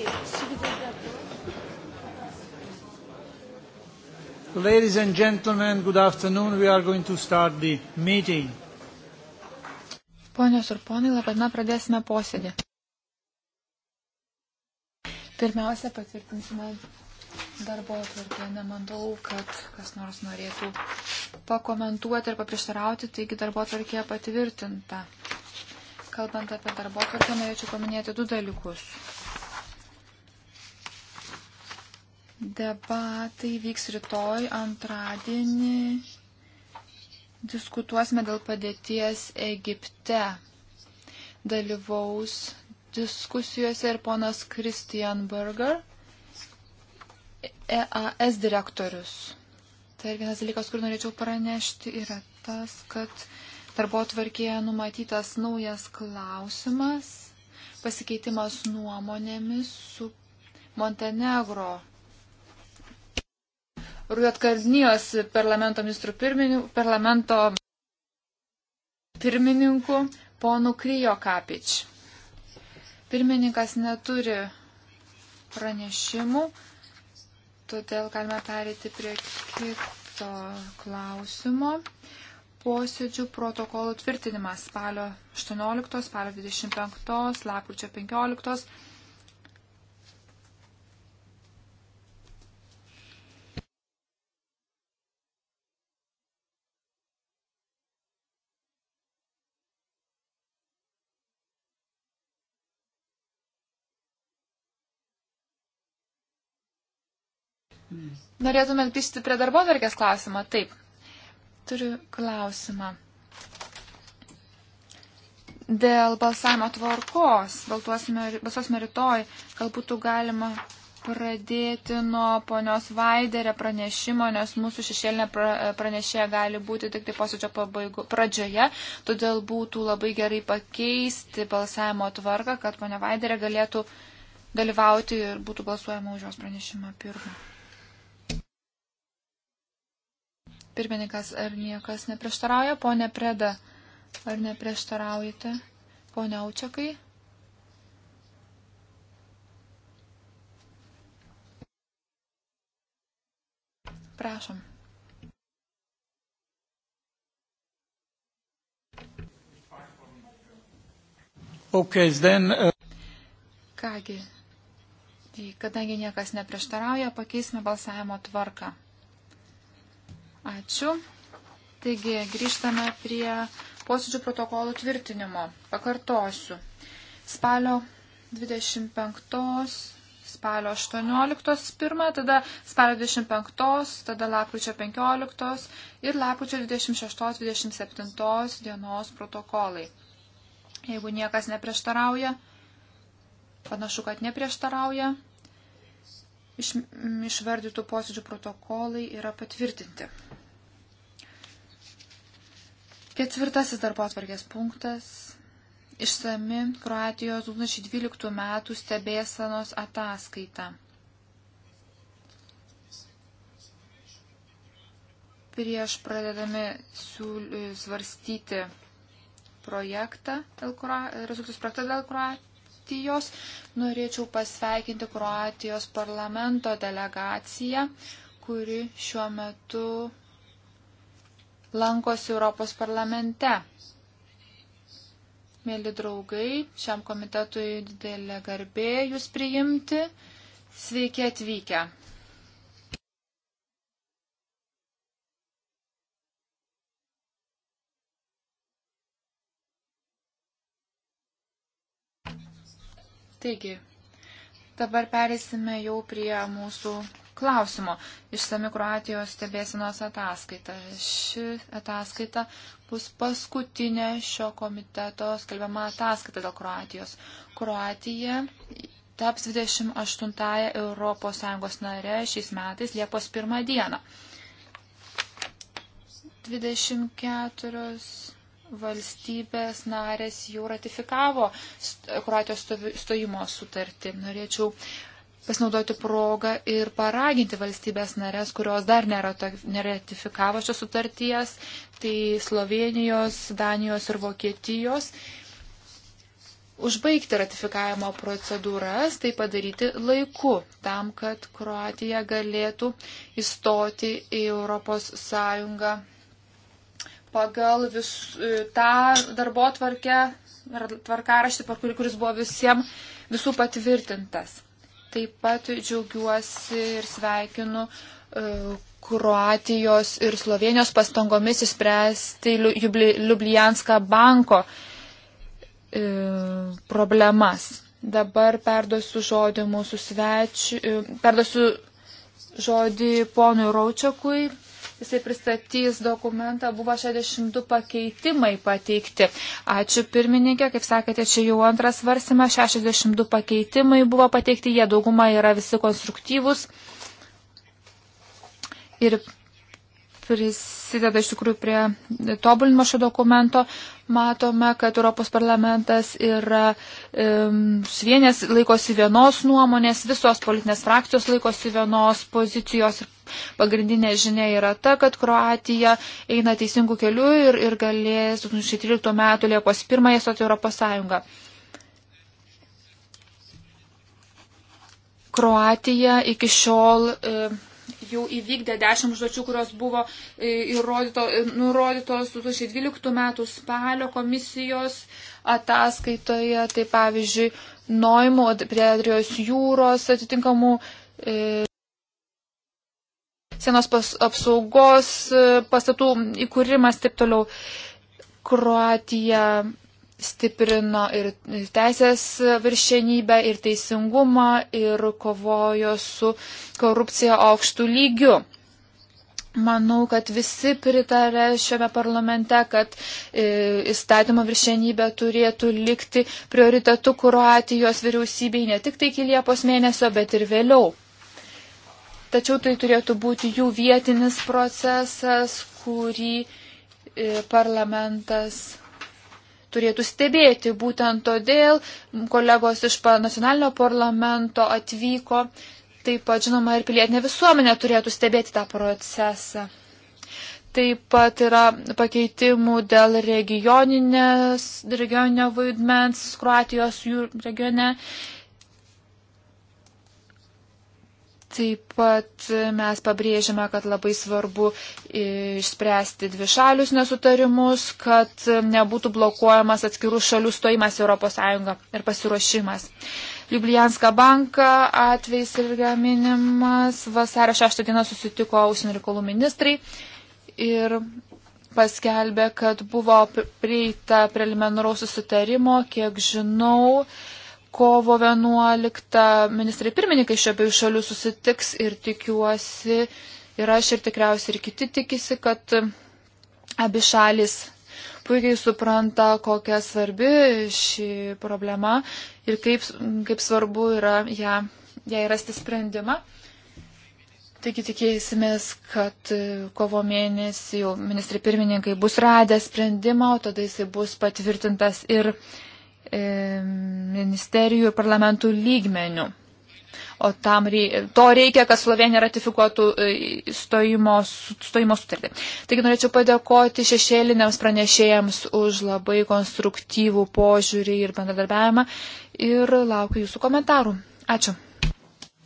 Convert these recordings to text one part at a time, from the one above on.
Et si vous êtes d'accord. Ladies and gentlemen, good afternoon. We are going to start the meeting. Ponios ir ponai, labą dieną pradėsime posėdį. Pirmiausia, patvirtinsime darbo atvarkę. Nemanau, kad kas nors norėtų pakomentuoti ir paprieštarauti, taigi darbo atvarkė patvirtinta. Kalbant apie darbo atvarkę, norėčiau paminėti du dalykus. Debatai vyks rytoj, antradienį. Diskutuosime dėl padėties Egipte. Dalyvaus diskusijose ir ponas Christian Berger, EAS direktorius. Tai ir vienas dalykas, kur norėčiau pranešti, yra tas, kad darbo tvarkėje numatytas naujas klausimas, pasikeitimas nuomonėmis su Montenegro Ruotkarnijos parlamento ministrų pirmininku, parlamento pirmininku ponu Kryjo Kapič. Pirmininkas neturi pranešimų, todėl galime perėti prie kito klausimo. Posėdžių protokolų tvirtinimas spalio 18, spalio 25, lapkričio 15 Norėtumėt grįžti prie darbo verkės klausimą? Taip. Turiu klausimą. Dėl balsavimo tvarkos, balsuosime rytoj, gal būtų galima pradėti nuo ponios Vaiderio pranešimo, nes mūsų šešėlinė pranešėja gali būti tik tai posėdžio pabaigo, pradžioje, todėl būtų labai gerai pakeisti balsavimo tvarką, kad ponia Vaiderė galėtų dalyvauti ir būtų balsuojama už jos pranešimą pirmą. Pirmininkas, ar niekas neprieštarauja? Pone Preda, ar neprieštaraujate? Pone Aučiakai? Prašom. Okay, then, uh... Kągi, kadangi niekas neprieštarauja, pakeisime balsavimo tvarką. Ačiū. Taigi, grįžtame prie posėdžių protokolų tvirtinimo. Pakartosiu. Spalio 25, spalio 18 pirmą, tada spalio 25, tada lapkričio 15 ir lapkričio 26-27 dienos protokolai. Jeigu niekas neprieštarauja, panašu, kad neprieštarauja, iš, išvardytų posėdžių protokolai yra patvirtinti. Ketvirtasis darbo atvarkės punktas. Išsami Kroatijos 2012 metų stebėsanos ataskaita. Prieš pradedami siūly, e, svarstyti projektą, e, rezultatus projektą dėl Kroatijos, norėčiau pasveikinti Kroatijos parlamento delegaciją, kuri šiuo metu lankosi Europos parlamente. Mėly draugai, šiam komitetui didelė garbė jūs priimti. Sveiki atvykę. Taigi, dabar perėsime jau prie mūsų klausimo. Išsami Kroatijos stebėsinos ataskaita. Ši ataskaita bus paskutinė šio komiteto skelbiama ataskaita dėl Kroatijos. Kroatija taps 28 Europos Sąjungos nare šiais metais Liepos 1 dieną. 24 valstybės narės jau ratifikavo Kroatijos stojimo sutartį. Norėčiau pasinaudoti progą ir paraginti valstybės narės, kurios dar neratifikavo šios sutarties, tai Slovenijos, Danijos ir Vokietijos, užbaigti ratifikavimo procedūras, tai padaryti laiku, tam, kad Kroatija galėtų įstoti į Europos Sąjungą pagal vis, e, tą darbo tvarkę, tvarkaraštį, kuris buvo visiems visų patvirtintas. Taip pat džiaugiuosi ir sveikinu e, Kroatijos ir Slovenijos pastangomis įspręsti Liublianską banko e, problemas. Dabar perduosiu žodį mūsų svečiu, e, perduosiu žodį ponui Raučiakui, jisai pristatys dokumentą, buvo 62 pakeitimai pateikti. Ačiū pirmininkė, kaip sakėte, čia jau antras svarsimas, 62 pakeitimai buvo pateikti, jie dauguma yra visi konstruktyvūs. Ir prisideda iš tikrųjų prie tobulinimo šio dokumento. Matome, kad Europos parlamentas yra um, suvienės, laikosi vienos nuomonės, visos politinės frakcijos laikosi vienos pozicijos ir Pagrindinė žinia yra ta, kad Kroatija eina teisingų kelių ir, ir galės 2013 m. Liepos 1 stoti Europos Sąjungą. Kroatija iki šiol e, jau įvykdė 10 užduočių, kurios buvo e, įrodyto, e, nurodytos 2012 metų spalio komisijos ataskaitoje. Tai pavyzdžiui, Noimo prie Adrijos jūros atitinkamų e, sienos pas, apsaugos e, pastatų įkūrimas taip toliau. Kroatija stiprino ir teisės viršenybę, ir teisingumą, ir kovojo su korupcija aukštų lygių. Manau, kad visi pritarė šiame parlamente, kad e, įstatymo viršenybė turėtų likti prioritetu Kroatijos vyriausybei ne tik tai iki Liepos mėnesio, bet ir vėliau tačiau tai turėtų būti jų vietinis procesas, kurį e, parlamentas turėtų stebėti. Būtent todėl kolegos iš nacionalinio parlamento atvyko, taip pat žinoma ir pilietinė visuomenė turėtų stebėti tą procesą. Taip pat yra pakeitimų dėl regioninio vaidmens Kroatijos regione Taip pat mes pabrėžiame, kad labai svarbu išspręsti dvišalius nesutarimus, kad nebūtų blokuojamas atskirų šalių stojimas į ES ir pasiruošimas. Ljubljanska banka atvejs irgi minimas. Vasario 6 dieną susitiko ausinio reikalų ministrai ir paskelbė, kad buvo prieita preliminaraus susitarimo, kiek žinau kovo 11 ministrai pirmininkai iš abiejų šalių susitiks ir tikiuosi, ir aš ir tikriausiai ir kiti tikisi, kad abi šalis puikiai supranta, kokia svarbi ši problema ir kaip, kaip svarbu yra ją, ją rasti sprendimą. Taigi tikėsimės, kad kovo mėnesį jau ministrai pirmininkai bus radę sprendimą, o tada jisai bus patvirtintas ir E, ministerijų ir parlamentų lygmenių. O tam rei, to reikia, kad Slovenija ratifikuotų e, stojimo, stojimo sutartį. Taigi norėčiau padėkoti šešėliniams pranešėjams už labai konstruktyvų požiūrį ir bendradarbiavimą ir laukiu jūsų komentarų. Ačiū.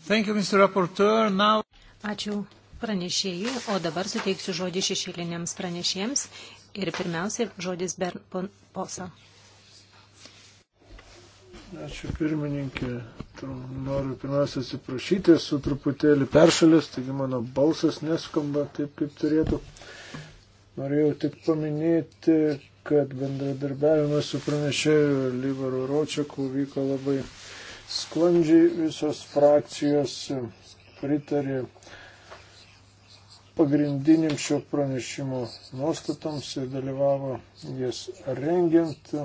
Thank you, Mr. Rapporteur. Now... Ačiū pranešėjai, o dabar suteiksiu žodį šešėliniams pranešėjams ir pirmiausia žodis Bern Posa. Bon Ačiū pirmininkė. Noriu pirmiausia atsiprašyti, esu truputėlį peršalęs, taigi mano balsas neskamba taip, kaip turėtų. Norėjau tik paminėti, kad bendradarbiavimas su pranešėju Livaru Ročiaku vyko labai sklandžiai, visos frakcijos pritarė pagrindiniam šio pranešimo nuostatoms ir dalyvavo jas rengiant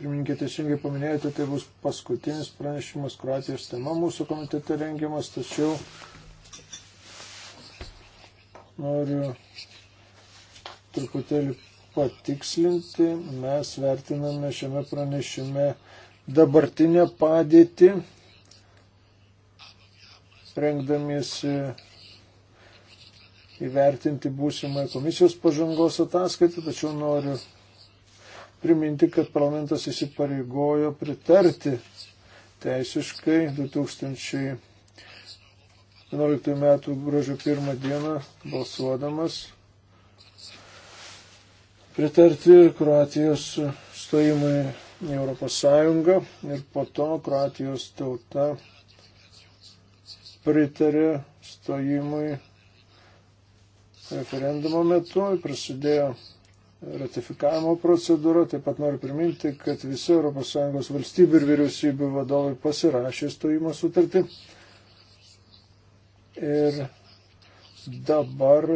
pirmininkė teisingai paminėjote, tai bus paskutinis pranešimas Kroatijos tema mūsų komitete rengiamas, tačiau noriu truputėlį patikslinti, mes vertiname šiame pranešime dabartinę padėtį, rengdamiesi įvertinti būsimą komisijos pažangos ataskaitą, tačiau noriu priminti, kad parlamentas įsipareigojo pritarti teisiškai 2011 m. gruodžio 1 dieną balsuodamas pritarti Kroatijos stojimui į Europos Sąjungą ir po to Kroatijos tauta pritarė stojimui referendumo metu ir prasidėjo ratifikavimo procedūra. Taip pat noriu priminti, kad visi ES valstybių ir vyriausybių vadovai pasirašė stojimo sutartį. Ir dabar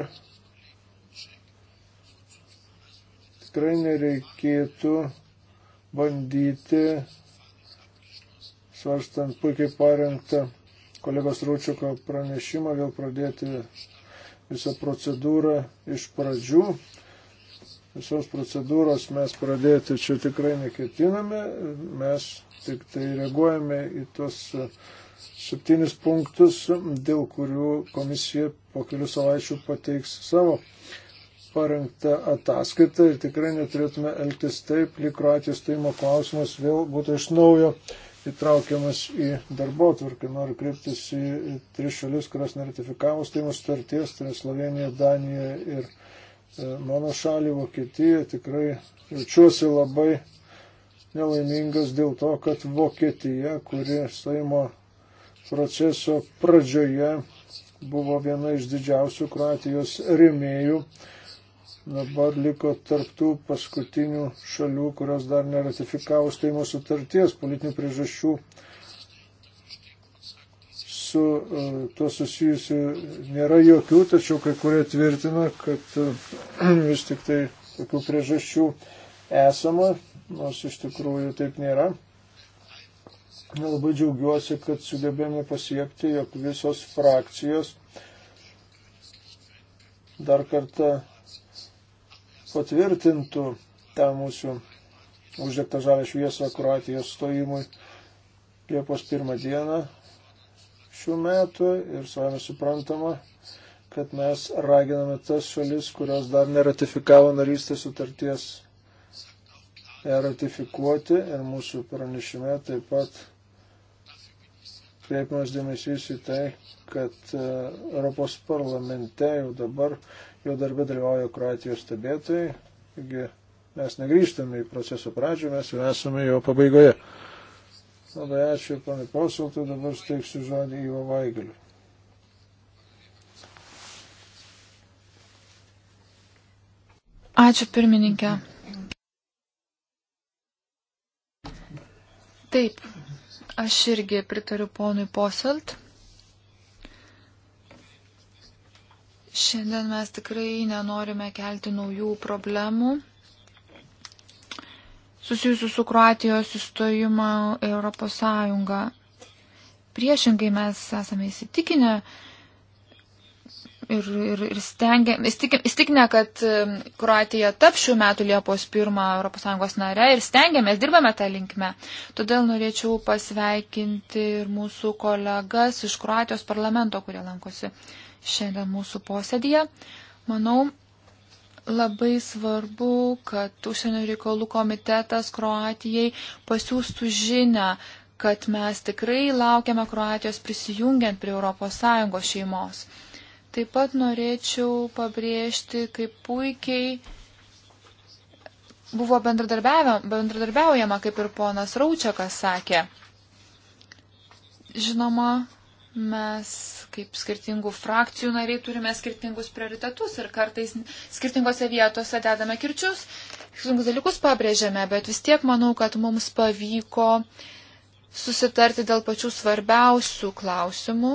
tikrai nereikėtų bandyti, svarstant puikiai parengtą kolegos Rūčiuko pranešimą, vėl pradėti visą procedūrą iš pradžių visos procedūros mes pradėti čia tikrai neketiname, mes tik tai reaguojame į tuos e, septynis punktus, dėl kurių komisija po kelių savaičių pateiks savo parengtą ataskaitą ir tikrai neturėtume elgtis taip, lyg Kroatijos stojimo klausimas vėl būtų iš naujo įtraukiamas į darbo tvarką. Noriu kreiptis į tris šalis, kurios neratifikavo stojimo sutarties, tai yra Slovenija, Danija ir E, mano šalį Vokietiją, tikrai jaučiuosi labai nelaimingas dėl to, kad Vokietija, kuri stojimo proceso pradžioje buvo viena iš didžiausių Kroatijos rėmėjų, dabar liko tarptų paskutinių šalių, kurios dar neratifikavo stojimo sutarties politinių priežasčių su e, tuo susijusių nėra jokių, tačiau kai kurie tvirtina, kad e, vis tik tai tokių priežasčių esama, nors iš tikrųjų taip nėra. Labai džiaugiuosi, kad sugebėjome pasiekti, jog visos frakcijos dar kartą patvirtintų tą mūsų uždegtą žalę šviesą Kroatijos stojimui Liepos pirmą dieną šių metų ir savame suprantama, kad mes raginame tas šalis, kurios dar neratifikavo narystės sutarties, ją ratifikuoti ir mūsų pranešime taip pat kreipiamas dėmesys į tai, kad e, Europos parlamente jau dabar, jau darbė dalyvauja Kroatijos stebėtojai, taigi mes negrįžtame į proceso pradžią, mes jau esame jo pabaigoje. Labai ačiū, ponai Posiltai, dabar steiksiu žodį į Vavaigalių. Ačiū pirmininkė. Taip, aš irgi pritariu ponui Poselt. Šiandien mes tikrai nenorime kelti naujų problemų susijusių su Kroatijos įstojimą Europos Sąjungą. Priešingai mes esame įsitikinę ir, ir, ir stengia, įsitikinę, kad um, Kroatija tap šių metų Liepos 1 ES nare ir stengiamės, dirbame tą linkmę. Todėl norėčiau pasveikinti ir mūsų kolegas iš Kroatijos parlamento, kurie lankosi šiandien mūsų posėdėje. Manau, Labai svarbu, kad užsienio reikalų komitetas Kroatijai pasiūstų žinę, kad mes tikrai laukiame Kroatijos prisijungiant prie ES šeimos. Taip pat norėčiau pabrėžti, kaip puikiai buvo bendradarbiaujama, kaip ir ponas Raučiakas sakė. Žinoma, mes kaip skirtingų frakcijų nariai turime skirtingus prioritetus ir kartais skirtingose vietose dedame kirčius, skirtingus dalykus pabrėžiame, bet vis tiek manau, kad mums pavyko susitarti dėl pačių svarbiausių klausimų,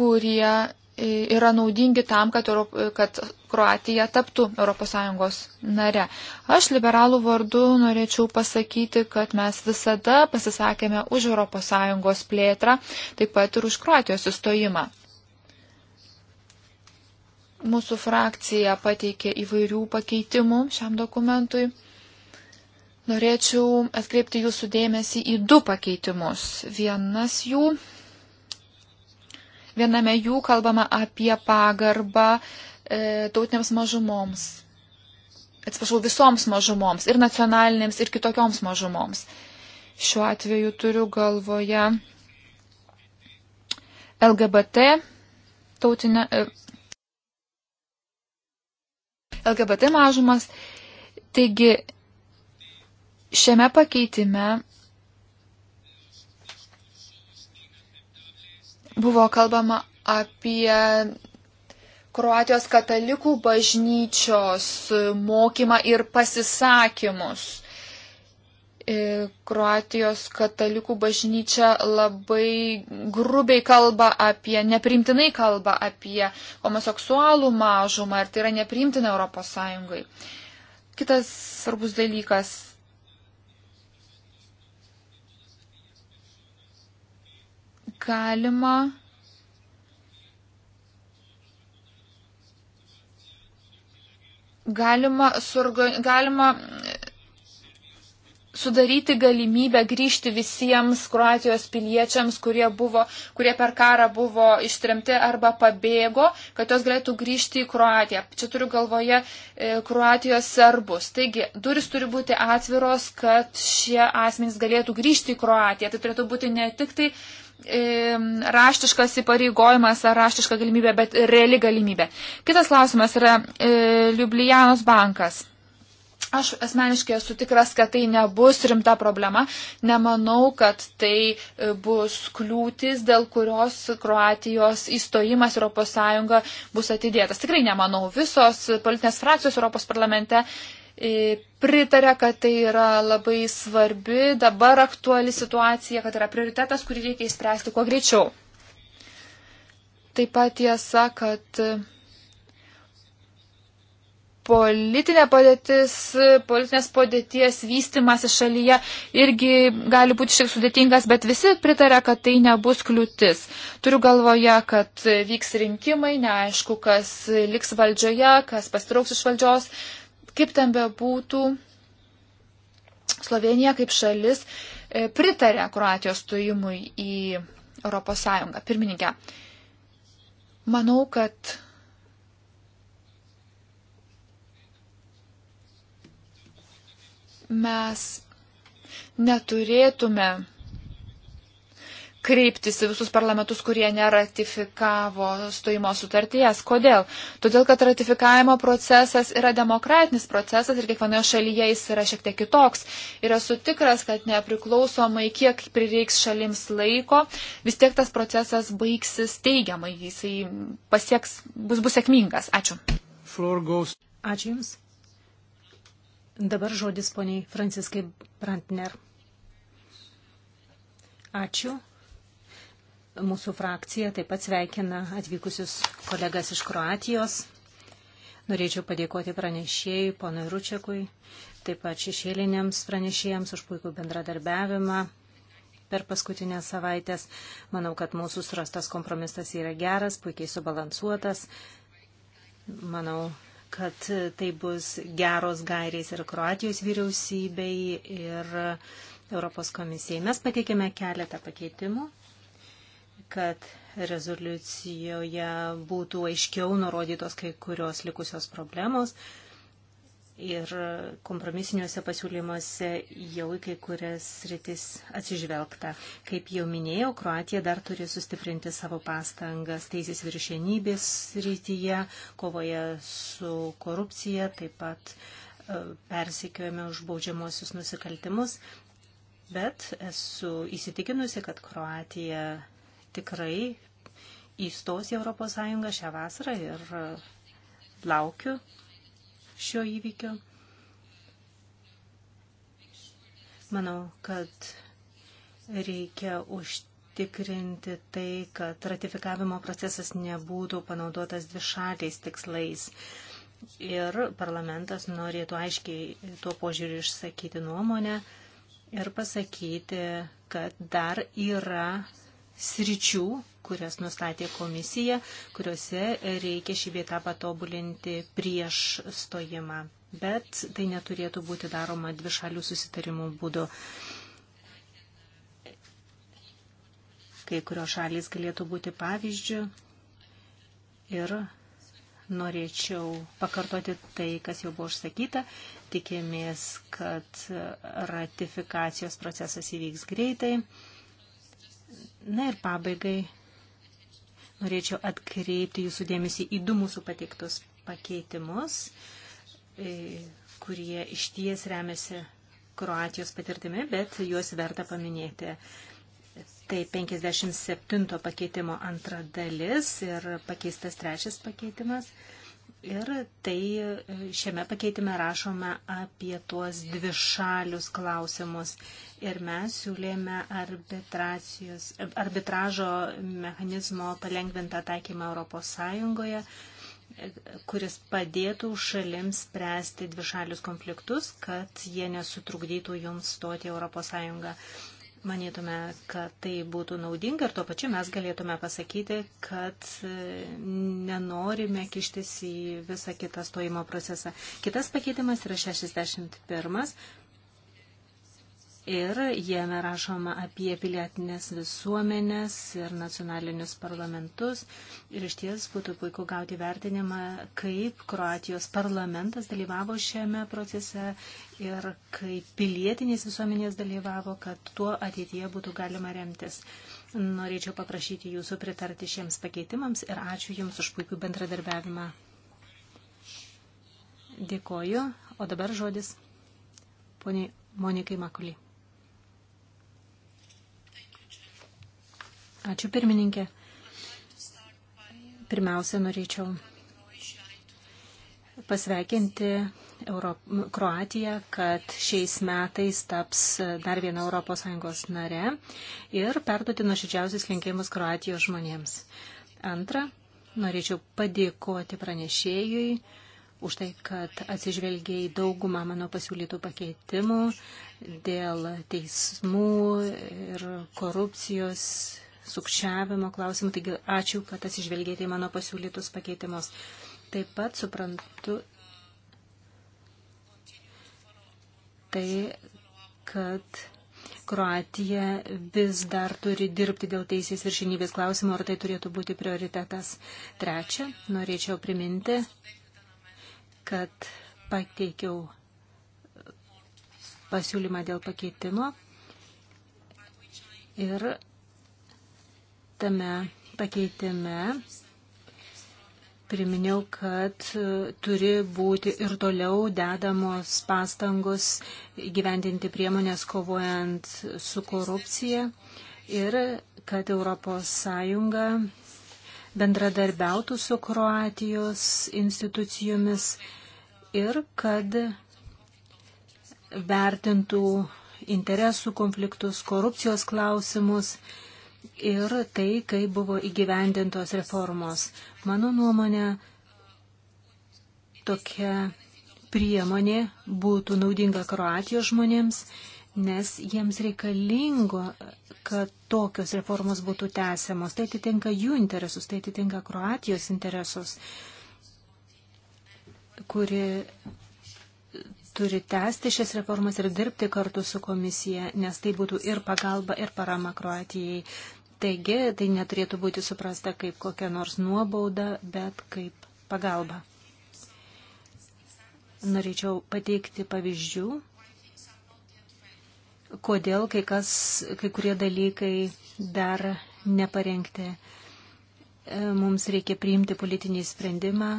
kurie yra naudingi tam, kad, Europ... kad Kroatija taptų ES nare. Aš liberalų vardu norėčiau pasakyti, kad mes visada pasisakėme už ES plėtrą, taip pat ir už Kroatijos įstojimą. Mūsų frakcija pateikė įvairių pakeitimų šiam dokumentui. Norėčiau atkreipti jūsų dėmesį į du pakeitimus. Vienas jų Viename jų kalbama apie pagarbą e, tautiniams mažumoms. Atsiprašau, visoms mažumoms ir nacionalinėms ir kitokioms mažumoms. Šiuo atveju turiu galvoje LGBT tautinę. E, LGBT mažumas. Taigi, šiame pakeitime buvo kalbama apie Kroatijos katalikų bažnyčios mokymą ir pasisakymus. E, Kroatijos katalikų bažnyčia labai grubiai kalba apie, neprimtinai kalba apie homoseksualų mažumą ir tai yra neprimtina Europos Sąjungai. Kitas svarbus dalykas galima galima, surgo, galima sudaryti galimybę grįžti visiems Kroatijos piliečiams, kurie, buvo, kurie per karą buvo ištrimti arba pabėgo, kad jos galėtų grįžti į Kroatiją. Čia turiu galvoje e, Kroatijos serbus. Taigi, duris turi būti atviros, kad šie asmenys galėtų grįžti į Kroatiją. Tai turėtų būti ne tik tai raštiškas įpareigojimas ar raštiška galimybė, bet reali galimybė. Kitas klausimas yra e, Liublianos bankas. Aš asmeniškai esu tikras, kad tai nebus rimta problema. Nemanau, kad tai e, bus kliūtis, dėl kurios Kroatijos įstojimas ES bus atidėtas. Tikrai nemanau. Visos politinės frakcijos Europos parlamente E, pritarė, kad tai yra labai svarbi, dabar aktuali situacija, kad yra prioritetas, kurį reikia įspręsti kuo greičiau. Taip pat tiesa, kad politinė padėtis, politinės padėties vystimas šalyje irgi gali būti šiek tiek sudėtingas, bet visi pritarė, kad tai nebus kliūtis. Turiu galvoje, kad vyks rinkimai, neaišku, kas liks valdžioje, kas pastrauks iš valdžios. Kaip ten bebūtų, Slovenija kaip šalis e, pritarė Kroatijos stojimui į ES. Pirmininkė, manau, kad mes neturėtume kreiptis į visus parlamentus, kurie neratifikavo stojimo sutarties. Kodėl? Todėl, kad ratifikavimo procesas yra demokratinis procesas ir kiekvienoje šalyje jis yra šiek tiek kitoks. Ir esu tikras, kad nepriklausomai, kiek prireiks šalims laiko, vis tiek tas procesas baigsis teigiamai, jisai pasieks, bus, bus sėkmingas. Ačiū. Ačiū Jums. Dabar žodis poniai Franciskai Brantner. Ačiū. Mūsų frakcija taip pat sveikina atvykusius kolegas iš Kroatijos. Norėčiau padėkoti pranešėjai, ponui Ručiakui, taip pat šešėliniams pranešėjams už puikų bendradarbiavimą per paskutinės savaitės. Manau, kad mūsų surastas kompromisas yra geras, puikiai subalansuotas. Manau, kad tai bus geros gairės ir Kroatijos vyriausybei ir Europos komisijai. Mes pateikėme keletą pakeitimų kad rezoliucijoje būtų aiškiau nurodytos kai kurios likusios problemos. Ir kompromisiniuose pasiūlymuose jau į kai kurias rytis atsižvelgta. Kaip jau minėjau, Kroatija dar turi sustiprinti savo pastangas teisės viršienybės rytyje, kovoje su korupcija, taip pat e, persikiojame už baudžiamosius nusikaltimus. Bet esu įsitikinusi, kad Kroatija tikrai įstos į Europos Sąjungą šią vasarą ir e, laukiu šio įvykio. Manau, kad reikia užtikrinti tai, kad ratifikavimo procesas nebūtų panaudotas dvišaliais tikslais. Ir parlamentas norėtų aiškiai tuo požiūriu išsakyti nuomonę ir pasakyti, kad dar yra sričių, kurias nustatė komisija, kuriuose reikia šį vietą patobulinti prieš stojimą. Bet tai neturėtų būti daroma dvišalių susitarimų būdu. Kai kurios šalys galėtų būti pavyzdžių ir norėčiau pakartoti tai, kas jau buvo užsakyta. Tikėmės, kad ratifikacijos procesas įvyks greitai Na ir pabaigai norėčiau atkreipti jūsų dėmesį į du mūsų pateiktus pakeitimus, e, kurie išties remiasi Kroatijos patirtimi, bet juos verta paminėti. Tai 57 pakeitimo antra dalis ir pakeistas trečias pakeitimas. Ir tai e, šiame pakeitime rašome apie tuos dvi šalius klausimus. Ir mes siūlėme arbitražo mechanizmo palengvintą taikymą ES, kuris padėtų šalims spręsti dvišalius konfliktus, kad jie nesutrukdytų joms stoti ES. Manytume, kad tai būtų naudinga ir tuo pačiu mes galėtume pasakyti, kad e, nenorime kištis į visą kitą stojimo procesą. Kitas pakeitimas yra 61 ir jame rašoma apie pilietinės visuomenės ir nacionalinius parlamentus. Ir iš ties būtų puiku gauti vertinimą, kaip Kroatijos parlamentas dalyvavo šiame procese ir kaip pilietinės visuomenės dalyvavo, kad tuo ateityje būtų galima remtis. Norėčiau paprašyti jūsų pritarti šiems pakeitimams ir ačiū Jums už puikų bendradarbiavimą. Dėkoju. O dabar žodis poniai Monikai Makuliai. Ačiū pirmininkė. Pirmiausia, norėčiau pasveikinti Euro... Kroatiją, kad šiais metais taps dar viena ES nare ir perduoti nuoširdžiausius linkėjimus Kroatijos žmonėms. Antra, norėčiau padėkoti pranešėjui už tai, kad atsižvelgė į daugumą mano pasiūlytų pakeitimų dėl teismų ir korupcijos sukčiavimo klausimų, taigi ačiū, kad atsižvelgėte į mano pasiūlytus pakeitimus. Taip pat suprantu tai, kad Kroatija vis dar turi dirbti dėl teisės viršinybės klausimo, ar tai turėtų būti prioritetas. Trečia, norėčiau priminti, kad pateikiau pasiūlymą dėl pakeitimo ir tame pakeitime priminiau, kad turi būti ir toliau dedamos pastangos gyvendinti priemonės kovojant su korupcija ir kad ES bendradarbiautų su Kroatijos institucijomis ir kad vertintų interesų konfliktus, korupcijos klausimus ir tai, kaip buvo įgyvendintos reformos. Mano nuomonė, tokia priemonė būtų naudinga Kroatijos žmonėms, nes jiems reikalingo, kad tokios reformos būtų tęsiamos. Tai atitinka jų interesus, tai atitinka Kroatijos interesus, kuri turi tęsti šias reformas ir dirbti kartu su komisija, nes tai būtų ir pagalba, ir parama Kroatijai. Taigi, tai neturėtų būti suprasta kaip kokia nors nuobauda, bet kaip pagalba. Norėčiau pateikti pavyzdžių, kodėl kai, kas, kai kurie dalykai dar neparengti. Mums reikia priimti politinį sprendimą,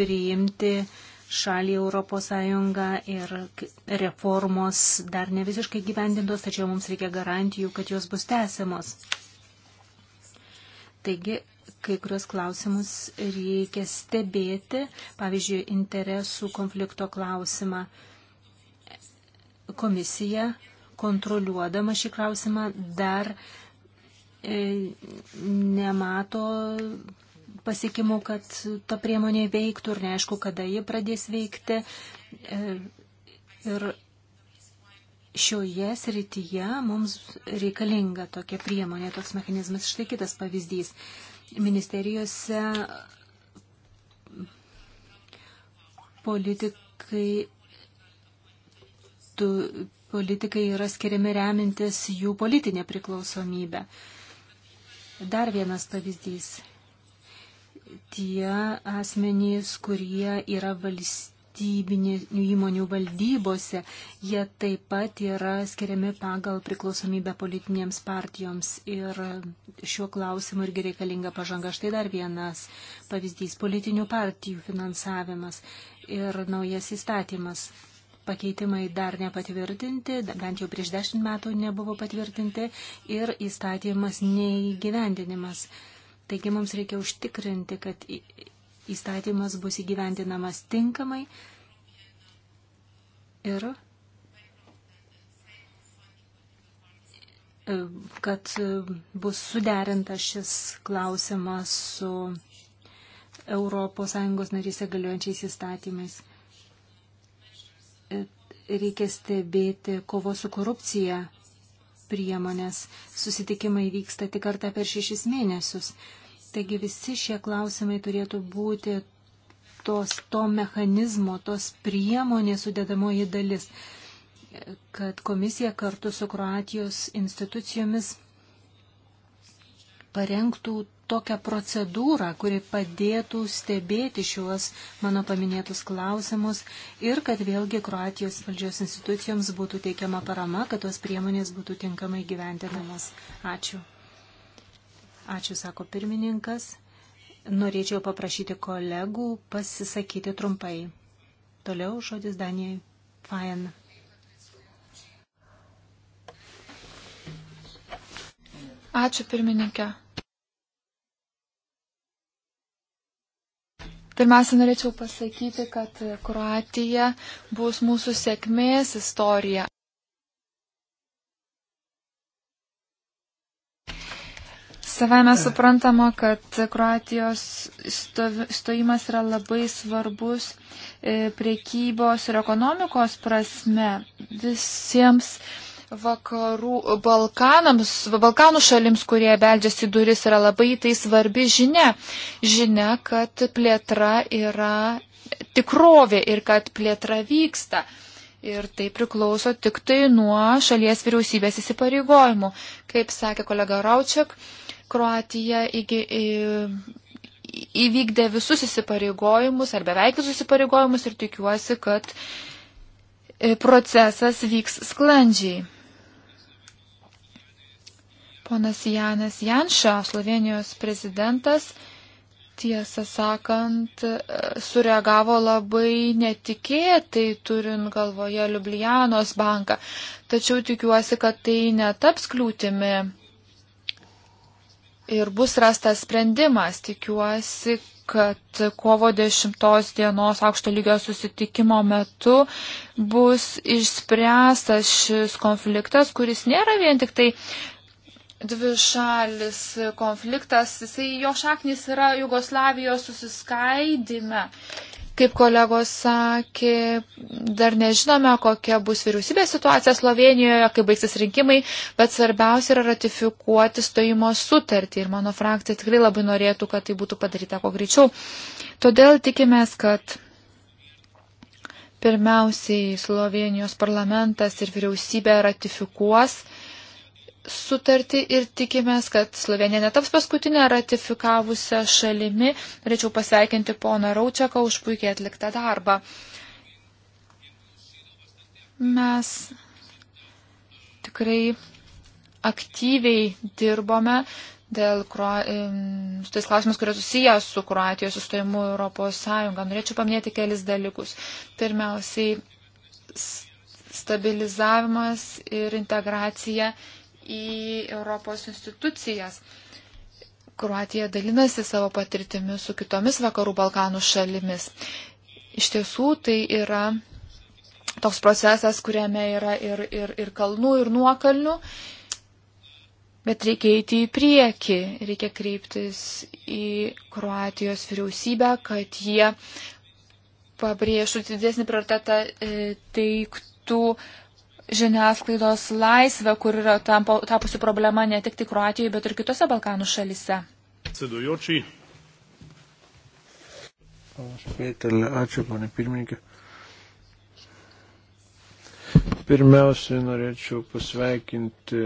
priimti uh, šalį Europos Sąjungą ir reformos dar ne visiškai gyvendintos, tačiau mums reikia garantijų, kad jos bus tęsiamos. Taigi, kai kurios klausimus reikia stebėti, pavyzdžiui, interesų konflikto klausimą. Komisija, kontroliuodama šį klausimą, dar e, nemato pasiekimų, kad ta priemonė veiktų ir neaišku, kada ji pradės veikti. E, ir šioje srityje mums reikalinga tokia priemonė, toks mechanizmas. Štai kitas pavyzdys. Ministerijose politikai, tu, politikai yra skiriami remintis jų politinė priklausomybė. Dar vienas pavyzdys tie asmenys, kurie yra valstybinių įmonių valdybose, jie taip pat yra skiriami pagal priklausomybę politinėms partijoms ir šiuo klausimu irgi reikalinga pažanga. Štai dar vienas pavyzdys - politinių partijų finansavimas ir naujas įstatymas pakeitimai dar nepatvirtinti, bent jau prieš dešimt metų nebuvo patvirtinti ir įstatymas neįgyvendinimas. Taigi mums reikia užtikrinti, kad įstatymas bus įgyvendinamas tinkamai ir e, kad bus suderinta šis klausimas su ES naryse galiojančiais įstatymais. E, reikia stebėti kovo su korupcija priemonės. Susitikimai vyksta tik kartą per šešis mėnesius. Taigi visi šie klausimai turėtų būti tos, to mechanizmo, tos priemonės sudėdamoji dalis, kad komisija kartu su Kroatijos institucijomis parengtų tokią procedūrą, kuri padėtų stebėti šiuos mano paminėtus klausimus ir kad vėlgi Kroatijos valdžios institucijoms būtų teikiama parama, kad tos priemonės būtų tinkamai gyventinamos. Ačiū. Ačiū, sako pirmininkas. Norėčiau paprašyti kolegų pasisakyti trumpai. Toliau žodis Danijai. Fain. Ačiū pirmininkė. Pirmiausia, norėčiau pasakyti, kad Kroatija bus mūsų sėkmės istorija. Savame suprantama, kad Kroatijos stojimas yra labai svarbus e, priekybos ir ekonomikos prasme visiems vakarų Balkanams, Balkanų šalims, kurie beldžiasi duris, yra labai tai svarbi žinia. Žinia, kad plėtra yra tikrovė ir kad plėtra vyksta. Ir tai priklauso tik tai nuo šalies vyriausybės įsipareigojimų. Kaip sakė kolega Raučiak, Kroatija įgy, į, įvykdė visus įsipareigojimus ar beveik visus įsipareigojimus ir tikiuosi, kad e, procesas vyks sklandžiai. Ponas Janas Janša, Slovenijos prezidentas, tiesą sakant, sureagavo labai netikėtai, turint galvoje Liublianos banką. Tačiau tikiuosi, kad tai netaps kliūtimi ir bus rastas sprendimas. Tikiuosi, kad kovo 10 dienos aukšto lygio susitikimo metu bus išspręstas šis konfliktas, kuris nėra vien tik tai dvišalis konfliktas, jisai jo šaknis yra Jugoslavijos susiskaidime. Kaip kolegos sakė, dar nežinome, kokia bus vyriausybės situacija Slovenijoje, kai baigsis rinkimai, bet svarbiausia yra ratifikuoti stojimo sutartį ir mano frakcija tikrai labai norėtų, kad tai būtų padaryta kuo greičiau. Todėl tikimės, kad pirmiausiai Slovenijos parlamentas ir vyriausybė ratifikuos uh, sutartį ir tikimės, kad Slovenija netaps paskutinę ratifikavusią šalimi. Norėčiau pasveikinti poną Raučiaką už puikiai atliktą darbą. Mes tikrai aktyviai dirbome dėl tais klausimas, kurie susijęs su Kroatijos sustojimu Europos Sąjunga. Norėčiau paminėti kelis dalykus. Pirmiausiai, stabilizavimas ir integracija į Europos institucijas. Kroatija dalinasi savo patirtimi su kitomis vakarų Balkanų šalimis. Iš tiesų tai yra toks procesas, kuriame yra ir, ir, ir kalnų, ir nuokalnių, bet reikia eiti į priekį, reikia kreiptis į Kroatijos vyriausybę, kad jie pabrėžtų didesnį prioritetą e, teiktų žiniasklaidos laisvę, kur yra tampo, tapusi problema ne tik tai Kroatijoje, bet ir kitose Balkanų šalise. Sidujočiai. Ačiū, panė pirmininkė. Pirmiausiai norėčiau pasveikinti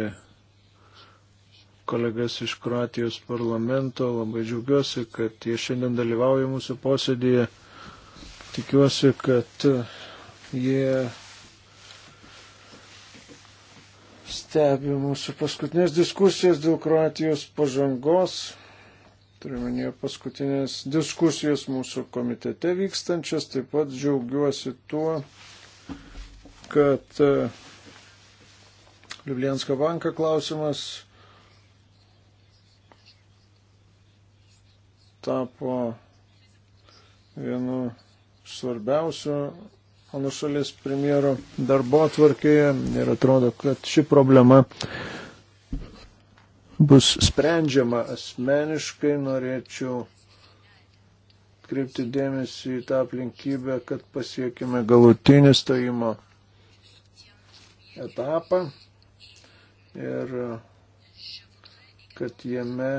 kolegas iš Kroatijos parlamento. Labai džiaugiuosi, kad jie šiandien dalyvauja mūsų posėdėje. Tikiuosi, kad jie stebi mūsų paskutinės diskusijos dėl Kroatijos pažangos. Turiuomenėje paskutinės diskusijos mūsų komitete vykstančias. Taip pat džiaugiuosi tuo, kad e, Liublianska banka klausimas tapo vienu svarbiausiu mano šalies premjero darbo atvarkėje ir atrodo, kad ši problema bus sprendžiama asmeniškai. Norėčiau kreipti dėmesį į tą aplinkybę, kad pasiekime galutinį stojimo etapą ir kad jame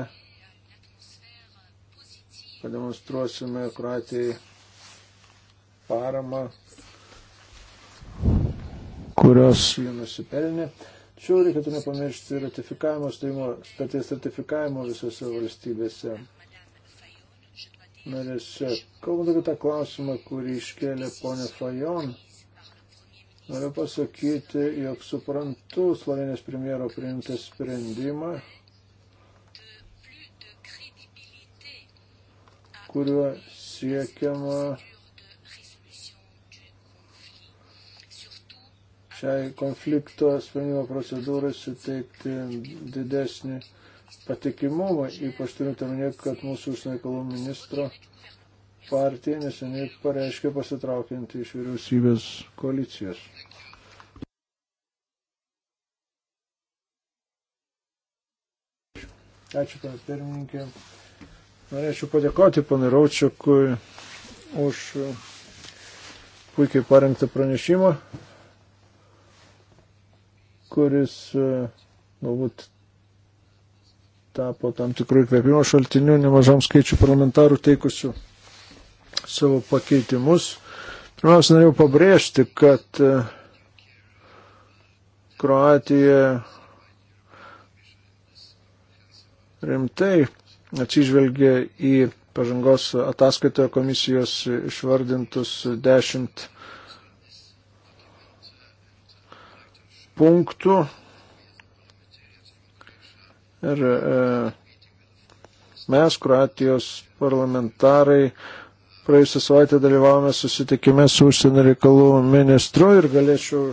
pademonstruosime Kroatijai paramą kurios jie nusipelnė. Tačiau reikėtų nepamiršti ratifikavimo, staties ratifikavimo visose valstybėse. Narėse. Kalbant apie tą klausimą, kurį iškėlė ponė Fajon, noriu pasakyti, jog suprantu Slovenijos premjero priimtą sprendimą, kuriuo siekiama šiai konflikto sprendimo procedūrai suteikti didesnį patikimumą, ypač turint omenyje, kad mūsų užsienio reikalų ministro partija neseniai pareiškė pasitraukianti iš vyriausybės koalicijos. Ačiū, pana pirmininkė. Norėčiau padėkoti pana Raučiakui už puikiai parengtą pranešimą kuris e, galbūt tapo tam tikrų įkvėpimo šaltinių nemažam skaičių parlamentarų teikusių savo pakeitimus. Pirmiausia, norėjau pabrėžti, kad e, Kroatija rimtai atsižvelgia į pažangos ataskaitoje komisijos išvardintus dešimt punktų. Ir e, mes, Kroatijos parlamentarai, praėjusią savaitę dalyvavome susitikime su užsienio reikalų ministru ir galėčiau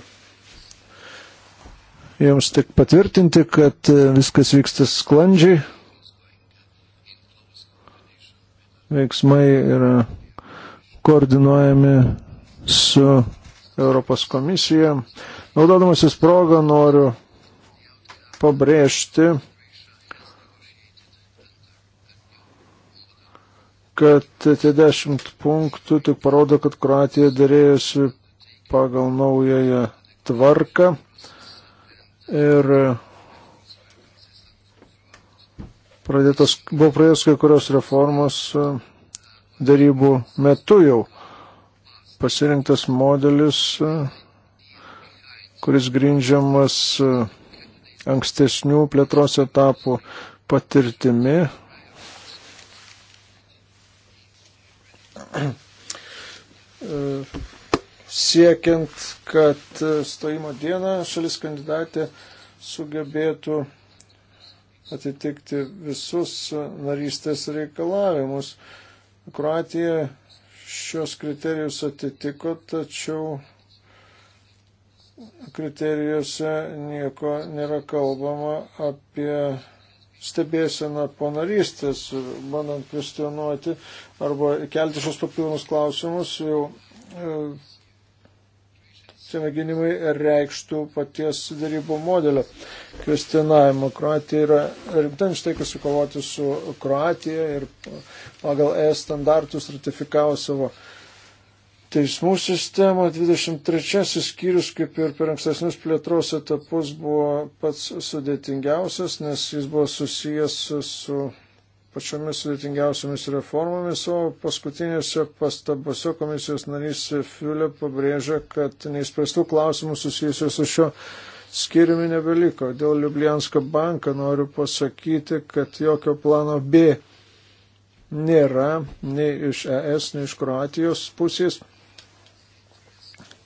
jums tik patvirtinti, kad e, viskas vyksta sklandžiai. Veiksmai yra koordinuojami su Europos komisija. Naudodamasis progą noriu pabrėžti, kad tie dešimt punktų tik parodo, kad Kroatija dėrėjosi pagal naująją tvarką ir pradėtos, buvo pradėtos kai kurios reformos e, darybų metu jau pasirinktas modelis, kuris grindžiamas ankstesnių plėtros etapų patirtimi. Siekiant, kad stojimo dieną šalis kandidatė sugebėtų atitikti visus narystės reikalavimus. Kroatija šios kriterijus atitiko, tačiau kriterijuose nieko nėra kalbama apie stebėseną po narystės, bandant kvestionuoti arba kelti šios papildomus klausimus, jau e, tie mėginimai reikštų paties darybų modelio kvestionavimo. Kroatija yra rimtai nusteikę sukovoti su Kroatija ir pagal ES standartus ratifikavo savo teismų sistemą. 23 skyrius, kaip ir per ankstesnius plėtros etapus, buvo pats sudėtingiausias, nes jis buvo susijęs su. su pačiomis sudėtingiausiamis reformomis, o paskutinėse pastabose komisijos narys Fiulė pabrėžia, kad neįspręstų klausimų susijusių su šio skiriumi nebeliko. Dėl Liubliansko banką noriu pasakyti, kad jokio plano B nėra nei iš ES, nei iš Kroatijos pusės.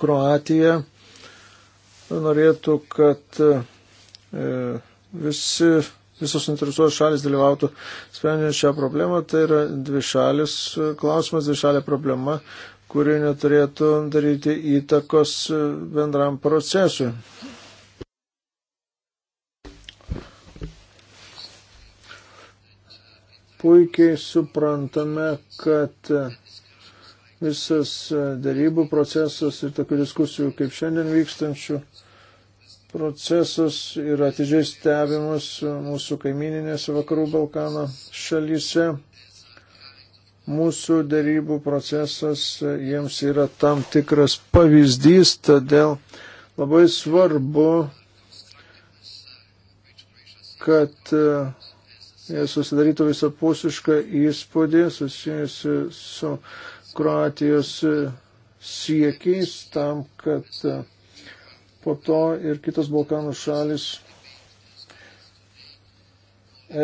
Kroatija norėtų, kad e, visi visos interesuotos šalis dalyvautų sprendžiant šią problemą. Tai yra dvi šalis e, klausimas, dvi šalė problema, kuri neturėtų daryti įtakos e, bendram procesui. Puikiai suprantame, kad e, visas darybų procesas ir tokių diskusijų kaip šiandien vykstančių procesas yra atidžiai stebimas mūsų kaimininėse vakarų Balkano šalyse. Mūsų darybų procesas jiems yra tam tikras pavyzdys, todėl labai svarbu, kad e, jie susidarytų visapusišką įspūdį susijusi su Kroatijos siekiais tam, kad e, po to ir kitos Balkanų šalis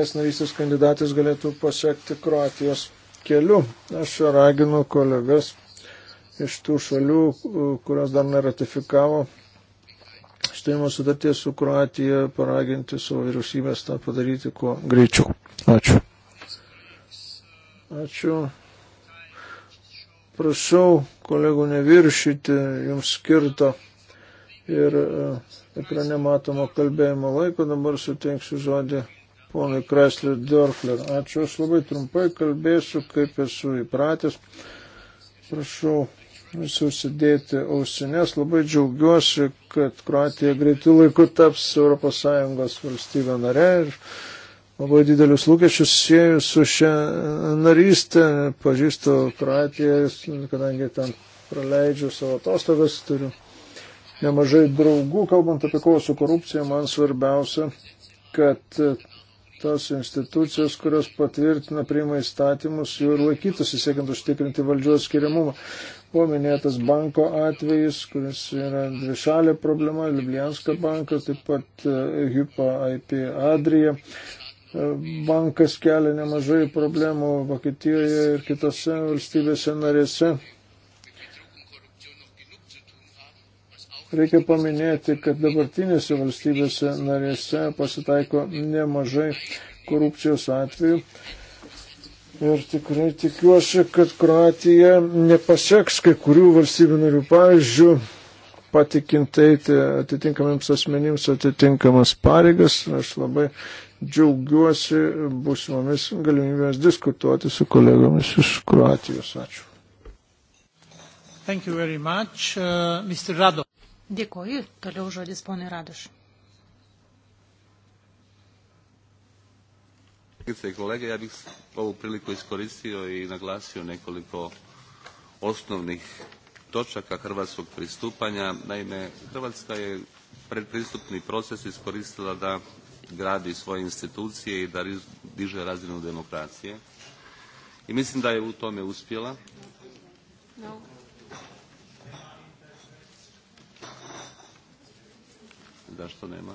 es narystės kandidatės galėtų pasiekti Kroatijos keliu. Aš raginu kolegas iš tų šalių, kurios dar neratifikavo stojimo sutarties su Kroatija, paraginti savo vyriausybės tą padaryti kuo greičiau. Ačiū. Ačiū. Prašau kolegų neviršyti jums skirto ir ekrane matomo kalbėjimo laiko. Dabar suteiksiu žodį ponui Kresliu Dörfler. Ačiū, aš labai trumpai kalbėsiu, kaip esu įpratęs. Prašau susidėti ausinės. Labai džiaugiuosi, kad Kroatija greitų laikų taps ES valstybė nare. Ir labai didelius lūkesčius sieju su šią narystę. Pažįstu Kroatiją, kadangi ten praleidžiu savo atostogas, turiu nemažai draugų, kalbant apie kovą su korupcija, man svarbiausia, kad e, tos institucijos, kurios patvirtina priima įstatymus, jų ir laikytųsi, siekiant užtikrinti valdžios skiriamumą. Buvo minėtas banko atvejis, kuris yra dvišalė problema, Liblianska bankas, taip pat e, Hypa IP Adrija. E, bankas kelia nemažai problemų Vokietijoje ir kitose valstybėse narėse. Reikia paminėti, kad dabartinėse valstybėse narėse pasitaiko nemažai korupcijos atvejų. Ir tikrai tikiuosi, kad Kroatija nepaseks kai kurių valstybių narių pavyzdžių, patikint eiti atitinkamiems asmenims atitinkamas pareigas. Aš labai džiaugiuosi būsimomis galimybėmis diskutuoti su kolegomis iš Kroatijos. Ačiū. Thank you very much, uh, Mr. Rado. Dėkoju. Toliau žodis ponui Raduš. Kolegice i kolege, ja bih ovu priliku iskoristio i naglasio nekoliko osnovnih točaka hrvatskog pristupanja. Naime, Hrvatska je predpristupni proces iskoristila da gradi svoje institucije i da diže razinu demokracije. I mislim da je u tome uspjela. No. Da što nema?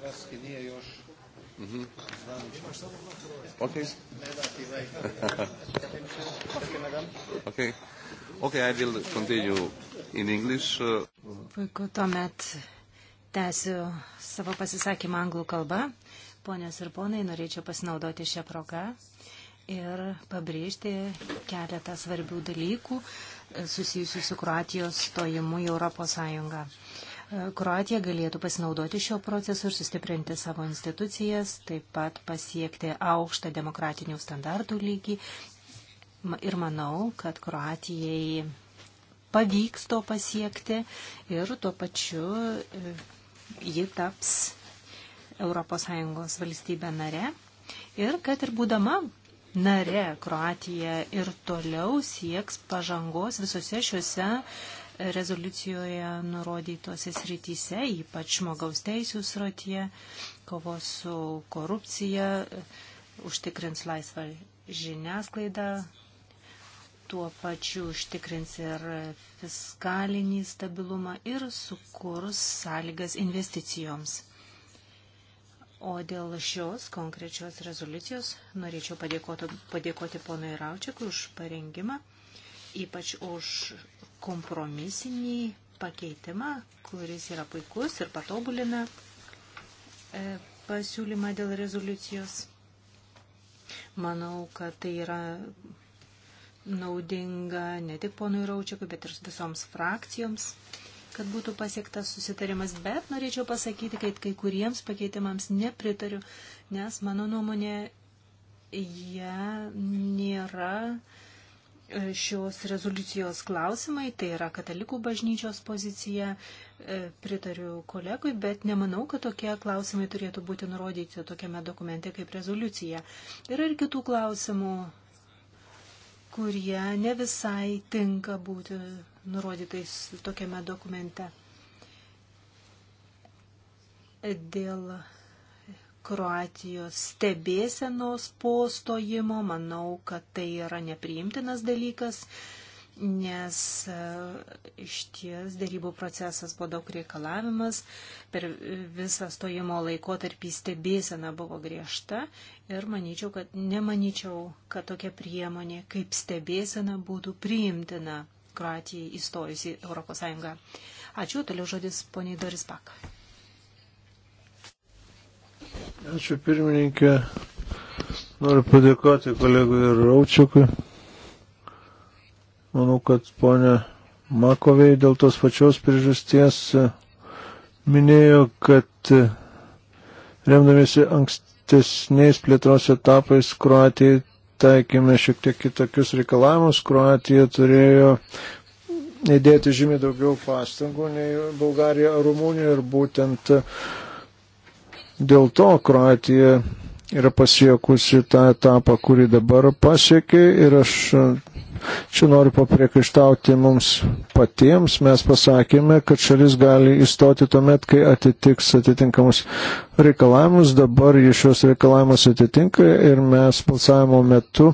Hrvatski nije još Mhm. Okay. okay. Okay, I will continue in English. Puiku, tuomet tęsiu savo pasisakymą anglų kalba. Ponios ir ponai, norėčiau pasinaudoti šią progą ir pabrėžti keletą svarbių dalykų e, susijusių su Kroatijos stojimu į Europos Sąjungą. E, Kroatija galėtų pasinaudoti šio procesu ir sustiprinti savo institucijas, taip pat pasiekti aukštą demokratinių standartų lygį. Ir manau, kad Kroatijai pavyks to pasiekti ir tuo pačiu e, ji taps ES valstybė nare. Ir kad ir būdama nare Kroatija ir toliau sieks pažangos visose šiuose rezoliucijoje nurodytose srityse, ypač žmogaus teisų srityje, kovos su korupcija, užtikrins laisvą žiniasklaidą, tuo pačiu užtikrins ir fiskalinį stabilumą ir sukurs sąlygas investicijoms. O dėl šios konkrečios rezoliucijos norėčiau padėkoti, padėkoti ponui Raučiakui už parengimą, ypač už kompromisinį pakeitimą, kuris yra puikus ir patobulina e, pasiūlymą dėl rezoliucijos. Manau, kad tai yra naudinga ne tik ponui Raučiakui, bet ir visoms frakcijoms kad būtų pasiektas susitarimas, bet norėčiau pasakyti, kad kai kuriems pakeitimams nepritariu, nes mano nuomonė jie nėra e, šios rezoliucijos klausimai, tai yra katalikų bažnyčios pozicija, e, pritariu kolegui, bet nemanau, kad tokie klausimai turėtų būti nurodyti tokiame dokumente kaip rezoliucija. Yra ir kitų klausimų, kurie ne visai tinka būti nurodytais tokiame dokumente. Dėl Kroatijos stebėsenos postojimo, manau, kad tai yra nepriimtinas dalykas, nes e, iš ties darybų procesas buvo daug reikalavimas, per visą stojimo laikotarpį stebėsena buvo griežta ir manyčiau, kad nemanyčiau, kad tokia priemonė kaip stebėsena būtų priimtina Kroatijai įstojus į Europos Sąjungą. Ačiū, toliau žodis poniai Doris Pak. Ačiū pirmininkė. Noriu padėkoti kolegui Raučiukui. Manau, kad ponia Makovei dėl tos pačios priežasties e, minėjo, kad e, remdamėsi ankstesniais plėtros etapais Kroatijai taikėme šiek tiek kitokius reikalavimus. Kroatija turėjo įdėti žymiai daugiau pastangų nei Bulgarija ar Rumunija ir būtent dėl to Kroatija yra pasiekusi tą etapą, kurį dabar pasiekė ir aš čia noriu papriekaištauti mums patiems. Mes pasakėme, kad šalis gali įstoti tuomet, kai atitiks atitinkamus reikalavimus. Dabar jie šios reikalavimus atitinka ir mes balsavimo metu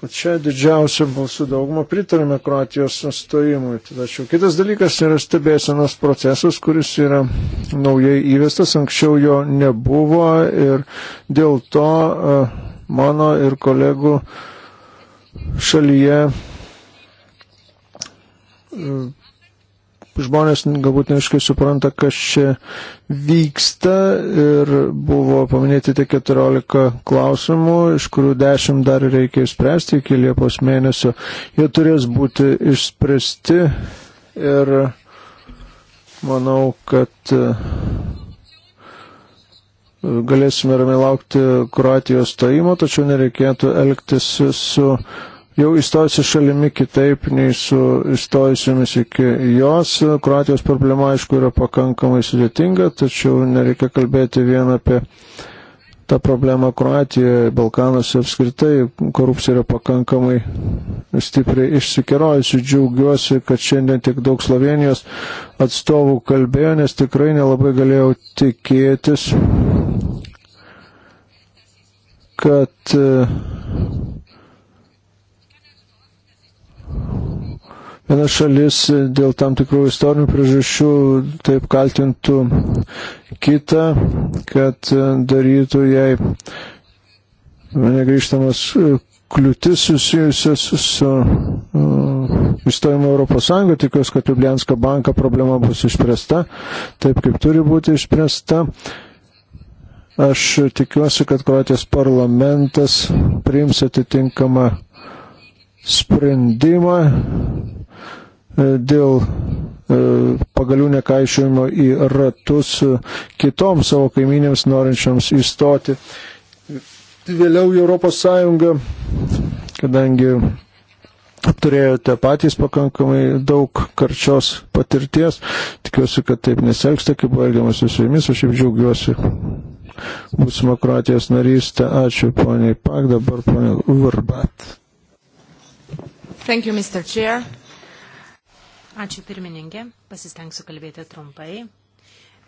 pačia didžiausia balsų dauguma pritarėme Kroatijos sustojimui. Tačiau kitas dalykas yra stebėsenos procesas, kuris yra naujai įvestas, anksčiau jo nebuvo ir dėl to e, mano ir kolegų šalyje e, žmonės galbūt neaiškiai supranta, kas čia vyksta ir buvo paminėti tik 14 klausimų, iš kurių 10 dar reikia išspręsti iki Liepos mėnesio. Jie turės būti išspręsti ir manau, kad e, galėsime ramiai laukti Kroatijos stojimo, tačiau nereikėtų elgtis su jau įstojusi šalimi kitaip nei su įstojusiamis iki jos. Kroatijos problema, aišku, yra pakankamai sudėtinga, tačiau nereikia kalbėti vien apie tą problemą Kroatijoje, Balkanuose apskritai korupcija yra pakankamai stipriai išsikerojusi. Džiaugiuosi, kad šiandien tik daug Slovenijos atstovų kalbėjo, nes tikrai nelabai galėjau tikėtis, kad viena šalis dėl tam tikrų istorinių priežasčių taip kaltintų kitą, kad darytų jai negryžtamas kliūtis susijusios su uh, įstojimo Europos Sąjunga, tikiuosi, kad Liublianska banka problema bus išspręsta, taip kaip turi būti išspręsta. Aš tikiuosi, kad Kroatijos parlamentas priims atitinkamą sprendimą dėl e, pagalių nekaišiojimo į ratus kitoms savo kaiminėms norinčioms įstoti. Vėliau į Europos Sąjungą, kadangi turėjote patys pakankamai daug karčios patirties, tikiuosi, kad taip neselgsta, kaip buvo elgiamas su jumis, aš jau džiaugiuosi. Būsimo Kroatijos narystė, ačiū poniai Pak, dabar poniai Urbat. Thank you, Mr. Chair. Ačiū pirmininkė, pasistengsiu kalbėti trumpai.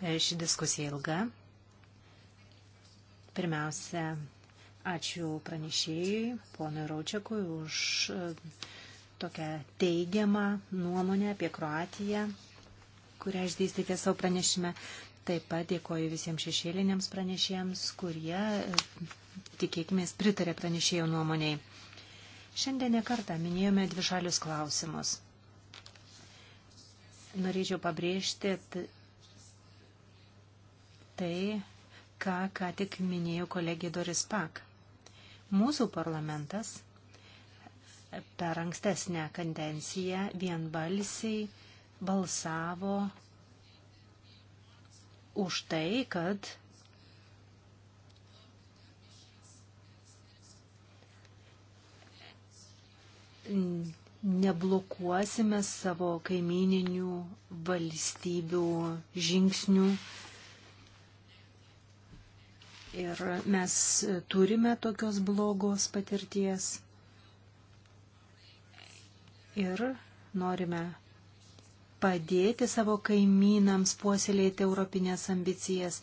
E, ši diskusija ilga. Pirmiausia, ačiū pranešėjui, ponui Raučiakui, už e, tokią teigiamą nuomonę apie Kroatiją, kurią išdėstėte savo pranešime. Taip pat dėkoju visiems šešėliniams pranešėjams, kurie, e, tikėkime, pritarė pranešėjo nuomoniai. Šiandien nekartą minėjome dvišalius klausimus norėčiau pabrėžti tai, ką ką tik minėjo kolegė Doris Pak. Mūsų parlamentas per ankstesnę kandenciją vienbalsiai balsavo už tai, kad neblokuosime savo kaimininių valstybių žingsnių. Ir mes turime tokios blogos patirties. Ir norime padėti savo kaimynams puoselėti europinės ambicijas,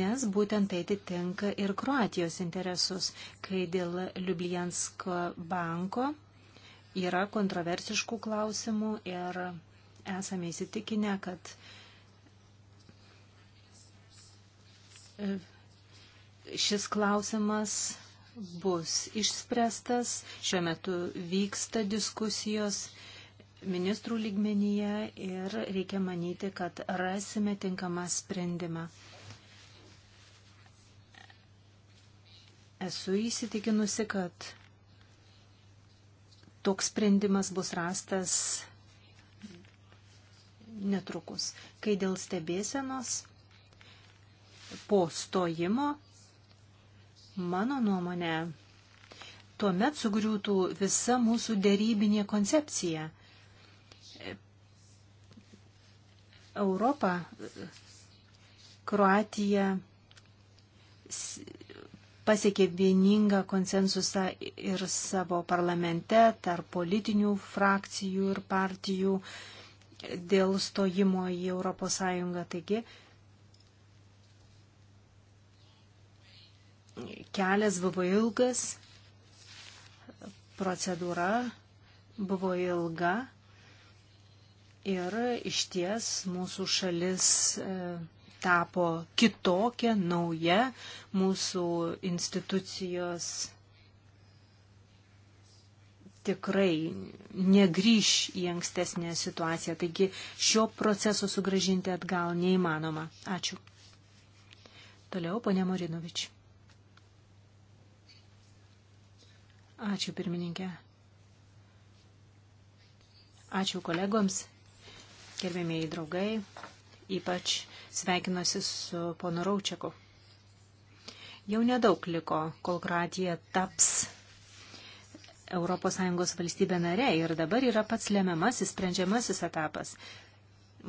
nes būtent tai atitinka ir Kroatijos interesus, kai dėl Liubliansko banko Yra kontroversiškų klausimų ir esame įsitikinę, kad e, šis klausimas bus išspręstas. Šiuo metu vyksta diskusijos ministrų lygmenyje ir reikia manyti, kad rasime tinkamą sprendimą. Esu įsitikinusi, kad toks sprendimas bus rastas netrukus. Kai dėl stebėsenos po stojimo, mano nuomonė, tuomet sugriūtų visa mūsų dėrybinė koncepcija. Europa, Kroatija, pasiekė vieningą konsensusą ir savo parlamente tarp politinių frakcijų ir partijų dėl stojimo į ES. Taigi kelias buvo ilgas, procedūra buvo ilga ir iš ties mūsų šalis. E, tapo kitokia, nauja, mūsų institucijos tikrai negryž į ankstesnę situaciją. Taigi šio proceso sugražinti atgal neįmanoma. Ačiū. Toliau, ponė Morinovič. Ačiū, pirmininkė. Ačiū kolegoms, gerbėmiai draugai ypač sveikinasi su ponu Raučiaku. Jau nedaug liko, kol Kroatija taps ES valstybė narė ir dabar yra pats lemiamasis, sprendžiamasis etapas.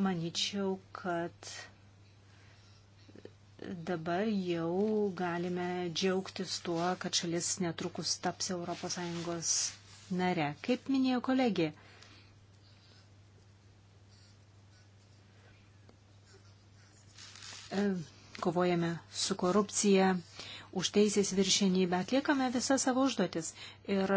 Maničiau, kad dabar jau galime džiaugtis tuo, kad šalis netrukus taps ES nare. Kaip minėjo kolegė, kovojame su korupcija, už teisės viršenybę, atliekame visas savo užduotis. Ir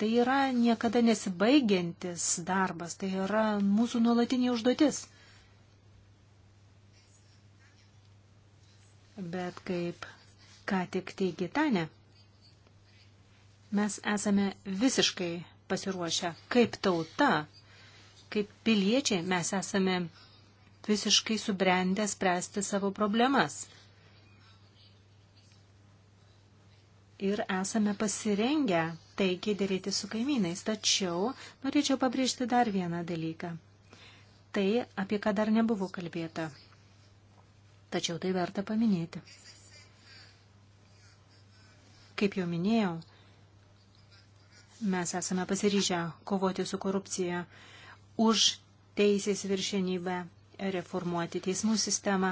tai yra niekada nesibaigiantis darbas, tai yra mūsų nuolatinė užduotis. Bet kaip ką tik teigi Tane, mes esame visiškai pasiruošę kaip tauta, kaip piliečiai mes esame visiškai subrendę spręsti savo problemas. Ir esame pasirengę taikiai dėrėti su kaimynais. Tačiau norėčiau pabrėžti dar vieną dalyką. Tai, apie ką dar nebuvo kalbėta. Tačiau tai verta paminėti. Kaip jau minėjau, mes esame pasiryžę kovoti su korupcija už teisės viršenybę, reformuoti teismų sistemą.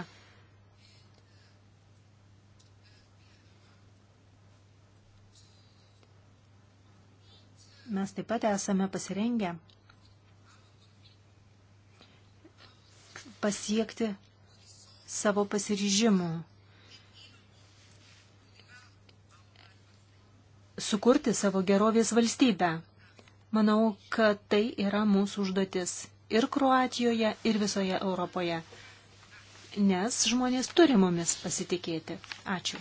Mes taip pat esame pasirengę pasiekti savo pasiryžimų, sukurti savo gerovės valstybę. Manau, kad tai yra mūsų užduotis ir Kroatijoje, ir visoje Europoje, nes žmonės turi mumis pasitikėti. Ačiū.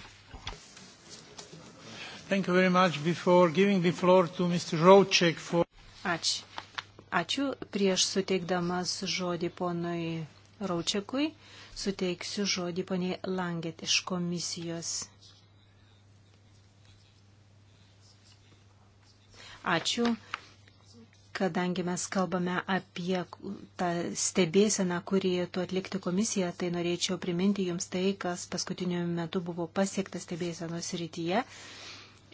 For... Ačiū. Ačiū. Prieš suteikdamas žodį ponui Raučekui, suteiksiu žodį poniai Langet iš komisijos. Ačiū. Kadangi mes kalbame apie tą stebėseną, kurį tu atlikti komisija, tai norėčiau priminti jums tai, kas paskutiniu metu buvo pasiektas stebėsenos rytyje.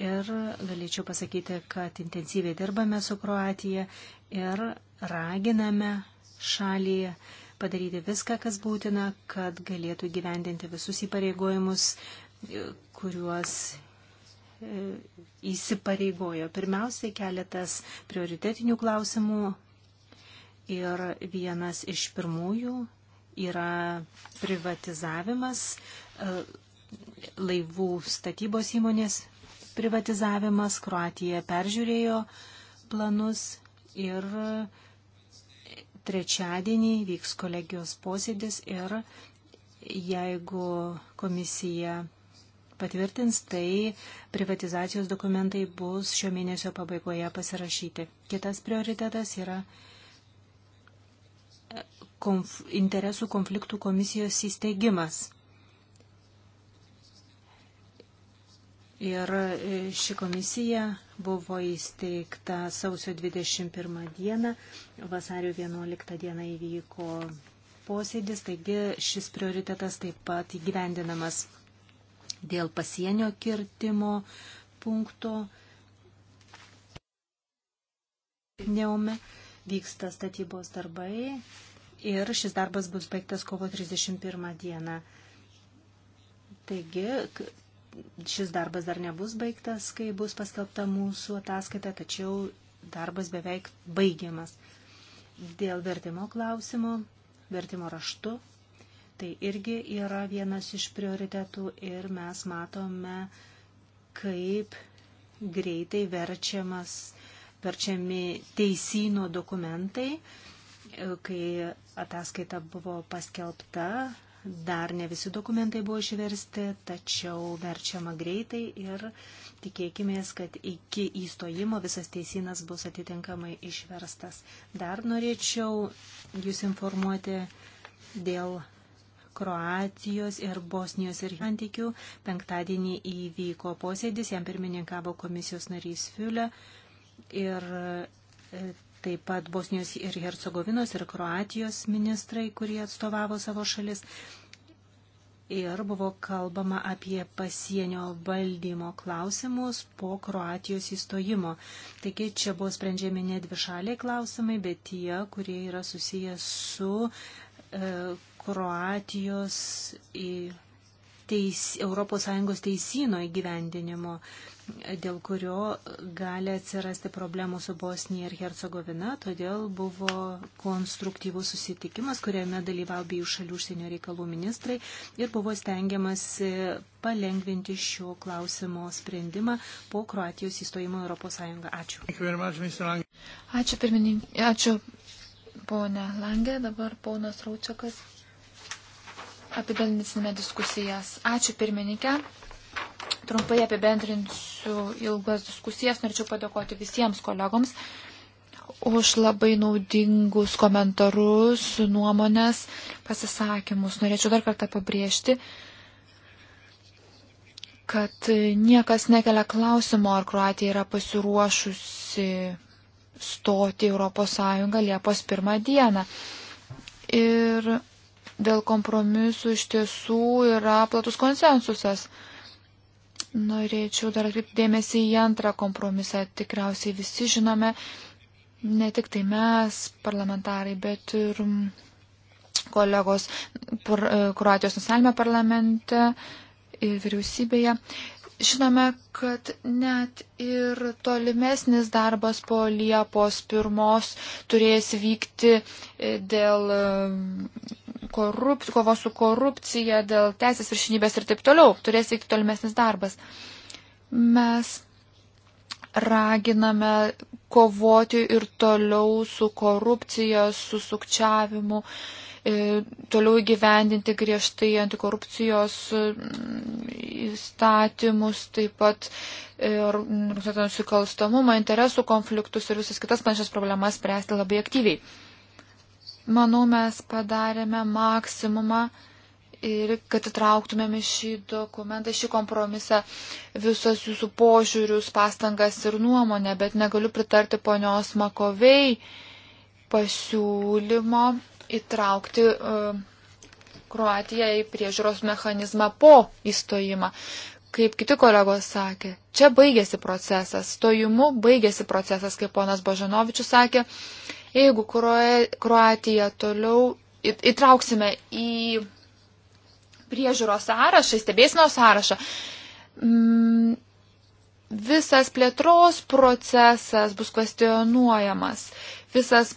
Ir galėčiau pasakyti, kad intensyviai dirbame su Kroatija ir raginame šalį padaryti viską, kas būtina, kad galėtų gyvendinti visus įpareigojimus, kuriuos įsipareigojo. Pirmiausiai keletas prioritetinių klausimų ir vienas iš pirmųjų yra privatizavimas, e, laivų statybos įmonės privatizavimas. Kroatija peržiūrėjo planus ir trečiadienį vyks kolegijos posėdis ir jeigu komisija patvirtins, tai privatizacijos dokumentai bus šio mėnesio pabaigoje pasirašyti. Kitas prioritetas yra e, konf interesų konfliktų komisijos įsteigimas. Ir e, ši komisija buvo įsteigta sausio 21 dieną, vasario 11 dieną įvyko posėdis, taigi šis prioritetas taip pat įgyvendinamas dėl pasienio kirtimo punkto. Neume vyksta statybos darbai ir šis darbas bus baigtas kovo 31 dieną. Taigi, šis darbas dar nebus baigtas, kai bus paskelbta mūsų ataskaita, tačiau darbas beveik baigiamas. Dėl vertimo klausimo, vertimo raštu Tai irgi yra vienas iš prioritetų ir mes matome, kaip greitai verčiamas, verčiami teisino dokumentai. Kai ataskaita buvo paskelbta, dar ne visi dokumentai buvo išversti, tačiau verčiama greitai ir tikėkime, kad iki įstojimo visas teisinas bus atitinkamai išverstas. Dar norėčiau Jūs informuoti dėl Kroatijos ir Bosnijos ir santykių. Penktadienį įvyko posėdis, jam pirmininkavo komisijos narys Fiulė ir e, taip pat Bosnijos ir Hercegovinos ir Kroatijos ministrai, kurie atstovavo savo šalis. Ir buvo kalbama apie pasienio valdymo klausimus po Kroatijos įstojimo. Taigi čia buvo sprendžiami ne dvišaliai klausimai, bet tie, kurie yra susijęs su e, Kroatijos į teis, ES teisino įgyvendinimo, dėl kurio gali atsirasti problemų su Bosnija ir Hercegovina. Todėl buvo konstruktyvus susitikimas, kuriame dalyvavo abiejų šalių užsienio reikalų ministrai ir buvo stengiamas palengvinti šio klausimo sprendimą po Kroatijos įstojimo ES. Ačiū. Ačiū, pirmininkė. Ačiū, ponė Langė. Dabar ponas Raučiakas apibendrinsime diskusijas. Ačiū pirmininkė. Trumpai apibendrinsiu ilgas diskusijas. Norėčiau padėkoti visiems kolegoms už labai naudingus komentarus, nuomonės, pasisakymus. Norėčiau dar kartą pabrėžti, kad niekas nekelia klausimo, ar Kroatija yra pasiruošusi stoti Europos Sąjungą Liepos pirmą dieną. Ir dėl kompromisų iš tiesų yra platus konsensusas. Norėčiau dar atkreipti dėmesį į antrą kompromisą. Tikriausiai visi žinome, ne tik tai mes, parlamentarai, bet ir mm, kolegos e, Kroatijos nacionalinėme parlamente ir vyriausybėje. Žinome, kad net ir tolimesnis darbas po Liepos pirmos turės vykti e, dėl korup, kovos su korupcija, dėl teisės viršinybės ir taip toliau. Turės vykti tolimesnis darbas. Mes raginame kovoti ir toliau su korupcija, su sukčiavimu, e, toliau įgyvendinti griežtai antikorupcijos mm, įstatymus, taip pat e, nusikalstamumą, interesų konfliktus ir visas kitas panašias problemas spręsti labai aktyviai. Manau, mes padarėme maksimumą ir kad įtrauktumėme šį dokumentą, šį kompromisą, visas jūsų požiūrius, pastangas ir nuomonę, bet negaliu pritarti ponios Makovei pasiūlymo įtraukti uh, Kroatiją į priežiūros mechanizmą po įstojimą. Kaip kiti kolegos sakė, čia baigėsi procesas, stojimu baigėsi procesas, kaip ponas Božanovičius sakė, Jeigu Kroatiją toliau įtrauksime į priežiūros sąrašą, stebėsino sąrašą, mm, visas plėtros procesas bus kvestionuojamas, visas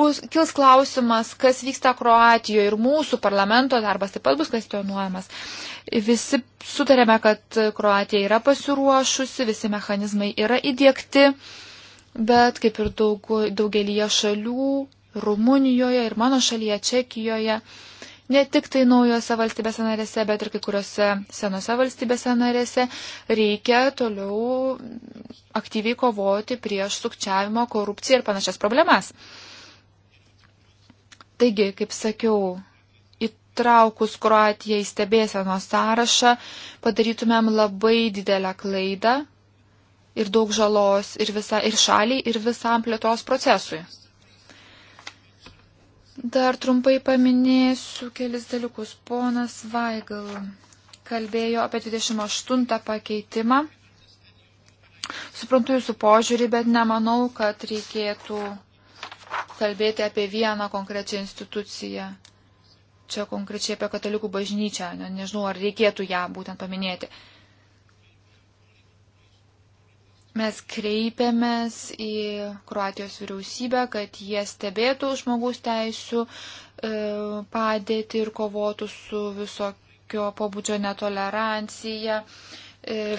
bus, kils klausimas, kas vyksta Kroatijoje ir mūsų parlamento darbas taip pat bus kvestionuojamas. Visi sutarėme, kad Kroatija yra pasiruošusi, visi mechanizmai yra įdėkti bet kaip ir daug, daugelyje šalių, Rumunijoje ir mano šalyje, Čekijoje, ne tik tai naujose valstybėse narėse, bet ir kai kuriuose senose valstybėse narėse reikia toliau aktyviai kovoti prieš sukčiavimo, korupciją ir panašias problemas. Taigi, kaip sakiau, įtraukus Kroatiją į stebėsenos sąrašą, padarytumėm labai didelę klaidą, ir daug žalos ir, visa, ir šaliai, ir visam plėtos procesui. Dar trumpai paminėsiu kelis dalykus. Ponas Vaigal kalbėjo apie 28 pakeitimą. Suprantu jūsų požiūrį, bet nemanau, kad reikėtų kalbėti apie vieną konkrečią instituciją. Čia konkrečiai apie katalikų bažnyčią. Ne, nežinau, ar reikėtų ją būtent paminėti. Uh, Mes kreipiamės į Kroatijos vyriausybę, kad jie stebėtų žmogaus teisų e, padėti ir kovotų su visokio pobūdžio netolerancija e,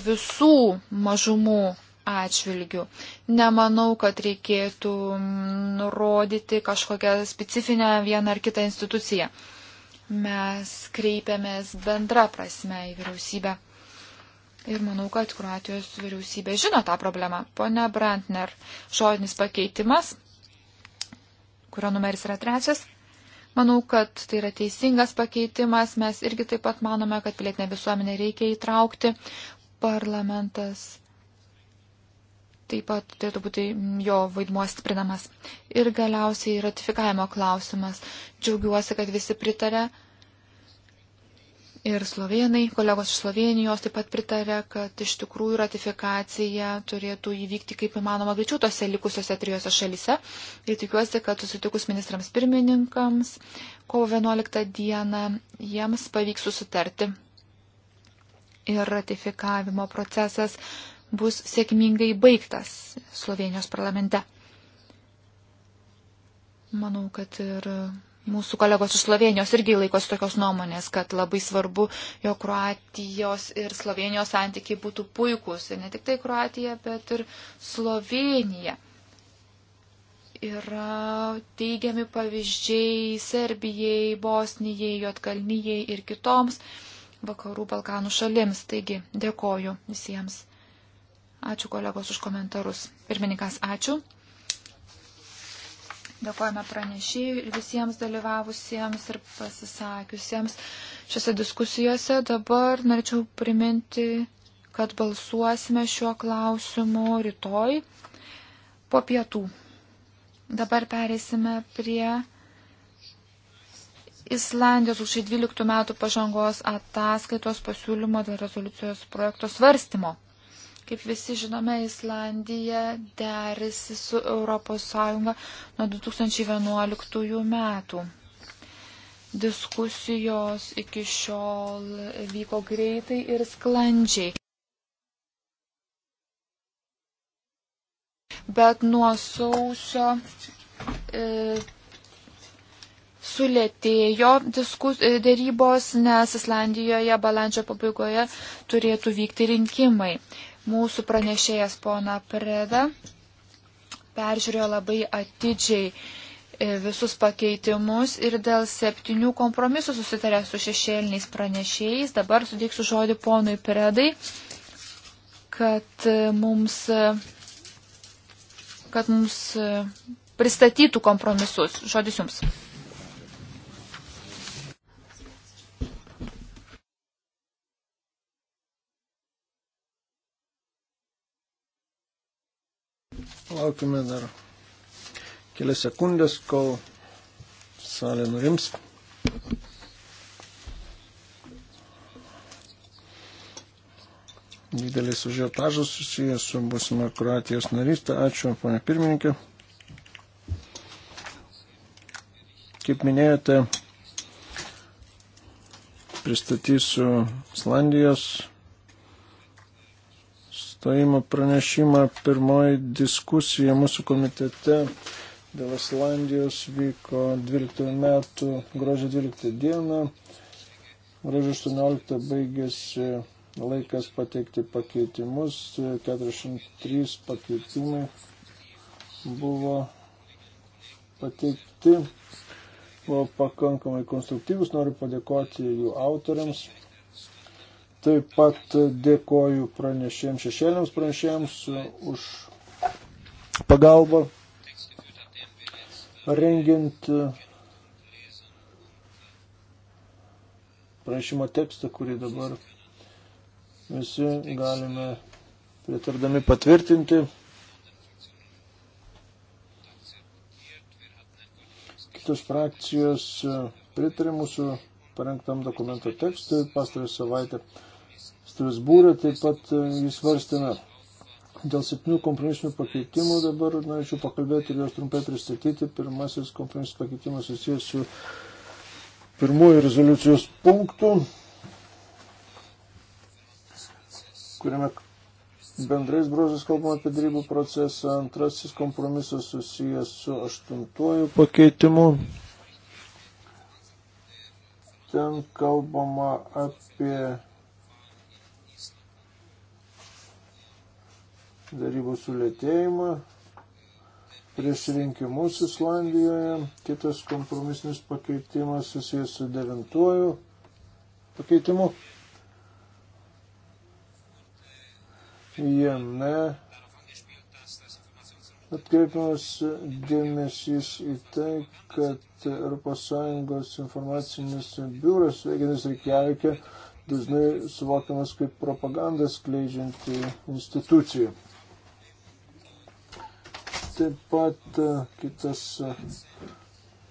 visų mažumų atžvilgių. Nemanau, kad reikėtų nurodyti kažkokią specifinę vieną ar kitą instituciją. Mes kreipiamės bendra prasme į vyriausybę. Ir manau, kad Kroatijos vyriausybė žino tą problemą. Pone Brantner, žodinis pakeitimas, kurio numeris yra trečias. Manau, kad tai yra teisingas pakeitimas. Mes irgi taip pat manome, kad pilietinę visuomenę reikia įtraukti. Parlamentas taip pat turėtų būti jo vaidmuo stiprinamas. Ir galiausiai ratifikavimo klausimas. Džiaugiuosi, kad visi pritarė Ir slovenai, kolegos iš Slovenijos taip pat pritarė, kad iš tikrųjų ratifikacija turėtų įvykti kaip įmanoma greičiau tose likusiuose trijose šalise. Ir tikiuosi, kad susitikus ministrams pirmininkams kovo 11 dieną jiems pavyks susitarti. Ir ratifikavimo procesas bus sėkmingai baigtas Slovenijos parlamente. Manau, kad ir Mūsų kolegos iš Slovenijos irgi laikosi tokios nuomonės, kad labai svarbu, jo Kroatijos ir Slovenijos santykiai būtų puikūs. Ir ne tik tai Kroatija, bet ir Slovenija. Yra teigiami pavyzdžiai Serbijai, Bosnijai, Jotkalnyjai ir kitoms vakarų Balkanų šalims. Taigi, dėkoju visiems. Ačiū kolegos už komentarus. Pirmininkas, ačiū. Dėkojame pranešėjui ir visiems dalyvavusiems ir pasisakiusiems šiose diskusijose. Dabar norėčiau priminti, kad balsuosime šiuo klausimu rytoj po pietų. Dabar pereisime prie Islandijos už 12 metų pažangos ataskaitos pasiūlymo dėl rezoliucijos projekto svarstymo. Kaip visi žinome, Islandija derisi su ES nuo 2011 metų. Diskusijos iki šiol vyko greitai ir sklandžiai. Bet nuo sausio e, sulėtėjo diskus, e, dėrybos, nes Islandijoje balandžio pabaigoje turėtų vykti rinkimai. Mūsų pranešėjas pona Preda peržiūrėjo labai atidžiai e, visus pakeitimus ir dėl septynių kompromisų susitarė su šešėliniais pranešėjais. Dabar suteiksiu žodį ponui Predai, kad e, mums, e, kad mums pristatytų kompromisus. Žodis jums. palaukime dar kelias sekundės, kol salė nurims. Didelis užiotažas susijęs su būsime Kroatijos narystė. Ačiū, ponė pirmininkė. Kaip minėjote, pristatysiu Islandijos stojimo pranešimą. Pirmoji diskusija mūsų komitete dėl Islandijos vyko 12 metų gruodžio 12 dieną. Gruodžio 18 baigėsi laikas pateikti pakeitimus. 43 pakeitimai buvo pateikti buvo pakankamai konstruktyvus. Noriu padėkoti jų autoriams. Taip pat dėkoju pranešėjams, šešėliams pranešėjams už pagalbą rengiant pranešimo tekstą, kurį dabar visi galime pritardami patvirtinti. Kitos frakcijos pritarė mūsų parengtam dokumento tekstui pastarąją savaitę. Strasbūrą taip pat e, jis varstėme dėl septynių kompromisinių pakeitimų. Dabar norėčiau pakalbėti ir juos trumpai pristatyti. Pirmasis kompromisinis pakeitimas susijęs su pirmuoju rezoliucijos punktu, kuriame bendrais brožas kalbama apie darybų procesą. Antrasis kompromisas susijęs su aštuntuoju pakeitimu. Ten kalbama apie darybų sulėtėjimą prieš rinkimus Islandijoje. Kitas kompromisinis pakeitimas susijęs su devintuoju pakeitimu. Jame atkreipiamas dėmesys į tai, kad ES informacinis biuras Veginas Reikiavikė dažnai suvokiamas kaip propagandą skleidžianti institucija. Taip pat e, kitas e,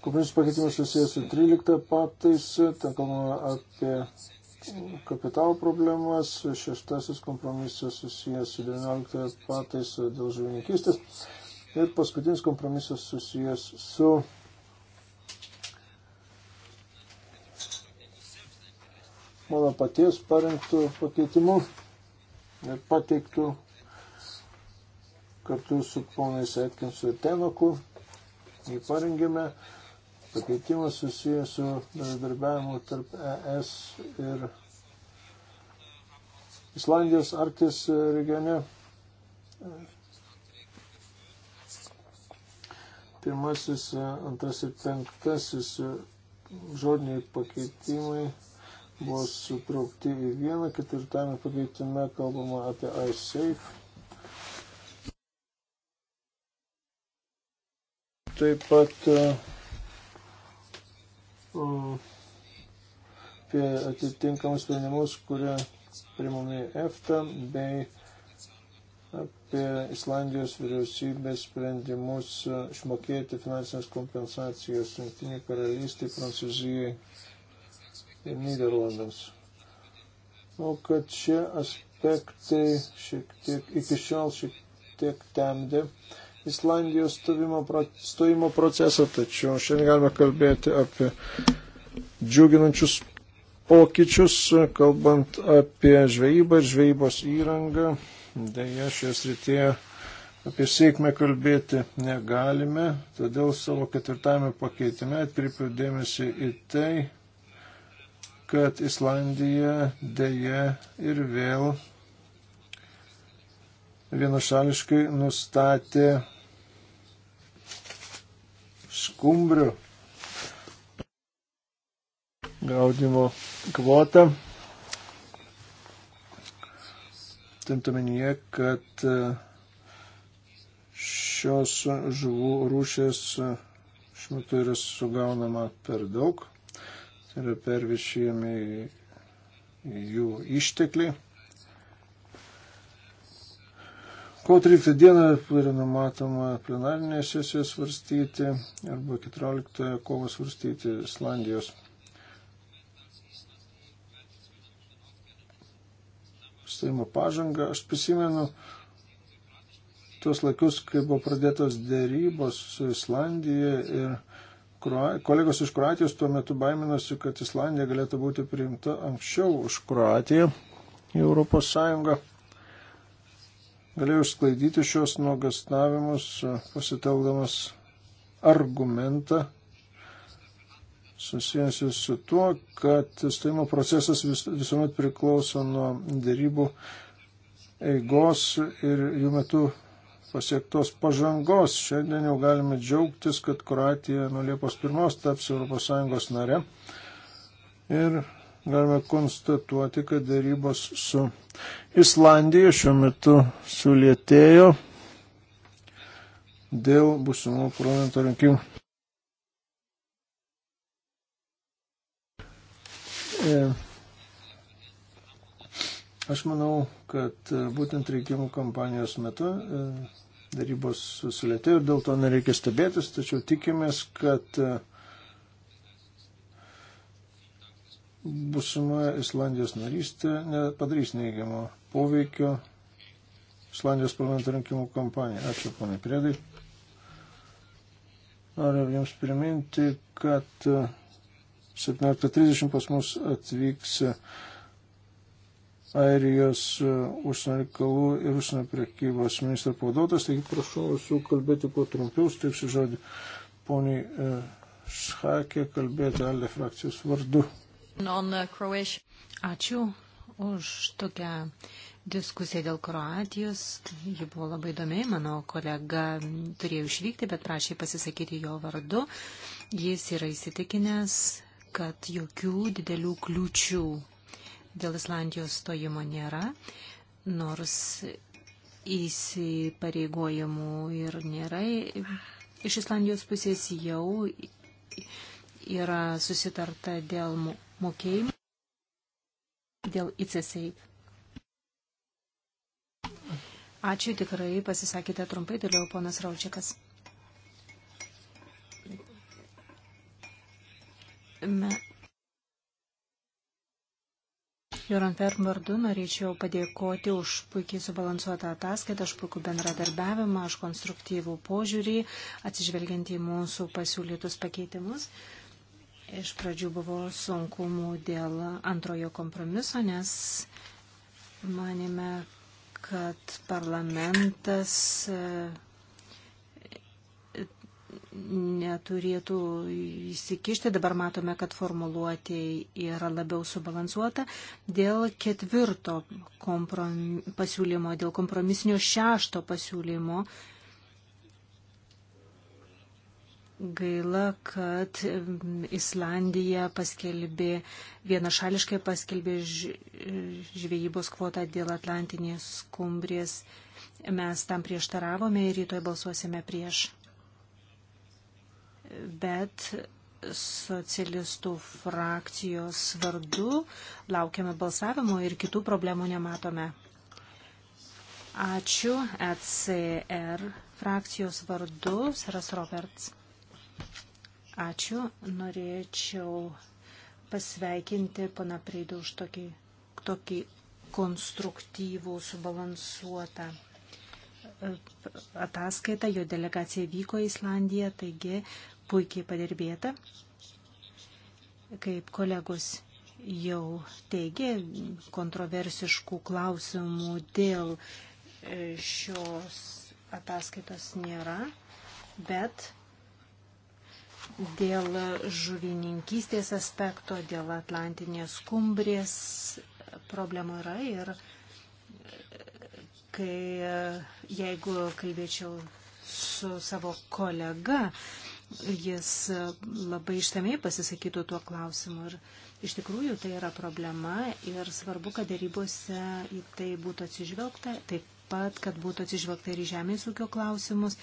kompromisų pakeitimas susijęs su 13 pataisa, ten kalbama apie kapitalo problemas, šeštasis kompromisas susijęs su 19 pataisa dėl žuvininkystės ir paskutinis kompromisas susijęs su mano paties parengtų pakeitimų ir pateiktų kartu su ponais Atkinsu ir Tenoku jį parengėme. Pakeitimas susijęs su bendradarbiavimu tarp ES ir Islandijos Arktis regione. Pirmasis, antras ir penktasis žodiniai pakeitimai buvo sutraukti į vieną, ketvirtame pakeitime kalbama apie iSafe Taip pat e, apie atitinkamus sprendimus, kurie primami EFTA bei apie Islandijos vyriausybės sprendimus e, išmokėti finansinės kompensacijas Junktinė karalystė, Prancūzijai ir Niderlandams. O kad šie aspektai šiek tiek iki šiol šiek tiek temdė Islandijos stojimo procesą, tačiau šiandien galime kalbėti apie džiuginančius pokyčius, kalbant apie žvejybą ir žvejybos įrangą. Deja, šioje srityje apie sėkmę kalbėti negalime, todėl savo ketvirtame pakeitime atkreipiu dėmesį į tai, kad Islandija dėja ir vėl vienašališkai nustatė skumbrių gaudimo kvotą. Tintuomenyje, kad e, šios žuvų rūšės e, šiuo metu yra sugaunama per daug, tai yra pervišėjami jų ištekliai. Kovo 13 dieną yra numatoma plenarinė sesija svarstyti arba 14 kovo svarstyti Islandijos stojimo pažangą. Aš prisimenu tuos laikus, kai buvo pradėtos dėrybos su Islandija ir kolegos iš Kroatijos tuo metu baiminosi, kad Islandija galėtų būti priimta anksčiau už Kroatiją į Europos Sąjungą. Galėjau išsklaidyti šios nuogastavimus, e, pasitelkdamas argumentą susijusi su tuo, kad stojimo procesas vis, visuomet priklauso nuo dėrybų eigos ir jų metu pasiektos pažangos. Šiandien jau galime džiaugtis, kad Kroatija nuo Liepos 1 taps ES nare. Ir galime konstatuoti, kad darybos su Islandija šiuo metu sulėtėjo dėl būsimų parlamento rinkimų. E, aš manau, kad būtent rinkimų kampanijos metu e, darybos sulėtėjo ir dėl to nereikia stebėtis, tačiau tikimės, kad e, Būsimoje Islandijos narystė nepadarys neigiamo poveikio Islandijos parlamento rinkimų kampanijai. Ačiū, ponai Priedai. Noriu Jums priminti, kad 17.30 pas mus atvyks Airijos užsienio reikalų ir užsienio prekybos ministro pavaduotas, taigi prašau visų kalbėti kuo trumpiau, steiksiu žodį poniai e, Šakė kalbėti Alde frakcijos vardu. Uh, Ačiū už tokią diskusiją dėl Kroatijos. Ji buvo labai įdomi, mano kolega turėjo išvykti, bet prašė pasisakyti jo vardu. Jis yra įsitikinęs, kad jokių didelių kliūčių dėl Islandijos stojimo nėra, nors įsipareigojimų ir nėra. Iš Islandijos pusės jau yra susitarta dėl mokėjimų dėl ICSI. Ačiū tikrai, pasisakėte trumpai, toliau ponas Raučiakas. Me... Joran Ferm vardu norėčiau padėkoti už puikiai subalansuotą ataskaitą, už puikų bendradarbiavimą, už konstruktyvų požiūrį, atsižvelgiant į mūsų pasiūlytus pakeitimus. Uh, Iš pradžių buvo sunkumų dėl antrojo kompromiso, nes manime, kad parlamentas e, neturėtų įsikišti. Dabar matome, kad formuluotė yra labiau subalansuota. Dėl ketvirto komprom... pasiūlymo, dėl kompromisinio šešto pasiūlymo gaila, kad mm, Islandija paskelbė, vienašališkai paskelbė žvejybos kvotą dėl Atlantinės skumbrės. Mes tam prieštaravome ir rytoj balsuosime prieš. Bet socialistų frakcijos vardu laukiame balsavimo ir kitų problemų nematome. Ačiū ECR frakcijos vardu, Saras Roberts. Ačiū. Norėčiau pasveikinti pana Preidą už tokį, tokį konstruktyvų, subalansuotą e, ataskaitą. Jo delegacija vyko į Islandiją, taigi puikiai padirbėta. Kaip kolegos jau teigė, kontroversiškų klausimų dėl e, šios ataskaitos nėra, bet dėl žuvininkystės aspekto, dėl Atlantinės kumbrės problemų yra ir kai, jeigu kalbėčiau su savo kolega, jis labai ištamiai pasisakytų tuo klausimu. Ir iš tikrųjų tai yra problema ir svarbu, kad darybose į tai būtų atsižvelgta. Taip pat, kad būtų atsižvelgta ir į žemės ūkio klausimus,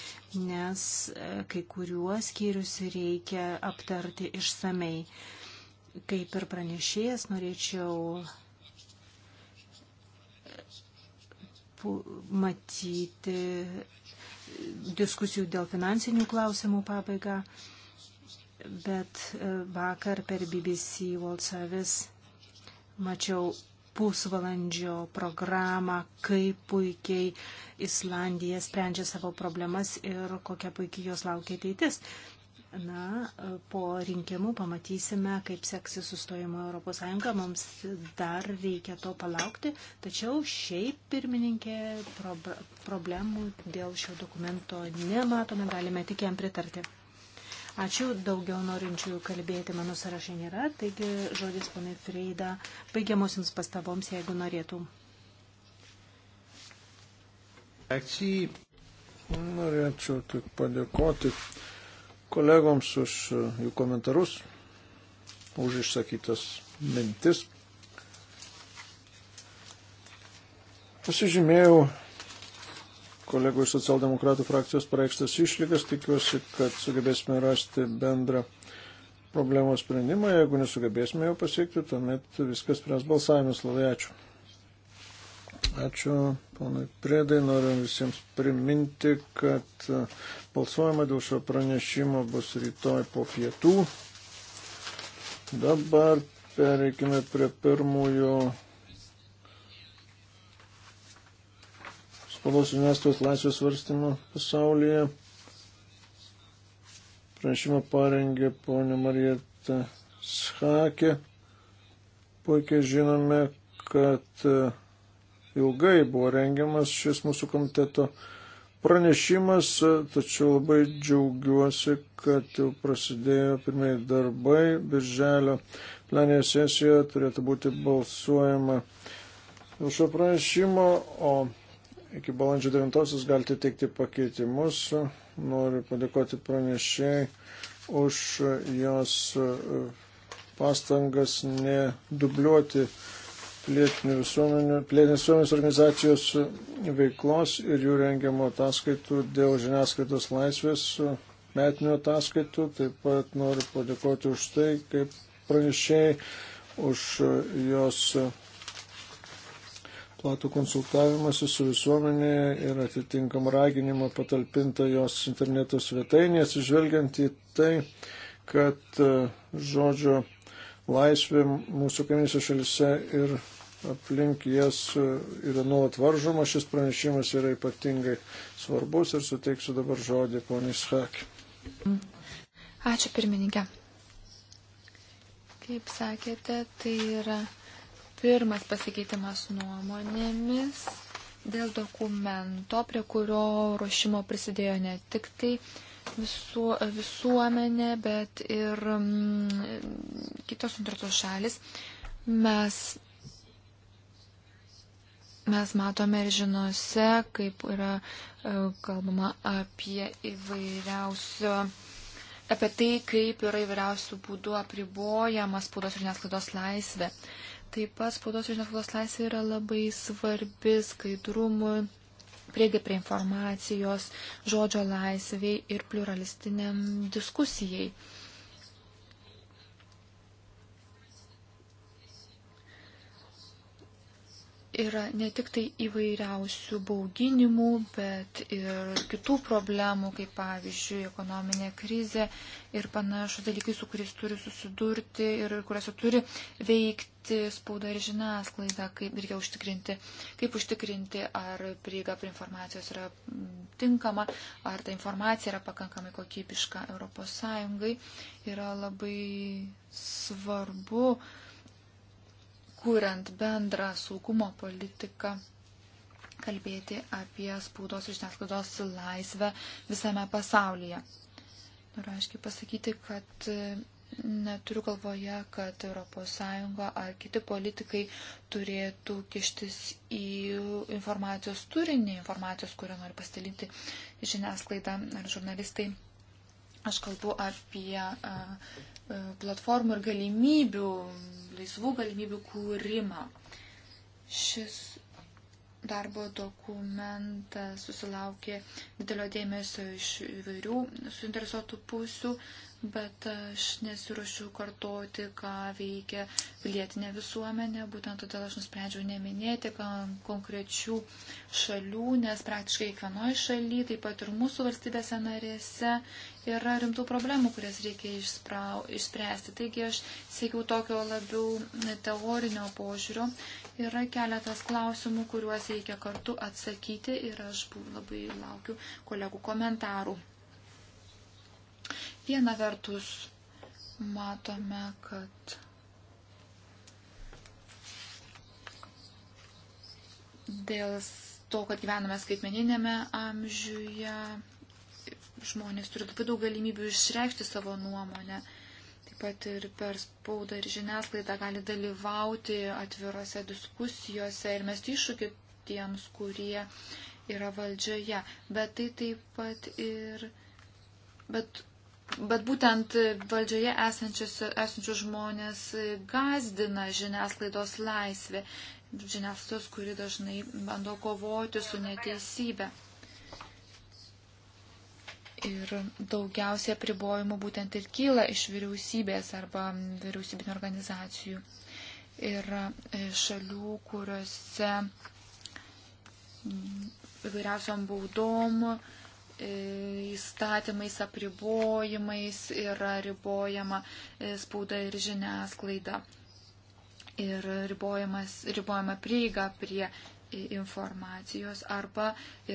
nes e, kai kuriuos skyrius reikia aptarti išsamei. Kaip ir pranešėjas, norėčiau matyti diskusijų dėl finansinių klausimų pabaigą, bet e, vakar per BBC World Service mačiau pusvalandžio programą, kaip puikiai Islandija sprendžia savo problemas ir kokia puikiai jos laukia ateitis. Na, po rinkimų pamatysime, kaip seksis sustojimo Europos Sąjunga. Mums dar reikia to palaukti. Tačiau šiaip, pirmininkė, problemų dėl šio dokumento nematome, galime tik jam pritarti. Ačiū, daugiau norinčių kalbėti mano sąrašai nėra, taigi žodis ponai Freida baigiamosiams pastaboms, jeigu norėtų. Ačiū. Norėčiau tik padėkoti kolegoms už jų komentarus, už išsakytas mintis. Pasižymėjau kolegų iš socialdemokratų frakcijos pareikštas išlygas. Tikiuosi, kad sugebėsime rasti bendrą problemos sprendimą. Jeigu nesugebėsime jo pasiekti, tuomet viskas spręs balsavimas. Labai ačiū. Ačiū, ponai Priedai. Noriu visiems priminti, kad balsuojama dėl šio pranešimo bus rytoj po pietų. Dabar pereikime prie pirmųjų spaudos žiniasklaidos laisvės svarstymą pasaulyje. Prašymą parengė ponė Marieta Schakė. Puikiai žinome, kad e, ilgai buvo rengiamas šis mūsų komiteto pranešimas, e, tačiau labai džiaugiuosi, kad jau prasidėjo pirmieji darbai. Birželio plenėje sesijoje turėtų būti balsuojama dėl šio pranešimo, o Iki balandžio 9 galite teikti pakeitimus. Noriu padėkoti pranešėjai už jos e, pastangas nedubliuoti pilietinės visuomenės organizacijos veiklos ir jų rengiamo ataskaitų dėl žiniasklaidos laisvės metinių ataskaitų. Taip pat noriu padėkoti už tai, kaip pranešėjai, už jos platų konsultavimąsi su visuomenė ir atitinkamą raginimą patalpintą jos interneto svetainėje, atsižvelgiant į tai, kad e, žodžio laisvė mūsų kaimynėse šalise ir aplink jas e, yra nuolat varžoma. Šis pranešimas yra ypatingai svarbus ir suteiksiu dabar žodį ponis Hakė. Ačiū pirmininkė. Kaip sakėte, tai yra Pirmas pasikeitimas nuomonėmis dėl dokumento, prie kurio ruošimo prisidėjo ne tik tai visu, visuomenė, bet ir mm, kitos antratos šalis. Mes, mes matome ir žinose, kaip yra e, kalbama apie įvairiausio apie tai, kaip yra įvairiausių būdų apribojama spaudos ir žiniasklaidos laisvė. Uh, Taip pat spaudos ir žiniasklaidos laisvė yra labai svarbi skaidrumui, prieigai prie informacijos, žodžio laisviai ir pluralistiniam diskusijai. yra ne tik tai įvairiausių bauginimų, bet ir kitų problemų, kaip pavyzdžiui, ekonominė krizė ir panašus dalykai, su kuriais turi susidurti ir kuriuose turi veikti spauda ir žiniasklaida, kaip reikia užtikrinti, kaip užtikrinti, ar prieiga prie informacijos yra mm, tinkama, ar ta informacija yra pakankamai kokybiška Europos Sąjungai, yra labai svarbu kuriant bendrą saugumo politiką, kalbėti apie spaudos ir žiniasklaidos laisvę visame pasaulyje. Noriu aiškiai pasakyti, kad e, neturiu galvoje, kad ES ar kiti politikai turėtų kištis į informacijos turinį, informacijos, kurią nori pasidalinti žiniasklaida ar žurnalistai. Aš kalbu apie uh, E, platformų ir galimybių, laisvų galimybių kūrimą. Šis darbo dokumentas susilaukė didelio dėmesio iš įvairių suinteresuotų pusių, bet aš nesiruošiu kartoti, ką veikia pilietinė visuomenė, būtent todėl aš nusprendžiau neminėti konkrečių šalių, nes praktiškai kiekvienoje šalyje, taip pat ir mūsų valstybėse narėse, yra rimtų problemų, kurias reikia išsprau, išspręsti. Taigi aš siekiau tokio labiau teorinio požiūrio. Yra keletas klausimų, kuriuos reikia kartu atsakyti ir aš labai laukiu kolegų komentarų. Viena vertus matome, kad dėl to, kad gyvename skaitmeninėme amžiuje, žmonės turi labai daug galimybių išreikšti savo nuomonę. Taip pat ir per spaudą ir žiniasklaidą gali dalyvauti atvirose diskusijose ir mesti iššūkį tiems, kurie yra valdžioje. Bet tai taip pat ir. Bet Bet būtent valdžioje esančius žmonės gazdina žiniasklaidos laisvė, žiniasklaidos, kuri dažnai bando kovoti su neteisybė. Ir daugiausia pribojimų būtent ir kyla iš vyriausybės arba vyriausybinio organizacijų. Ir e, šalių, kuriuose įvairiausiam baudom, E, įstatymais, apribojimais yra ribojama e, spauda ir žiniasklaida. Ir ribojama prieiga prie informacijos arba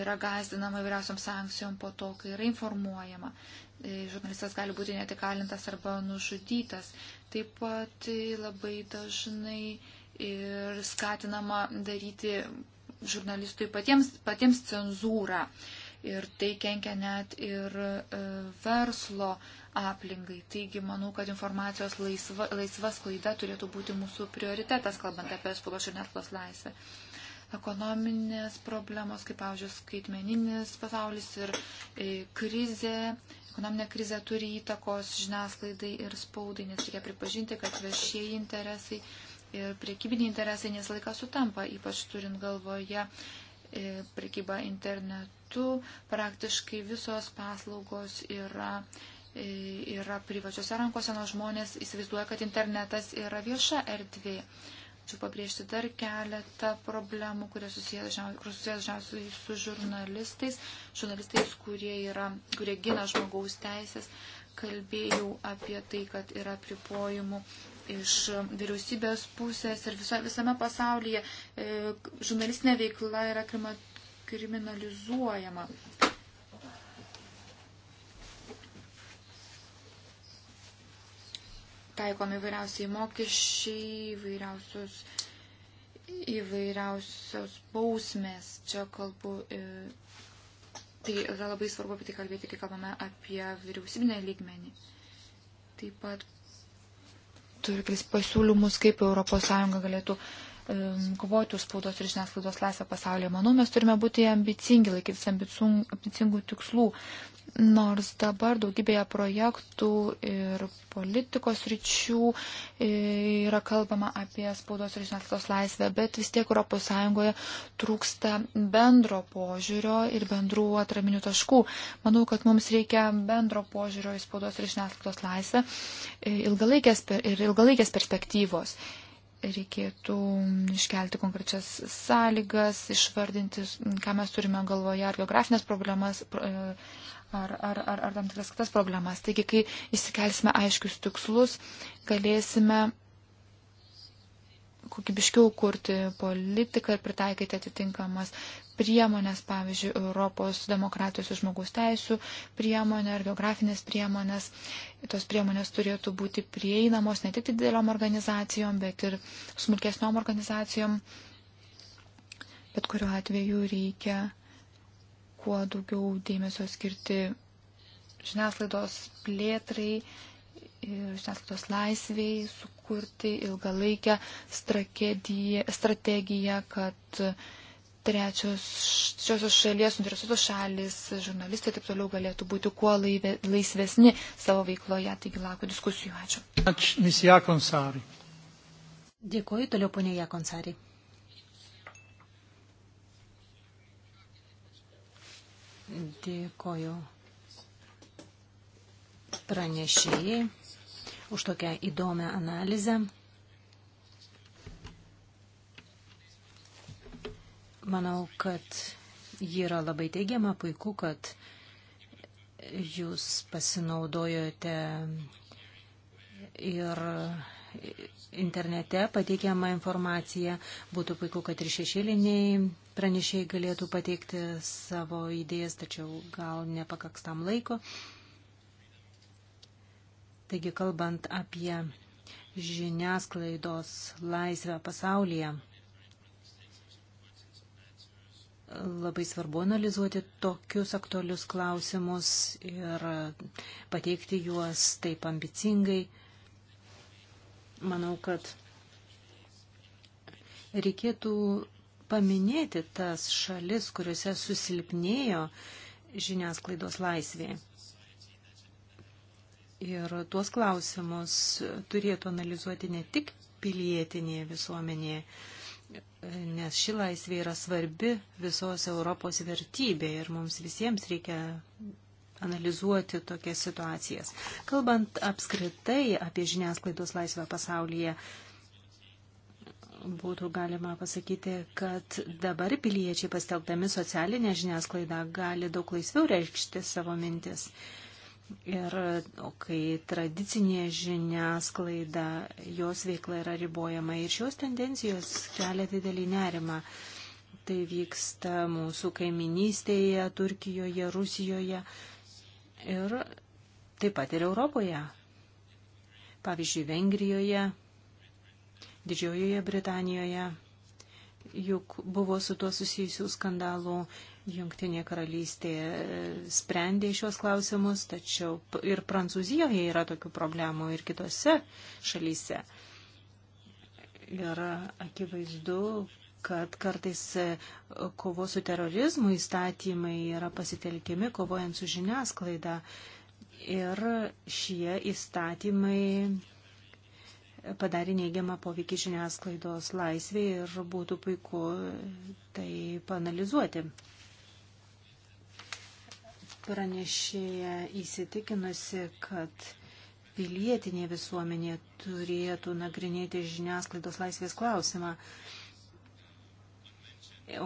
yra gazdinama įvairiausiam sankcijom po to, kai yra informuojama. E, žurnalistas gali būti netikalintas arba nužudytas. Taip pat labai dažnai ir skatinama daryti žurnalistui patiems, patiems cenzūrą ir tai kenkia net ir e, verslo aplinkai. Taigi manau, kad informacijos laisva, laisva sklaida turėtų būti mūsų prioritetas, kalbant apie spaudos ir netklos laisvę. Ekonominės problemos, kaip pavyzdžiui, skaitmeninis pasaulis ir e, krizė, ekonominė krizė turi įtakos žiniasklaidai ir spaudai, nes reikia pripažinti, kad viešieji interesai ir priekybiniai interesai nesą laiką sutampa, ypač turint galvoje e, priekybą internetu metu praktiškai visos paslaugos yra, e, yra privačiose rankose, nors žmonės įsivaizduoja, kad internetas yra vieša erdvė. Čia pabrėžti dar keletą problemų, kurios susijęs dažniausiai su žurnalistais, žurnalistais, kurie, yra, kurie gina žmogaus teisės. Kalbėjau apie tai, kad yra pripojimų iš vyriausybės pusės ir viso, visame pasaulyje e, žurnalistinė veikla yra klimat, kriminalizuojama. Taikomi vairiausiai mokesčiai, vairiausios, įvairiausios bausmės. Čia kalbu, e, tai yra labai svarbu apie tai kalbėti, kai kalbame apie vyriausybinę lygmenį. Taip pat turi pasiūlymus, kaip ES galėtų uh, Um, kovoti už spaudos ir žiniasklaidos laisvę pasaulyje. Manau, mes turime būti ambicingi, laikytis ambicingų tikslų. Nors dabar daugybėje projektų ir politikos ryčių e, yra kalbama apie spaudos ir žiniasklaidos laisvę, bet vis tiek ES trūksta bendro požiūrio ir bendrų atraminių taškų. Manau, kad mums reikia bendro požiūrio į spaudos ir žiniasklaidos laisvę e, ilgalaikės per, ir ilgalaikės perspektyvos reikėtų iškelti konkrečias sąlygas, išvardinti, ką mes turime galvoje, ar geografinės problemas, e, ar, ar, ar, ar tam tikras kitas problemas. Taigi, kai išsikelsime aiškius tikslus, galėsime kokybiškiau kurti politiką ir pritaikyti atitinkamas priemonės, pavyzdžiui, Europos demokratijos ir žmogaus teisų priemonė ar geografinės priemonės. Tos priemonės turėtų būti prieinamos ne tik dideliom organizacijom, bet ir smulkesniom organizacijom. Bet kuriuo atveju reikia kuo daugiau dėmesio skirti žiniasklaidos plėtrai ir žiniasklaidos laisviai, sukurti ilgalaikę strategiją, kad trečios šiosios šalies, interesuotos šalis, žurnalistai taip toliau galėtų būti kuo laive, laisvesni savo veikloje. Taigi laukiu diskusijų. Ačiū. Ačiū, misija Jakonsari. Dėkuoju toliau, ponė Jakonsari. Dėkuoju pranešėjai už tokią įdomią analizę. Manau, kad ji yra labai teigiama, puiku, kad jūs pasinaudojote ir internete pateikiamą informaciją. Būtų puiku, kad ir šešėliniai pranešėjai galėtų pateikti savo idėjas, tačiau gal nepakaks tam laiko. Taigi, kalbant apie žiniasklaidos laisvę pasaulyje, labai svarbu analizuoti tokius aktualius klausimus ir pateikti juos taip ambicingai. Manau, kad reikėtų paminėti tas šalis, kuriuose susilpnėjo žiniasklaidos laisvė. Ir tuos klausimus turėtų analizuoti ne tik pilietinėje visuomenėje, nes ši laisvė yra svarbi visos Europos vertybė ir mums visiems reikia analizuoti tokias situacijas. Kalbant apskritai apie žiniasklaidos laisvę pasaulyje, būtų galima pasakyti, kad dabar piliečiai pastelgdami socialinę žiniasklaidą gali daug laisviau reikšti savo mintis. Uh, Ir o kai tradicinė žiniasklaida, jos veikla yra ribojama ir šios tendencijos kelia didelį nerimą. Tai vyksta mūsų kaiminystėje, Turkijoje, Rusijoje ir taip pat ir Europoje. Pavyzdžiui, Vengrijoje, Didžiojoje Britanijoje juk buvo su tuo susijusių skandalų Junktinė karalystė sprendė šios klausimus, tačiau ir Prancūzijoje yra tokių problemų ir kitose šalyse. Ir akivaizdu, kad kartais e, kovo su terorizmu įstatymai yra pasitelkiami kovojant su žiniasklaida. Ir šie įstatymai padarė neigiamą poveikį žiniasklaidos laisvė ir būtų puiku tai panalizuoti pranešėja įsitikinusi, kad pilietinė visuomenė turėtų nagrinėti žiniasklaidos laisvės klausimą.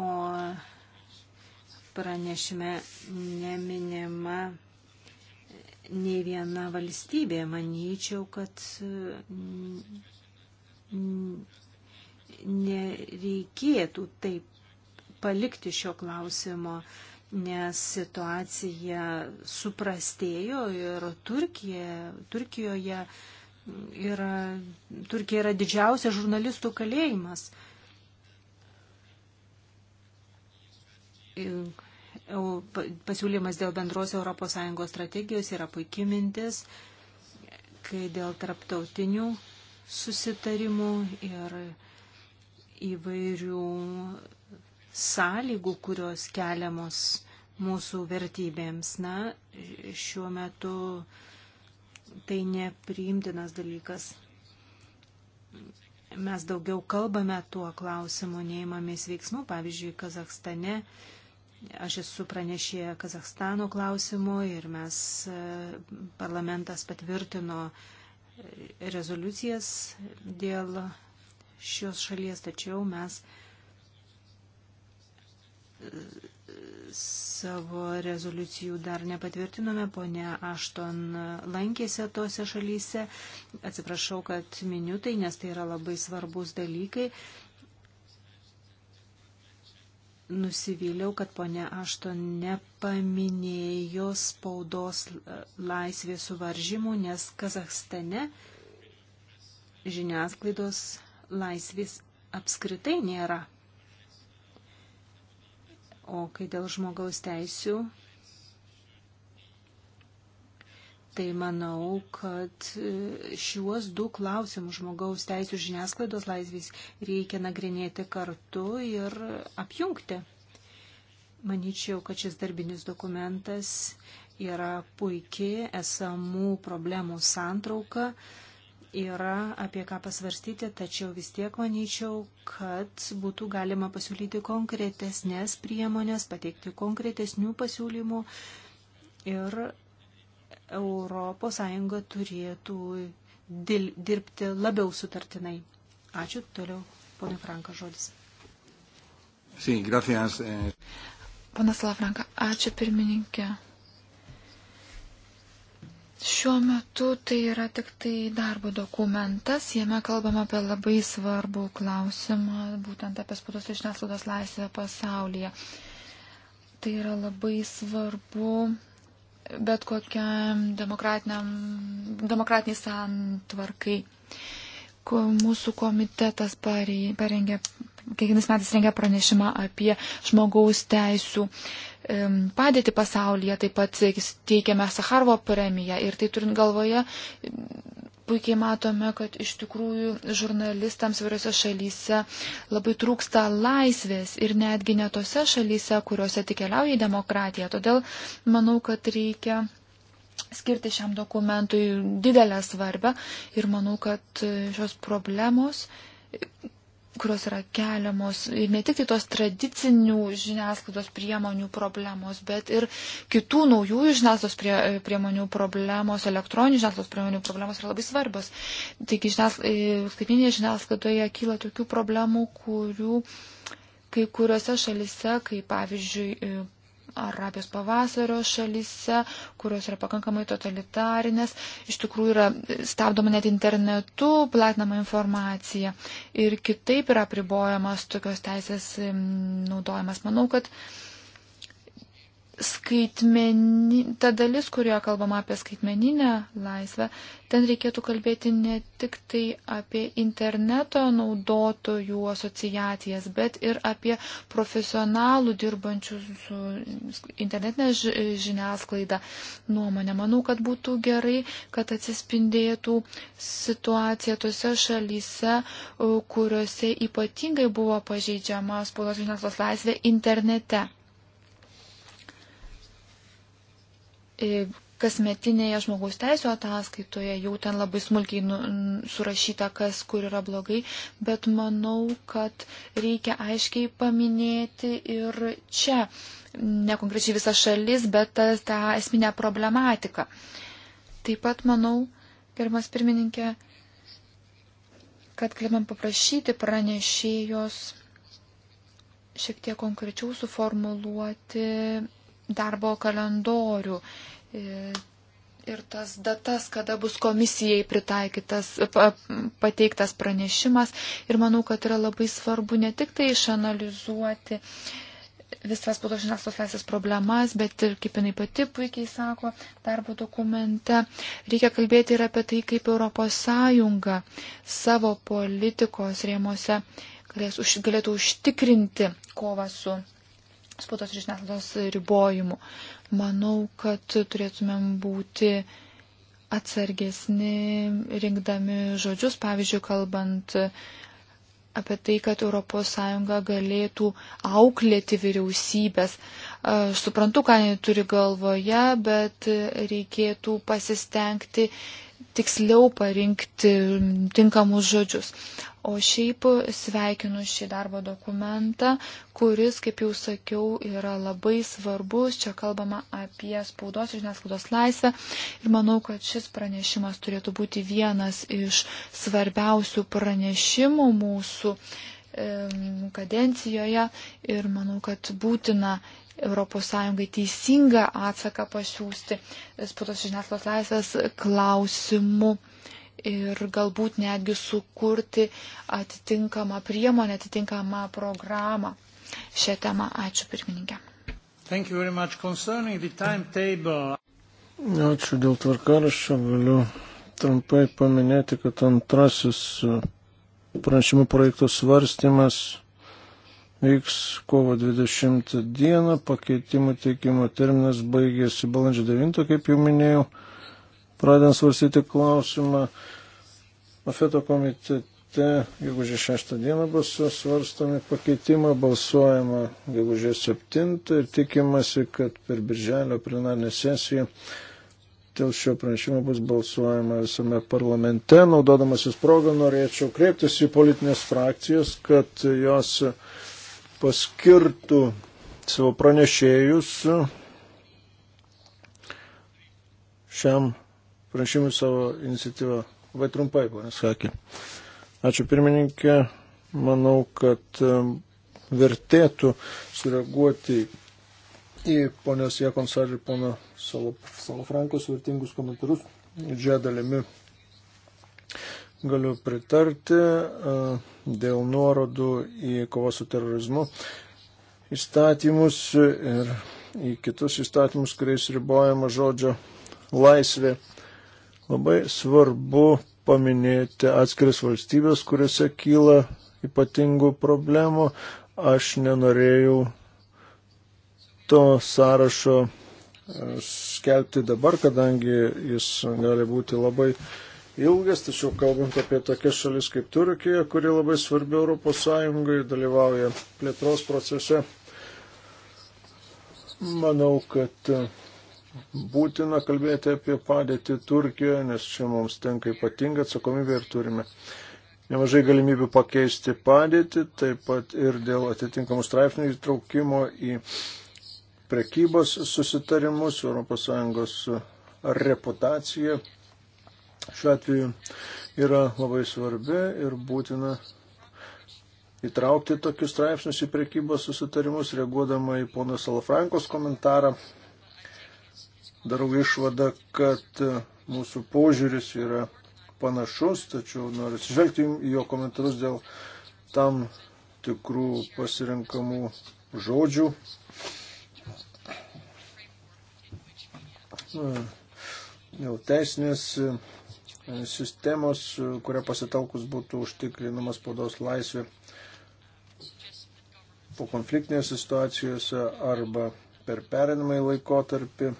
O pranešime neminima nei viena valstybė. Manyčiau, kad mm, nereikėtų taip palikti šio klausimo nes situacija suprastėjo ir Turkija, Turkijoje yra, Turkija yra didžiausia žurnalistų kalėjimas. Pasiūlymas dėl bendros ES strategijos yra puikia mintis, kai dėl tarptautinių susitarimų ir įvairių sąlygų, kurios keliamos mūsų vertybėms. Na, šiuo metu tai nepriimtinas dalykas. Mes daugiau kalbame tuo klausimu, neįmamės veiksmų. Pavyzdžiui, Kazakstane aš esu pranešėję Kazakstano klausimu ir mes e, parlamentas patvirtino e, rezoliucijas dėl šios šalies, tačiau mes savo rezoliucijų dar nepatvirtinome, ponia Ašton lankėsi tose šalyse. Atsiprašau, kad miniu tai, nes tai yra labai svarbus dalykai. Nusivyliau, kad ponia Ašton nepaminėjo spaudos laisvės suvaržymų, nes Kazahstane žiniasklaidos laisvės apskritai nėra. O kai dėl žmogaus teisių, tai manau, kad e, šiuos du klausimus žmogaus teisų žiniasklaidos laisvės reikia nagrinėti kartu ir apjungti. Maničiau, kad šis darbinis dokumentas yra puikiai esamų problemų santrauka yra apie ką pasvarstyti, tačiau vis tiek manyčiau, kad būtų galima pasiūlyti konkretesnės priemonės, pateikti konkretesnių pasiūlymų ir ES turėtų dirbti labiau sutartinai. Ačiū, toliau, ponai Franka, žodis. Sí, gracias. Eh. Ponas Lafranka, ačiū pirmininkė. Šiuo metu tai yra tik tai darbo dokumentas, jame kalbam apie labai svarbų klausimą, būtent apie spaudos ir žiniasklaidos laisvę pasaulyje. Tai yra labai svarbu bet kokiam demokratiniai santvarkai. Mūsų komitetas parengė kiekvienais metais rengia pranešimą apie žmogaus teisų padėti pasaulyje, taip pat teikiame Sakarvo premiją ir tai turint galvoje, puikiai matome, kad iš tikrųjų žurnalistams vairiose šalyse labai trūksta laisvės ir netgi ne tose šalyse, kuriuose tik keliauja į demokratiją. Todėl manau, kad reikia skirti šiam dokumentui didelę svarbę ir manau, kad šios problemos kurios yra keliamos ir ne tik tai tos tradicinių žiniasklaidos priemonių problemos, bet ir kitų naujųjų žiniasklaidos prie, priemonių problemos, elektroninių žiniasklaidos priemonių problemos yra labai svarbios. Taigi e, skaitminėje žiniasklaidoje kyla tokių problemų, kurių kai kuriuose šalise, kaip pavyzdžiui e, Arabijos pavasario šalyse, kurios yra pakankamai totalitarinės, iš tikrųjų yra stabdoma net internetu, platinama informacija ir kitaip yra pribojamas tokios teisės mm, naudojimas. Manau, kad uh, skaitmeni, ta dalis, kurioje kalbama apie skaitmeninę laisvę, ten reikėtų kalbėti ne tik tai apie interneto naudotojų asociacijas, bet ir apie profesionalų dirbančių su internetinė žiniasklaida nuomonę. Manau, kad būtų gerai, kad atsispindėtų situacija tose šalyse, kuriuose ypatingai buvo pažeidžiama spaudos žiniasklaidos laisvė internete. kasmetinėje žmogaus teisų ataskaitoje jau ten labai smulkiai nu, surašyta, kas kur yra blogai, bet manau, kad reikia aiškiai paminėti ir čia, ne konkrečiai visa šalis, bet tą, tą esminę problematiką. Taip pat manau, gerbiamas pirmininkė, kad galėtumėm paprašyti pranešėjos šiek tiek konkrečiau suformuluoti darbo kalendorių e, ir tas datas, kada bus komisijai pritaikytas, pateiktas pranešimas. Ir manau, kad yra labai svarbu ne tik tai išanalizuoti visas spaudo žiniasklaidos laisvės problemas, bet ir, kaip jinai pati puikiai sako, darbo dokumente reikia kalbėti ir apie tai, kaip ES savo politikos rėmose galės, galėtų užtikrinti kovą su spaudos ir žiniasklaidos ribojimų. Manau, kad turėtumėm būti atsargesni rinkdami žodžius, pavyzdžiui, kalbant apie tai, kad ES galėtų auklėti vyriausybės. Aš suprantu, ką jie turi galvoje, bet reikėtų pasistengti tiksliau parinkti tinkamus žodžius. O šiaip sveikinu šį darbo dokumentą, kuris, kaip jau sakiau, yra labai svarbus. Čia kalbama apie spaudos ir žiniasklaidos laisvę. Ir manau, kad šis pranešimas turėtų būti vienas iš svarbiausių pranešimų mūsų kadencijoje ir manau, kad būtina ES teisingą atsaką pasiūsti spaudos žiniasklaidos laisvės klausimu ir galbūt netgi sukurti atitinkamą priemonę, atitinkamą programą šią temą. Ačiū pirmininkė. Ačiū dėl tvarkaraščio. Galiu trumpai paminėti, kad antrasis e, pranešimų projekto svarstymas vyks kovo 20 dieną, pakeitimų teikimo terminas baigėsi balandžio 9, kaip jau minėjau. Pradedant svarstyti klausimą, afeto komitete, gegužė 6 dieną bus svarstami pakeitimą, balsuojama gegužė 7 ir tikimasi, kad per birželio plenarinę sesiją dėl šio pranešimo bus balsuojama visame parlamente. Naudodamasis progą norėčiau kreiptis į politinės frakcijas, kad jos paskirtų savo pranešėjus šiam pranešimui savo iniciatyvą. Vai trumpai, ponas Hakė. Ačiū pirmininkė. Manau, kad um, vertėtų sureaguoti į ponios Jekonsarį ir pono Salafrankos vertingus komentarus. Džia dalimi galiu pritarti. Uh, dėl nuorodų į kovos su terorizmu įstatymus ir į kitus įstatymus, kuriais ribojama žodžio laisvė. Labai svarbu paminėti atskiras valstybės, kuriuose kyla ypatingų problemų. Aš nenorėjau to sąrašo e, skelbti dabar, kadangi jis gali būti labai uh, ilgas, tačiau kalbant apie tokias šalis kaip Turkija, kuri labai svarbi Europos Sąjungai, dalyvauja plėtros procese, manau, kad būtina kalbėti apie padėtį Turkijoje, nes čia mums tenka ypatinga atsakomybė ir turime nemažai galimybių pakeisti padėtį, taip pat ir dėl atitinkamų straipsnių įtraukimo į prekybos susitarimus, ES reputaciją šiuo atveju yra labai svarbi ir būtina įtraukti tokius straipsnius į prekybos susitarimus, reaguodama į pono Salafrankos komentarą. Darau išvadą, kad mūsų požiūris yra panašus, tačiau noriu atsižvelgti į jo komentarus dėl tam tikrų pasirinkamų žodžių. Dėl teisinės E, sistemos, e, kuria pasitaukus būtų užtikrinamas spaudos laisvė po konfliktinėse situacijose arba per perinamąjį laikotarpį.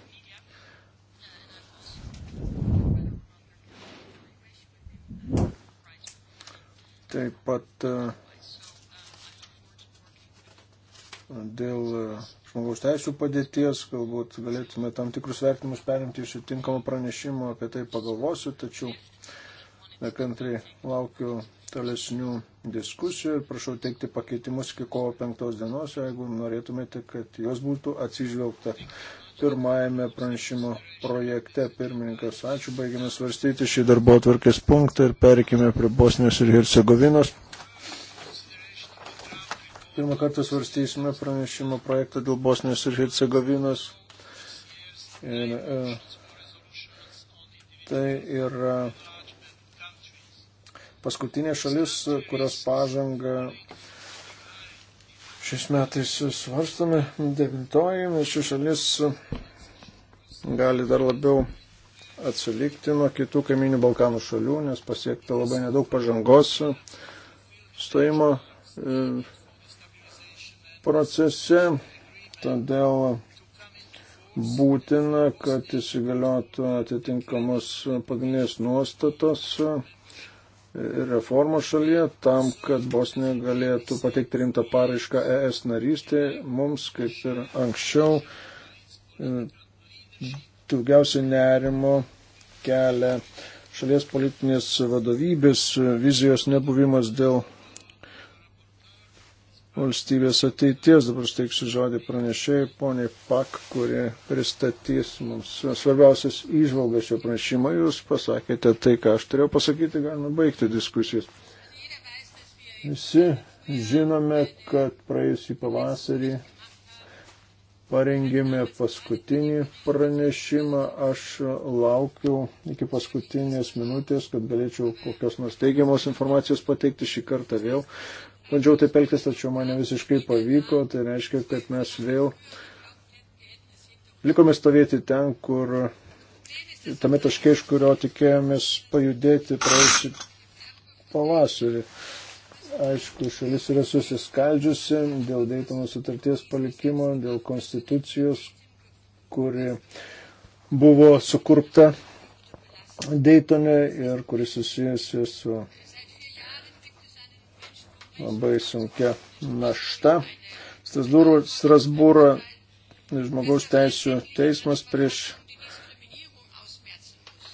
Taip pat e, dėl žmogaus teisų padėties, galbūt galėtume tam tikrus vertimus perimti iš atinkamo pranešimo, apie tai pagalvosiu, tačiau nekantriai laukiu tolesnių diskusijų ir prašau teikti pakeitimus iki kovo penktos dienos, jeigu norėtumėte, kad jos būtų atsižvelgta pirmajame pranešimo projekte. Pirmininkas, ačiū, baigėme svarstyti šį darbo atvarkės punktą ir perikime prie Bosnijos ir Hercegovinos. Pirmą kartą svarstysime pranešimo projektą dėl Bosnijos ir Hercegovinos. Ir e, tai yra paskutinė šalis, kurios pažanga šiais metais svarstame devintoji, nes ši šalis gali dar labiau atsilikti nuo kitų kaiminių Balkanų šalių, nes pasiekta labai nedaug pažangos stojimo e, procese, todėl būtina, kad įsigaliotų atitinkamos pagrindinės nuostatos reformos šalyje tam, kad Bosnija galėtų pateikti rimtą paraišką ES narystė. Mums, kaip ir anksčiau, daugiausiai nerimo kelia šalies politinės vadovybės vizijos nebuvimas dėl valstybės ateities. Dabar steiksiu žodį pranešėjai poniai Pak, kurie pristatys mums svarbiausias įžvalgas šio pranešimo. Jūs pasakėte tai, ką aš turėjau pasakyti, galime baigti diskusijas. Visi žinome, kad praėjusį pavasarį parengėme paskutinį pranešimą. Aš laukiu iki paskutinės minutės, kad galėčiau kokios nors teigiamos informacijos pateikti šį kartą vėl bandžiau taip elgtis, tačiau mane visiškai pavyko, tai reiškia, kad mes vėl likome stovėti ten, kur tame taške, iš kurio tikėjomės pajudėti praėjusį pavasarį. Aišku, šalis yra susiskaldžiusi dėl Daytono sutarties palikimo, dėl konstitucijos, kuri buvo sukurta Daytone ir kuris susijusi su labai sunkia našta. Strasbūro žmogaus teisų teismas prieš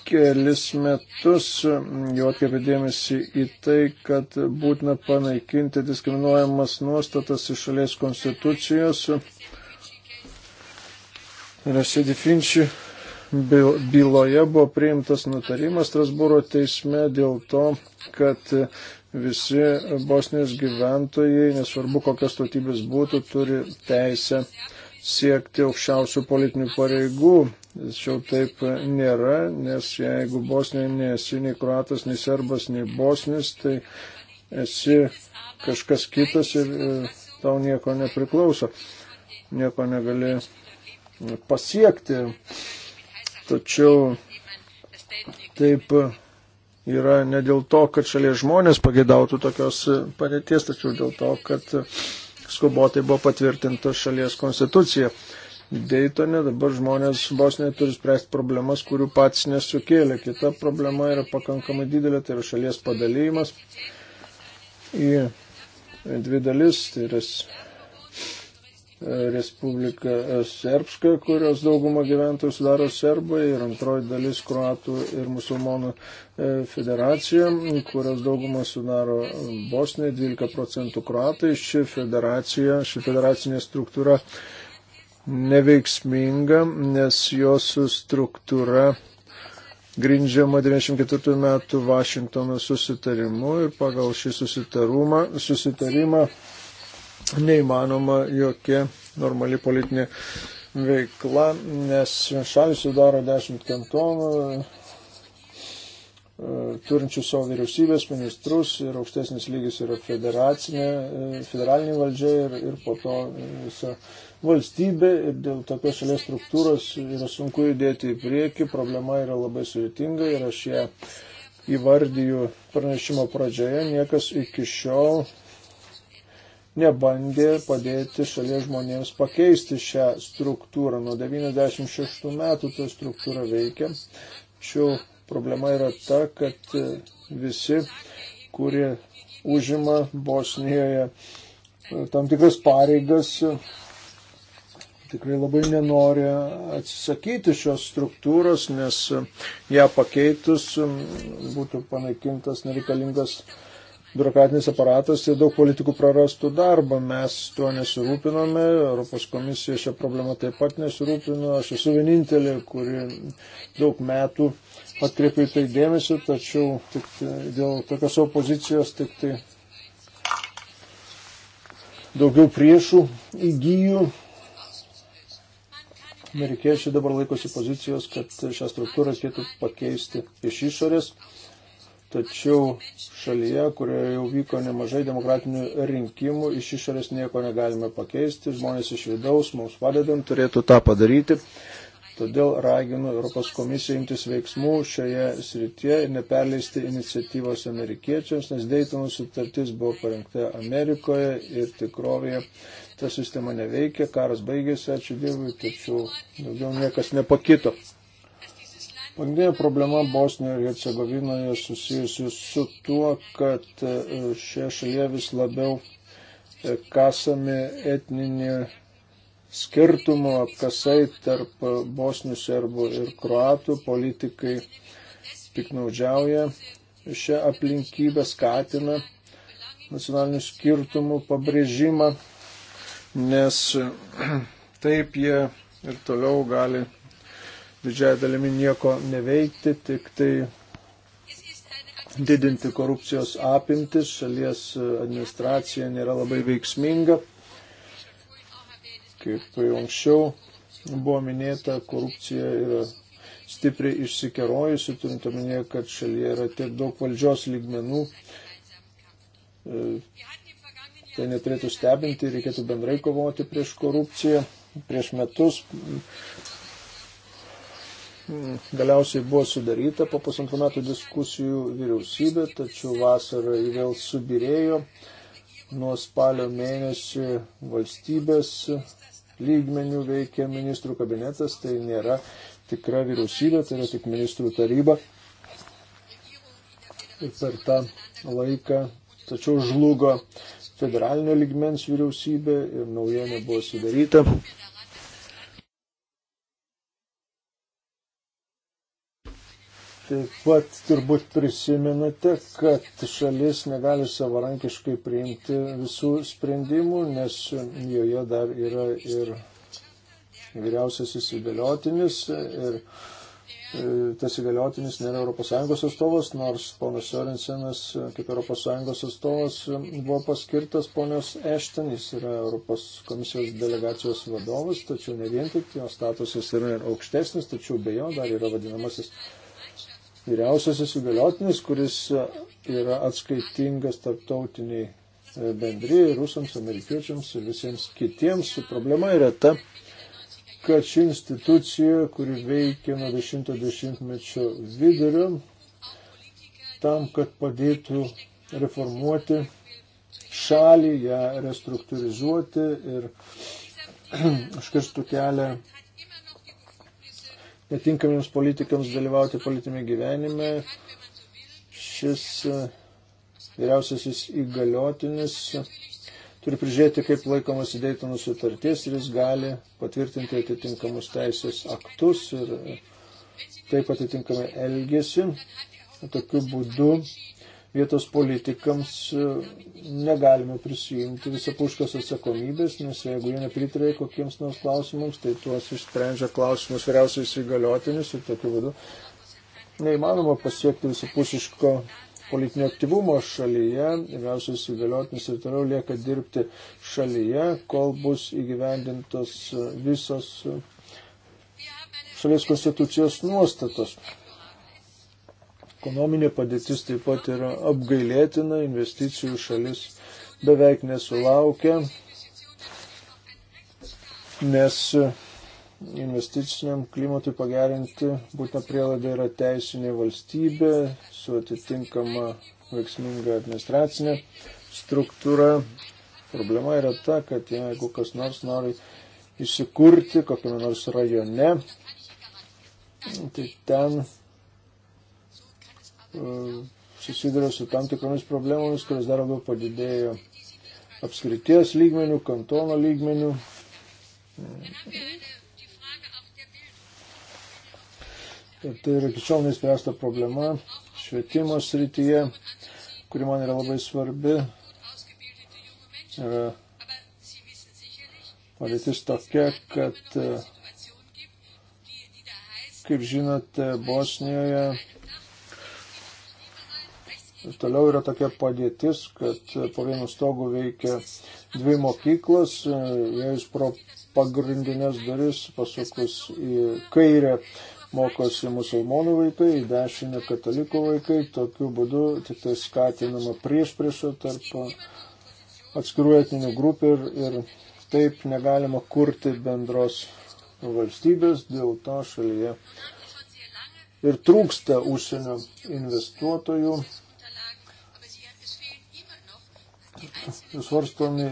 kelis metus jau atkreipė dėmesį į tai, kad būtina panaikinti diskriminuojamas nuostatas iš šalies konstitucijos. Rasėdi Finči byloje buvo priimtas nutarimas Strasbūro teisme dėl to, kad Visi Bosnijos gyventojai, nesvarbu kokios tautybės būtų, turi teisę siekti aukščiausių politinių pareigų. Tačiau taip nėra, nes jeigu Bosnija nesi nei kruatas, nei serbas, nei bosnis, tai esi kažkas kitas ir e, tau nieko nepriklauso. Nieko negali pasiekti. Tačiau taip yra ne dėl to, kad šalies žmonės pagėdautų tokios padėties, tačiau dėl to, kad skubotai buvo patvirtinta šalies konstitucija. Deitone dabar žmonės Bosnijoje turi spręsti problemas, kurių pats nesukėlė. Kita problema yra pakankamai didelė, tai yra šalies padalymas į dvi dalis, tai yra Respublika Serbska, kurios daugumą gyventojų sudaro serbai ir antroji dalis kruatų ir musulmonų e, federacija, kurios daugumą sudaro Bosnija, 12 procentų kruatai. Ši federacija, ši federacinė struktūra neveiksminga, nes jos struktūra grindžiama 94 metų Vašingtono susitarimu ir pagal šį susitarimą neįmanoma jokia normali politinė veikla, nes šalis sudaro 10 kantonų, e, turinčių savo vyriausybės, ministrus ir aukštesnis lygis yra e, federalinė valdžia ir, ir po to visa valstybė ir dėl tokios šalies struktūros yra sunku judėti į priekį, problema yra labai sudėtinga ir aš ją įvardyju pranešimo pradžioje, niekas iki šiol nebandė padėti šalies žmonėms pakeisti šią struktūrą. Nuo 96 metų ta struktūra veikia. Čia problema yra ta, kad e, visi, kurie užima Bosnijoje e, tam tikras pareigas, e, tikrai labai nenori atsisakyti šios struktūros, nes ją pakeitus būtų panaikintas nereikalingas biurokratinis aparatas ir daug politikų prarastų darbą. Mes tuo nesirūpinome, Europos komisija šią problemą taip pat nesirūpino. Aš esu vienintelė, kuri daug metų atkreipė į tai dėmesį, tačiau tik tai dėl tokios opozicijos tik tai daugiau priešų įgyjų. Amerikiečiai dabar laikosi pozicijos, kad šią struktūrą reikėtų pakeisti iš išorės. Tačiau šalyje, kurioje jau vyko nemažai demokratinių rinkimų, iš išorės nieko negalime pakeisti, žmonės iš vidaus mums padedant turėtų tą padaryti. Todėl raginu Europos komisiją imtis veiksmų šioje srityje ir neperleisti iniciatyvos amerikiečiams, nes Daytono sutartis buvo parengta Amerikoje ir tikrovėje ta sistema neveikia, karas baigėsi, ačiū Dievui, tačiau daugiau niekas nepakito. Pagrindinė problema Bosnijoje ir Hercegovinoje susijusi su tuo, kad e, šie šalia vis labiau e, kasami etninį skirtumų apkasai tarp bosnių serbų ir kroatų. Politikai piknaudžiauja šią aplinkybę, skatina nacionalinių skirtumų pabrėžimą, nes taip jie ir toliau gali didžiai dalimi nieko neveikti, tik tai didinti korupcijos apimtis, šalies administracija nėra labai veiksminga. Kaip jau anksčiau buvo minėta, korupcija yra stipriai išsikerojusi, turint omenyje, kad šalyje yra tiek daug valdžios lygmenų. Tai neturėtų stebinti, reikėtų bendrai kovoti prieš korupciją. Prieš metus galiausiai buvo sudaryta po pusantrų metų diskusijų vyriausybė, tačiau vasarą jį vėl subirėjo. Nuo spalio mėnesį valstybės lygmenių veikia ministrų kabinetas, tai nėra tikra vyriausybė, tai yra tik ministrų taryba. Ir per tą laiką, tačiau žlugo federalinio lygmens vyriausybė ir nauja nebuvo sudaryta. Taip pat turbūt prisimenate, kad šalis negali savarankiškai priimti visų sprendimų, nes joje dar yra ir vyriausiasis įgaliotinis ir e, tas įgaliotinis nėra ES atstovas, nors ponas Sorensenas kaip ES atstovas buvo paskirtas ponios Ešten, jis yra Europos komisijos delegacijos vadovas, tačiau ne vien tik jo statusas yra ir aukštesnis, tačiau be jo dar yra vadinamasis vyriausiasis įgaliotinis, kuris e, yra atskaitingas tarptautiniai e, bendrijai, rusams, amerikiečiams ir visiems kitiems. Problema yra ta, kad ši institucija, kuri veikia nuo 10-mečio vidurio, tam, kad padėtų reformuoti šalį, ją restruktūrizuoti ir užkirstų kelią netinkamiems politikams dalyvauti politinėme gyvenime. Šis e, vyriausiasis įgaliotinis turi prižiūrėti, kaip laikomas įdėtinų sutarties ir jis gali patvirtinti atitinkamus teisės aktus ir e, taip atitinkamai elgesi. Tokiu būdu vietos politikams e, negalime prisijimti visapuškos atsakomybės, nes jeigu jie nepritarė kokiems nors klausimams, tai tuos išsprendžia klausimus vyriausiais įgaliotinis ir tokiu būdu neįmanoma pasiekti visapusiško politinio aktyvumo šalyje, vyriausiais įgaliotinis ir toliau lieka dirbti šalyje, kol bus įgyvendintos visos e, šalies konstitucijos nuostatos. Ekonominė padėtis taip pat yra apgailėtina, investicijų šalis beveik nesulaukia, nes investiciniam klimatui pagerinti būtina prielaida yra teisinė valstybė su atitinkama veiksminga administracinė struktūra. Problema yra ta, kad jeigu kas nors nori įsikurti kokiame nors rajone, tai ten E, susiduria su tam tikromis problemomis, kurios dar labiau padidėjo apskrities lygmenių, kantono lygmenių. Ir tai yra iki šiol neįspręsta problema švietimo srityje, kuri man yra labai svarbi. Yra padėtis tokia, kad, e, kaip žinote, Bosnijoje Toliau yra tokia padėtis, kad po vienu stogu veikia dvi mokyklos, jais pro pagrindinės duris pasukus į kairę mokosi musulmonų vaikai, į dešinę katalikų vaikai, tokiu būdu tik tai skatinama prieš priešo tarp atskirų etninių grupių ir, ir taip negalima kurti bendros valstybės, dėl to šalyje ir trūksta užsienio investuotojų, svarstomi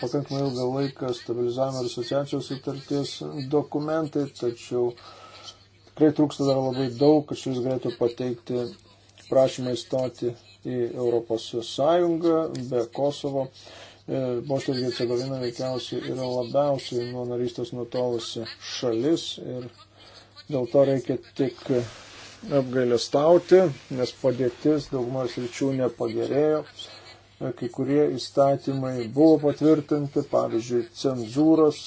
pakankamai ilgą laiką stabilizavimo ir asociacijos sutarties dokumentai, tačiau tikrai trūksta dar labai daug, kad šis galėtų pateikti prašymą įstoti į Europos Sąjungą be Kosovo. E, Bosnija ir Hercegovina veikiausiai yra labiausiai nuo narystės nutolusi šalis ir dėl to reikia tik apgailestauti, nes padėtis daugumas ryčių nepagerėjo kai kurie įstatymai buvo patvirtinti, pavyzdžiui, cenzūros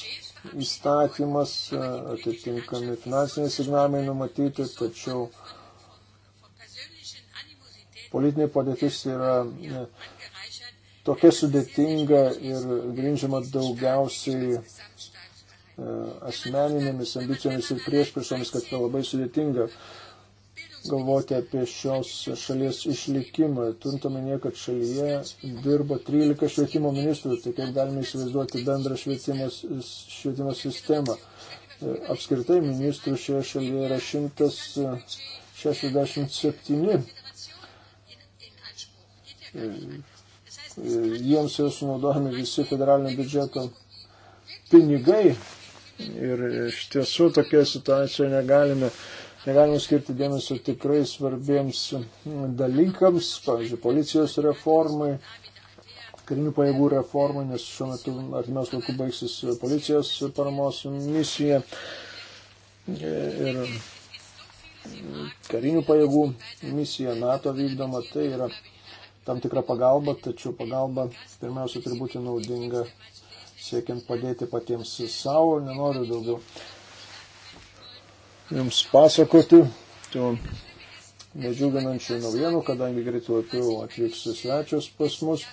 įstatymas, e, atitinkami finansiniai signalai numatyti, tačiau politinė padėtis yra e, tokia sudėtinga ir grindžiama daugiausiai e, asmeninėmis ambicijomis ir priešpriešomis, kad tai labai sudėtinga galvoti apie šios šalies išlikimą. Tuntame kad šalyje dirbo 13 švietimo ministrų, tai kaip galime įsivaizduoti bendrą švietimo, švietimo sistemą. E, apskritai ministrų šioje šalyje yra 167. E, e, jiems jau sunaudojami visi federalinio biudžeto pinigai ir iš tiesų tokia situacija negalime negalime skirti dėmesio tikrai svarbiems dalykams, pavyzdžiui, policijos reformai, karinių pajėgų reformai, nes šiuo metu artimiaus laiku baigsis policijos paramos misija ir karinių pajėgų misija NATO vykdoma, tai yra tam tikra pagalba, tačiau pagalba pirmiausia turi būti naudinga siekiant padėti patiems savo, nenoriu daugiau jums pasakoti tų nedžiuginančių naujienų, kadangi greitų laikų atvyks svečias pas mus.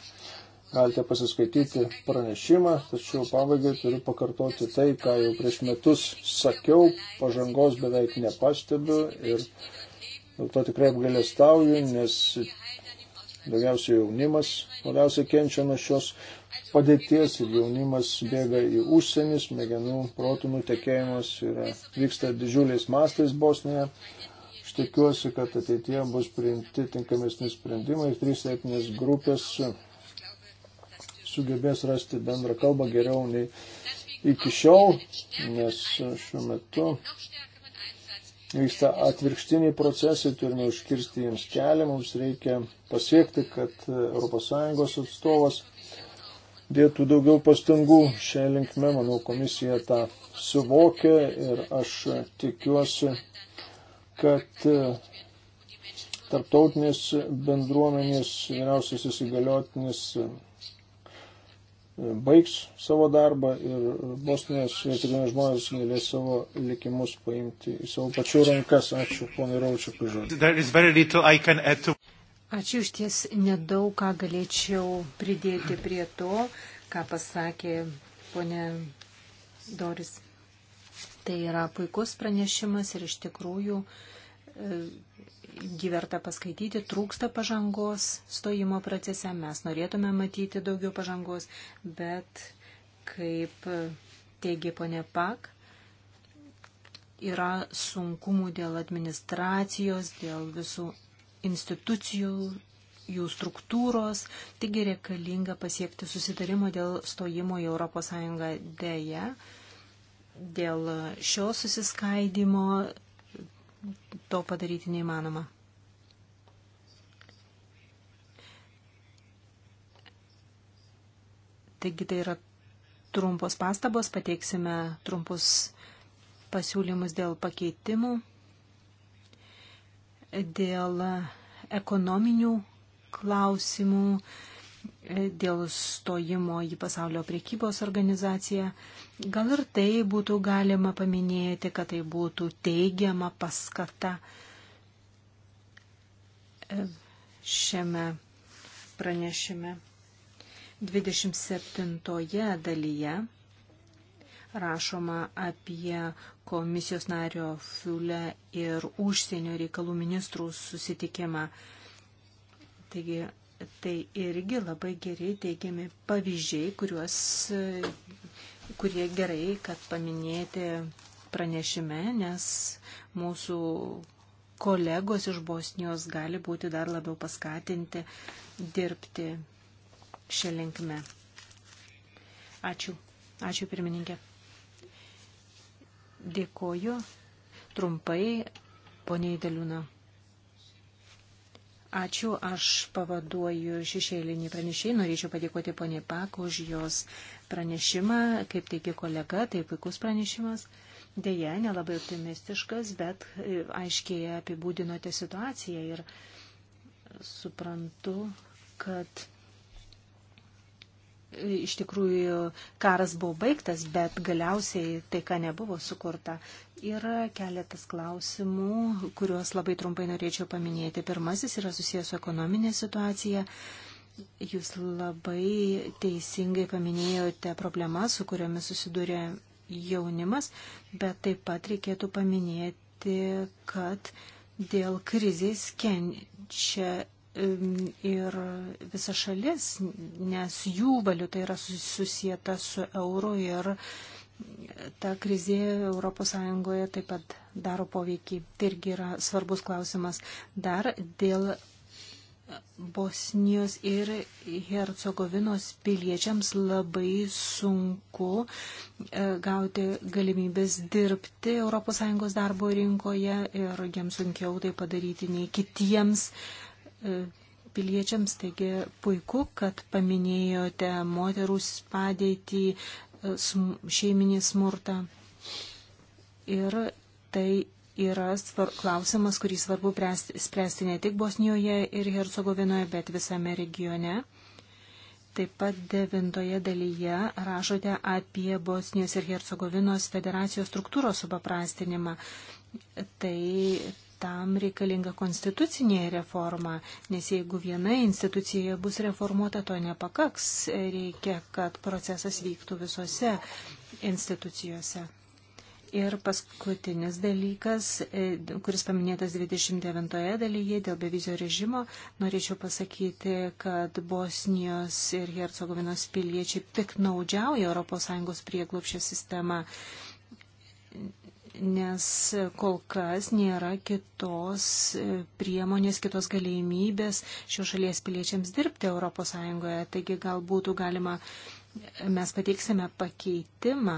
Galite pasiskaityti pranešimą, tačiau pabaigai turiu pakartoti tai, ką jau prieš metus sakiau, pažangos beveik nepastebiu ir dėl to tikrai apgalėstauju, nes daugiausiai jaunimas labiausiai kenčia nuo šios padėties ir jaunimas bėga į užsienį, smegenų protų nutekėjimas yra, vyksta didžiuliais mastais Bosnijoje. Aš tikiuosi, kad ateityje bus priimti tinkamesni sprendimai. Trys etinės grupės sugebės rasti bendrą kalbą geriau nei iki šiol, nes šiuo metu vyksta atvirkštiniai procesai, turime užkirsti jiems kelią, mums reikia pasiekti, kad ES atstovas dėtų daugiau pastangų šią linkmę. Manau, komisija tą suvokia ir aš tikiuosi, kad e, tarptautinės bendruomenės vyriausias įsigaliotinis e, baigs savo darbą ir Bosnijos veterinės žmonės galės savo likimus paimti į savo pačių rankas. Ačiū ponui Raučiukui žodžiu. Ačiū iš ties nedaug, ką galėčiau pridėti prie to, ką pasakė ponė Doris. Tai yra puikus pranešimas ir iš tikrųjų e, jį verta paskaityti, trūksta pažangos stojimo procese, mes norėtume matyti daugiau pažangos, bet kaip teigia ponė Pak, yra sunkumų dėl administracijos, dėl visų institucijų, jų struktūros, taigi reikalinga pasiekti susitarimo dėl stojimo į ES dėje, dėl šio susiskaidimo to padaryti neįmanoma. Taigi tai yra trumpos pastabos, pateiksime trumpus pasiūlymus dėl pakeitimų dėl ekonominių klausimų, dėl stojimo į pasaulio priekybos organizaciją. Gal ir tai būtų galima paminėti, kad tai būtų teigiama paskata šiame pranešime. 27 dalyje rašoma apie komisijos nario Fiulę ir užsienio reikalų ministrų susitikimą. Taigi tai irgi labai geri teigiami pavyzdžiai, kuriuos, kurie gerai, kad paminėti pranešime, nes mūsų kolegos iš Bosnijos gali būti dar labiau paskatinti dirbti šią linkmę. Ačiū. Ačiū pirmininkė. Dėkoju trumpai, poniai Deliūna. Ačiū, aš pavaduoju šešėlinį pranešėjį. Norėčiau padėkoti poniai Pak už jos pranešimą. Kaip teigia kolega, tai puikus pranešimas. Deja, nelabai optimistiškas, bet e, aiškiai apibūdinote situaciją ir suprantu, kad iš tikrųjų karas buvo baigtas, bet galiausiai taika nebuvo sukurta. Yra keletas klausimų, kuriuos labai trumpai norėčiau paminėti. Pirmasis yra susijęs su ekonominė situacija. Jūs labai teisingai paminėjote problemas, su kuriomis susidūrė jaunimas, bet taip pat reikėtų paminėti, kad dėl krizės kenčia ir visa šalis, nes jų valiuta yra susijęta su euru ir ta krizė ES taip pat daro poveikį. Tai irgi yra svarbus klausimas. Dar dėl Bosnijos ir Hercegovinos piliečiams labai sunku e, gauti galimybės dirbti ES darbo rinkoje ir jiems sunkiau tai padaryti nei kitiems uh, piliečiams. Taigi puiku, kad paminėjote moterų padėtį, e, šeiminį smurtą. Ir tai yra svar, klausimas, kurį svarbu pręsti, spręsti ne tik Bosnijoje ir Hercegovinoje, bet visame regione. Taip pat devintoje dalyje rašote apie Bosnijos ir Hercegovinos federacijos struktūros supaprastinimą. Tai tam reikalinga konstitucinė reforma, nes jeigu viena institucija bus reformuota, to nepakaks. Reikia, kad procesas vyktų visose institucijose. Ir paskutinis dalykas, e, kuris paminėtas 29 dalyje dėl bevizio režimo, norėčiau pasakyti, kad Bosnijos ir Hercegovinos piliečiai piknaudžiauja ES prieglopščio sistemą nes kol kas nėra kitos e, priemonės, kitos galimybės šios šalies piliečiams dirbti ES. Taigi gal būtų galima, e, mes pateiksime pakeitimą,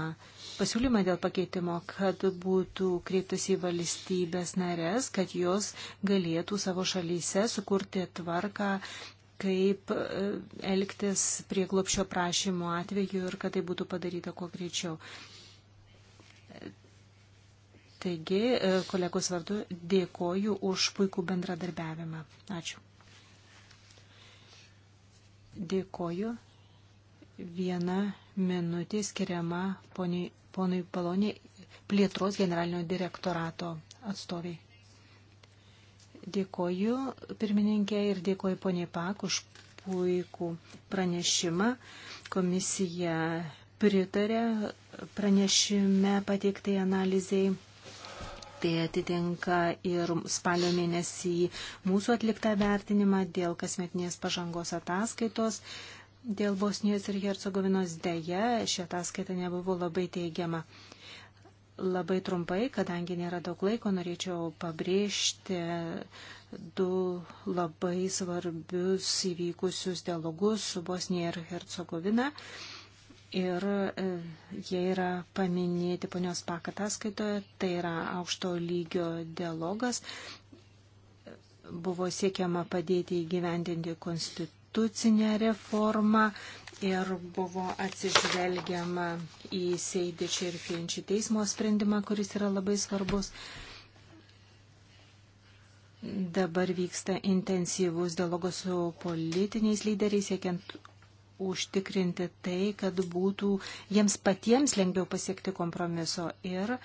pasiūlymą dėl pakeitimo, kad būtų kreiptas į valstybės narės, kad jos galėtų savo šalyse sukurti tvarką kaip e, elgtis prieglopšio prašymo atveju ir kad tai būtų padaryta kuo greičiau. Taigi, e, kolegos vardu, dėkoju už puikų bendradarbiavimą. Ačiū. Dėkoju. Viena minutė skiriama poniai, ponui Balonė plėtros generalinio direktorato atstoviai. Dėkoju pirmininkė ir dėkoju poniai Pak už puikų pranešimą. Komisija pritarė pranešime pateiktai analizai tai atitinka ir spalio mėnesį mūsų atliktą vertinimą dėl kasmetinės pažangos ataskaitos. Dėl Bosnijos ir Hercegovinos dėja ši ataskaita nebuvo labai teigiama. Labai trumpai, kadangi nėra daug laiko, norėčiau pabrėžti du labai svarbius įvykusius dialogus su Bosnija ir Hercegovina ir e, jie yra paminėti ponios pakataskaitoje, tai yra aukšto lygio dialogas, buvo siekiama padėti įgyvendinti konstitucinę reformą ir buvo atsižvelgiama į Seidičio ir Finčių teismo sprendimą, kuris yra labai svarbus. Dabar vyksta intensyvus dialogas su politiniais lyderiais, siekiant užtikrinti tai, kad būtų jiems patiems lengviau pasiekti kompromiso ir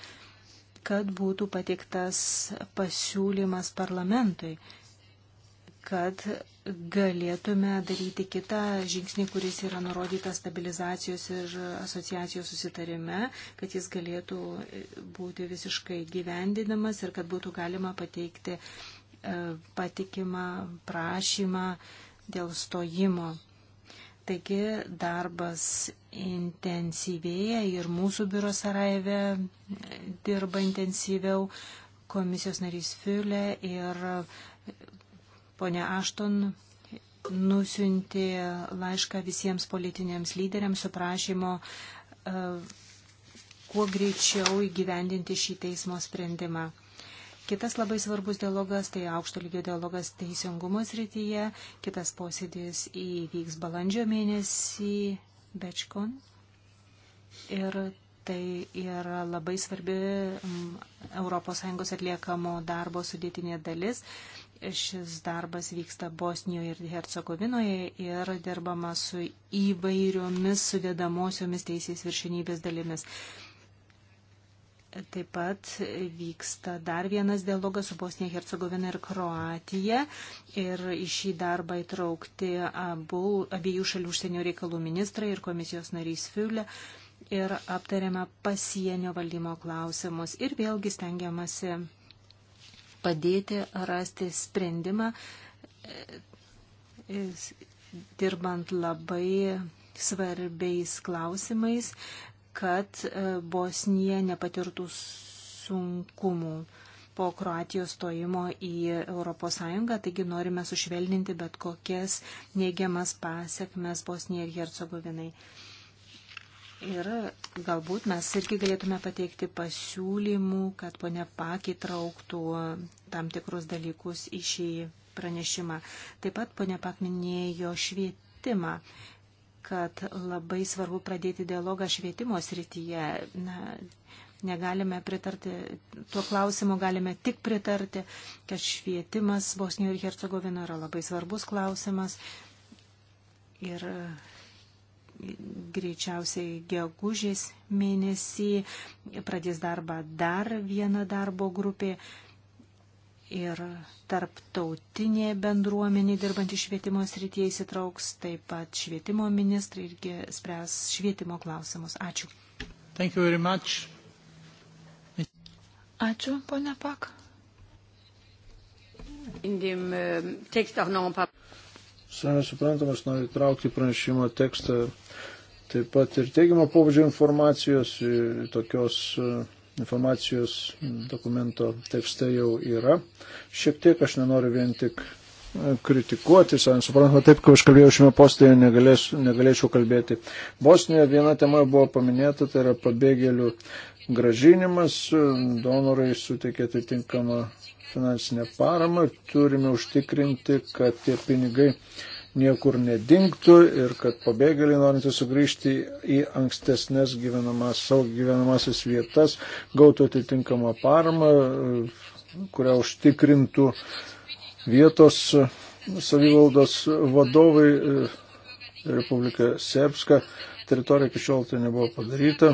kad būtų pateiktas pasiūlymas parlamentui, kad galėtume daryti kitą žingsnį, kuris yra nurodytas stabilizacijos ir asociacijos susitarime, kad jis galėtų būti visiškai gyvendinamas ir kad būtų galima pateikti e, patikimą prašymą dėl stojimo Taigi darbas intensyvėja ir mūsų biuro Sarajeve dirba intensyviau komisijos narys Fiulė ir ponia Ašton nusinti laišką visiems politiniams lyderiams su prašymo e, kuo greičiau įgyvendinti šį teismo sprendimą. Kitas labai svarbus dialogas, tai aukšto lygio dialogas teisingumo srityje. Kitas posėdis įvyks balandžio mėnesį Bečkon. Ir tai yra labai svarbi mm, ES atliekamo darbo sudėtinė dalis. Šis darbas vyksta Bosnijoje ir Hercegovinoje ir dirbama su įvairiomis sudėdamosiomis teisės viršinybės dalimis. Taip pat vyksta dar vienas dialogas su Bosnija, Hercegovina ir Kroatija. Ir į šį darbą įtraukti abu, abiejų šalių užsienio reikalų ministrai ir komisijos narys Fiulė. Ir aptarėme pasienio valdymo klausimus. Ir vėlgi stengiamasi padėti rasti sprendimą, e, dirbant labai svarbiais klausimais, kad e, Bosnija nepatirtų sunkumų po Kroatijos stojimo į ES, taigi norime sušvelninti bet kokias neigiamas pasiekmes Bosnijai ir Hercegovinai. Ir galbūt mes irgi galėtume pateikti pasiūlymų, kad ponia Pakį trauktų tam tikrus dalykus į šį pranešimą. Taip pat ponia Pak minėjo švietimą kad labai svarbu pradėti dialogą švietimo srityje. Na, negalime pritarti, tuo klausimu galime tik pritarti, kad švietimas Bosnijoje ir Hercegovina yra labai svarbus klausimas. Ir greičiausiai gegužės mėnesį pradės darbą dar viena darbo grupė ir tarptautinė bendruomenė dirbant švietimo srityje įsitrauks, taip pat švietimo ministrai irgi spręs švietimo klausimus. Ačiū. Ačiū, ponia Pak. Äh, Seniai suprantamas, noriu įtraukti pranešimo tekstą taip pat ir teigiamo pobūdžio informacijos, tokios uh, informacijos dokumento tekste jau yra. Šiek tiek aš nenoriu vien tik e, kritikuoti, savai suprantama, taip kaip aš kalbėjau šiame postėje, negalės, negalėčiau kalbėti. Bosnijoje viena tema buvo paminėta, tai yra pabėgėlių gražinimas, donorai suteikia atitinkamą finansinę paramą ir turime užtikrinti, kad tie pinigai niekur nedingtų ir kad pabėgėliai norintys sugrįžti į ankstesnės gyvenamas, savo gyvenamasis vietas gautų atitinkamą paramą, kurią užtikrintų vietos savivaldos vadovai Republika Serbska. Teritorija iki šiol tai nebuvo padaryta.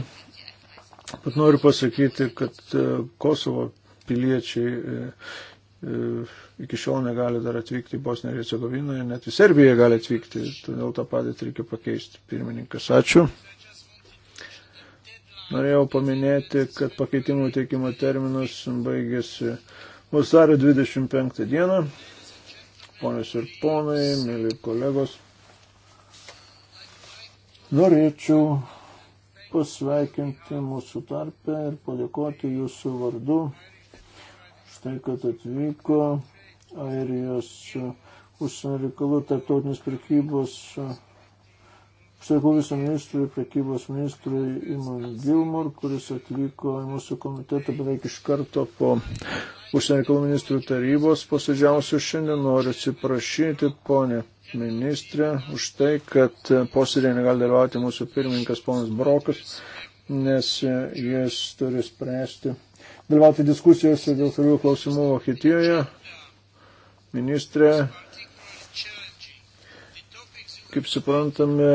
Bet noriu pasakyti, kad e, Kosovo piliečiai e, E, iki šiol negali dar atvykti Bosnija ir Hercegovinoje, net į Serbiją gali atvykti, todėl tą padėtį reikia pakeisti. Pirmininkas, ačiū. Norėjau paminėti, kad pakeitimų teikimo terminas baigėsi vasario 25 dieną. Ponios ir ponai, mėly kolegos, norėčiau pasveikinti mūsų tarpę ir padėkoti jūsų vardu tai, kad atvyko Airijos užsienio reikalų tarptautinės prekybos, užsienio ministrui, prekybos ministrui Iman Gilmur, kuris atvyko į mūsų komitetą beveik iš karto po užsienio reikalų ministrų tarybos posėdžiausių šiandien noriu atsiprašyti, ponė ministrė, už tai, kad posėdėje negali dalyvauti mūsų pirmininkas ponas Brokas, nes jis turi spręsti dalyvauti diskusijose dėl tokių klausimų Vokietijoje. Ministrė, kaip suprantame,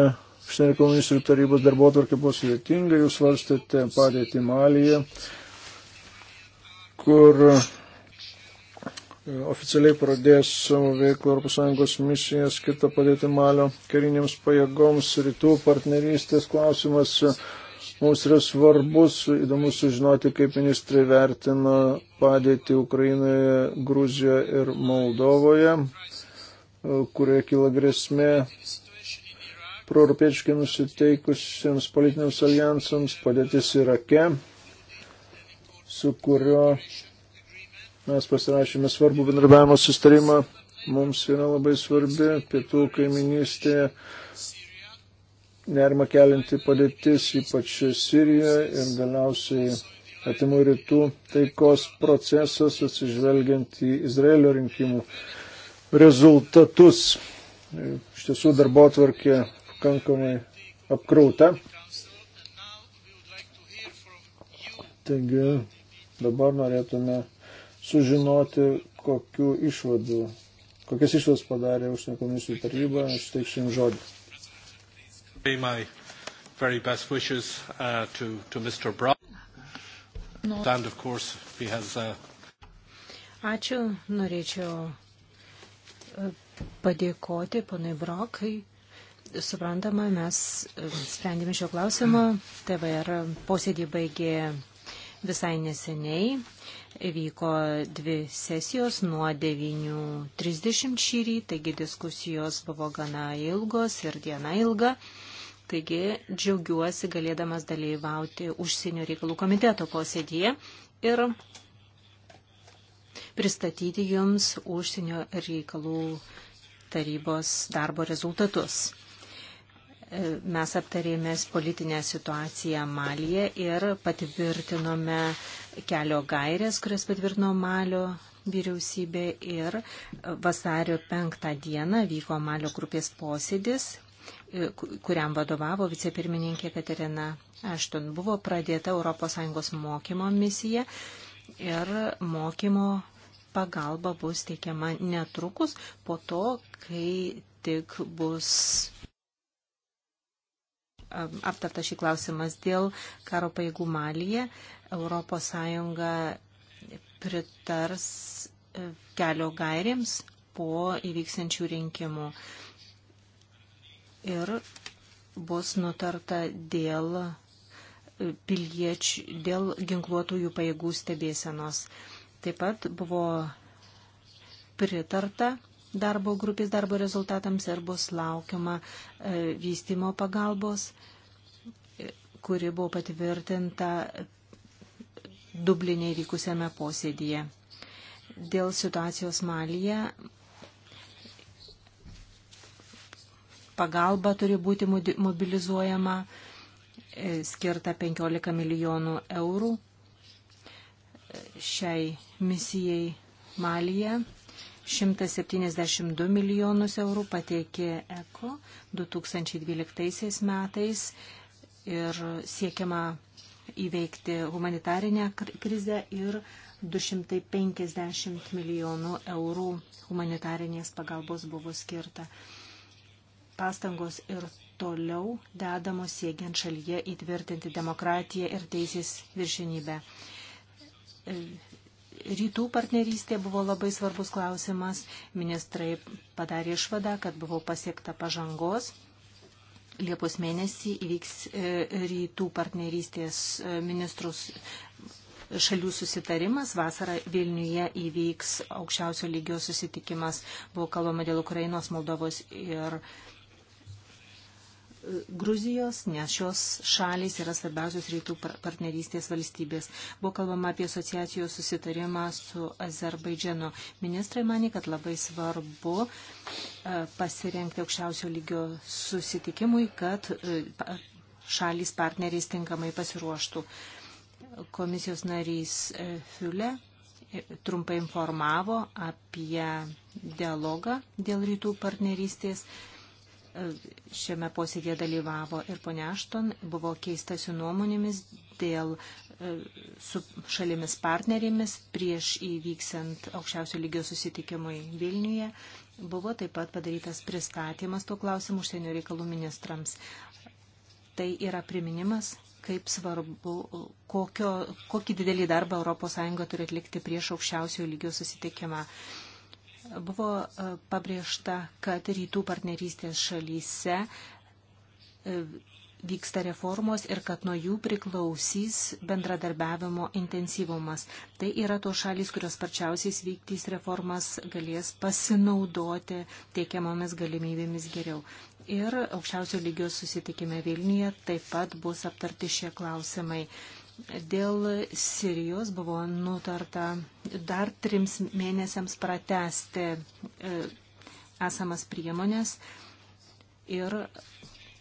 užsienio reikalų ministrų tarybos darbo atvarkė buvo sudėtinga, jūs svarstėte padėti Malyje, kur e, oficialiai pradės savo veiklą ES misiją skirtą padėti Malio kariniams pajėgoms, rytų partnerystės klausimas Mums yra svarbus, įdomu sužinoti, kaip ministrai vertina padėtį Ukrainoje, Gruzijoje ir Moldovoje, e, kurioje kyla grėsmė proeuropiečiai nusiteikusiems politiniams alijansams padėtis Irake, su kurio mes pasirašėme svarbų bendradarbiavimo sustarimą, mums yra labai svarbi pietų kaiminystėje nerima kelinti padėtis, ypač Sirijoje ir galiausiai atimų rytų taikos procesas atsižvelgiant į Izraelio rinkimų rezultatus. Iš tiesų darbo atvarkė pakankamai apkrauta. Taigi dabar norėtume sužinoti, kokiu išvadu, kokias išvadas padarė užsienio komisijų taryba, aš teiksiu jums žodį. My very best wishes uh, to, to Mr. Brock. No. And of course, he has. Uh... Ačiū, norėčiau uh, padėkoti ponui Brokai. Suprantama, mes uh, sprendėme šio klausimo. TVR posėdį baigė visai neseniai. Vyko dvi sesijos nuo 9.30 šį rytą, taigi diskusijos buvo gana ilgos ir diena ilga. Taigi džiaugiuosi galėdamas dalyvauti užsienio reikalų komiteto posėdėje ir pristatyti Jums užsienio reikalų tarybos darbo rezultatus. E, mes aptarėmės politinę situaciją Malyje ir patvirtinome kelio gairės, kurias patvirtino Malio vyriausybė ir vasario penktą dieną vyko Malio grupės posėdis kuriam vadovavo vicepirmininkė Katerina Ašton. Buvo pradėta ES mokymo misija ir mokymo pagalba bus teikiama netrukus po to, kai tik bus um, aptarta šį klausimas dėl karo paėgų Malyje. ES pritars uh, kelio gairėms po įvyksančių rinkimų ir bus nutarta dėl e, piliečių, dėl ginkluotųjų pajėgų stebėsenos. Taip pat buvo pritarta darbo grupės darbo rezultatams ir bus laukiama e, vystimo pagalbos, e, kuri buvo patvirtinta Dublinė įvykusiame posėdėje. Dėl situacijos Malyje pagalba turi būti mobilizuojama, e, skirta 15 milijonų eurų e, šiai misijai Malyje. 172 milijonus eurų pateikė ECO 2012 metais ir siekiama įveikti humanitarinę krizę ir 250 milijonų eurų humanitarinės pagalbos buvo skirta pastangos ir toliau dedamos siekiant šalyje įtvirtinti demokratiją ir teisės viršinybę. Rytų partnerystė buvo labai svarbus klausimas. Ministrai padarė išvadą, kad buvo pasiekta pažangos. Liepos mėnesį įvyks e, rytų partnerystės e, ministrus šalių susitarimas. Vasarą Vilniuje įvyks aukščiausio lygio susitikimas. Buvo kalbama dėl Ukrainos, Moldovos ir Gruzijos, nes šios šalys yra svarbiausios rytų partnerystės valstybės. Buvo kalbama apie asociacijos susitarimą su Azerbaidžianu. Ministrai mane, kad labai svarbu e, pasirenkti aukščiausio lygio susitikimui, kad e, šalys partneriais tinkamai pasiruoštų. Komisijos narys e, Fiule trumpai informavo apie dialogą dėl rytų partnerystės Šiame posėdėje dalyvavo ir ponia Ašton, buvo keistasi nuomonėmis dėl e, su šalimis partnerėmis prieš įvyksant aukščiausio lygio susitikimui Vilniuje. Buvo taip pat padarytas pristatymas tuo klausimu užsienio reikalų ministrams. Tai yra priminimas, kaip svarbu, kokio, kokį didelį darbą ES turi atlikti prieš aukščiausio lygio susitikimą. Buvo e, pabrėžta, kad rytų partnerystės šalyse e, vyksta reformos ir kad nuo jų priklausys bendradarbiavimo intensyvumas. Tai yra to šalis, kurios parčiausiais vykdys reformas, galės pasinaudoti teikiamomis galimybėmis geriau. Ir aukščiausio lygio susitikime Vilniuje taip pat bus aptarti šie klausimai. Dėl Sirijos buvo nutarta dar trims mėnesiams pratesti e, esamas priemonės ir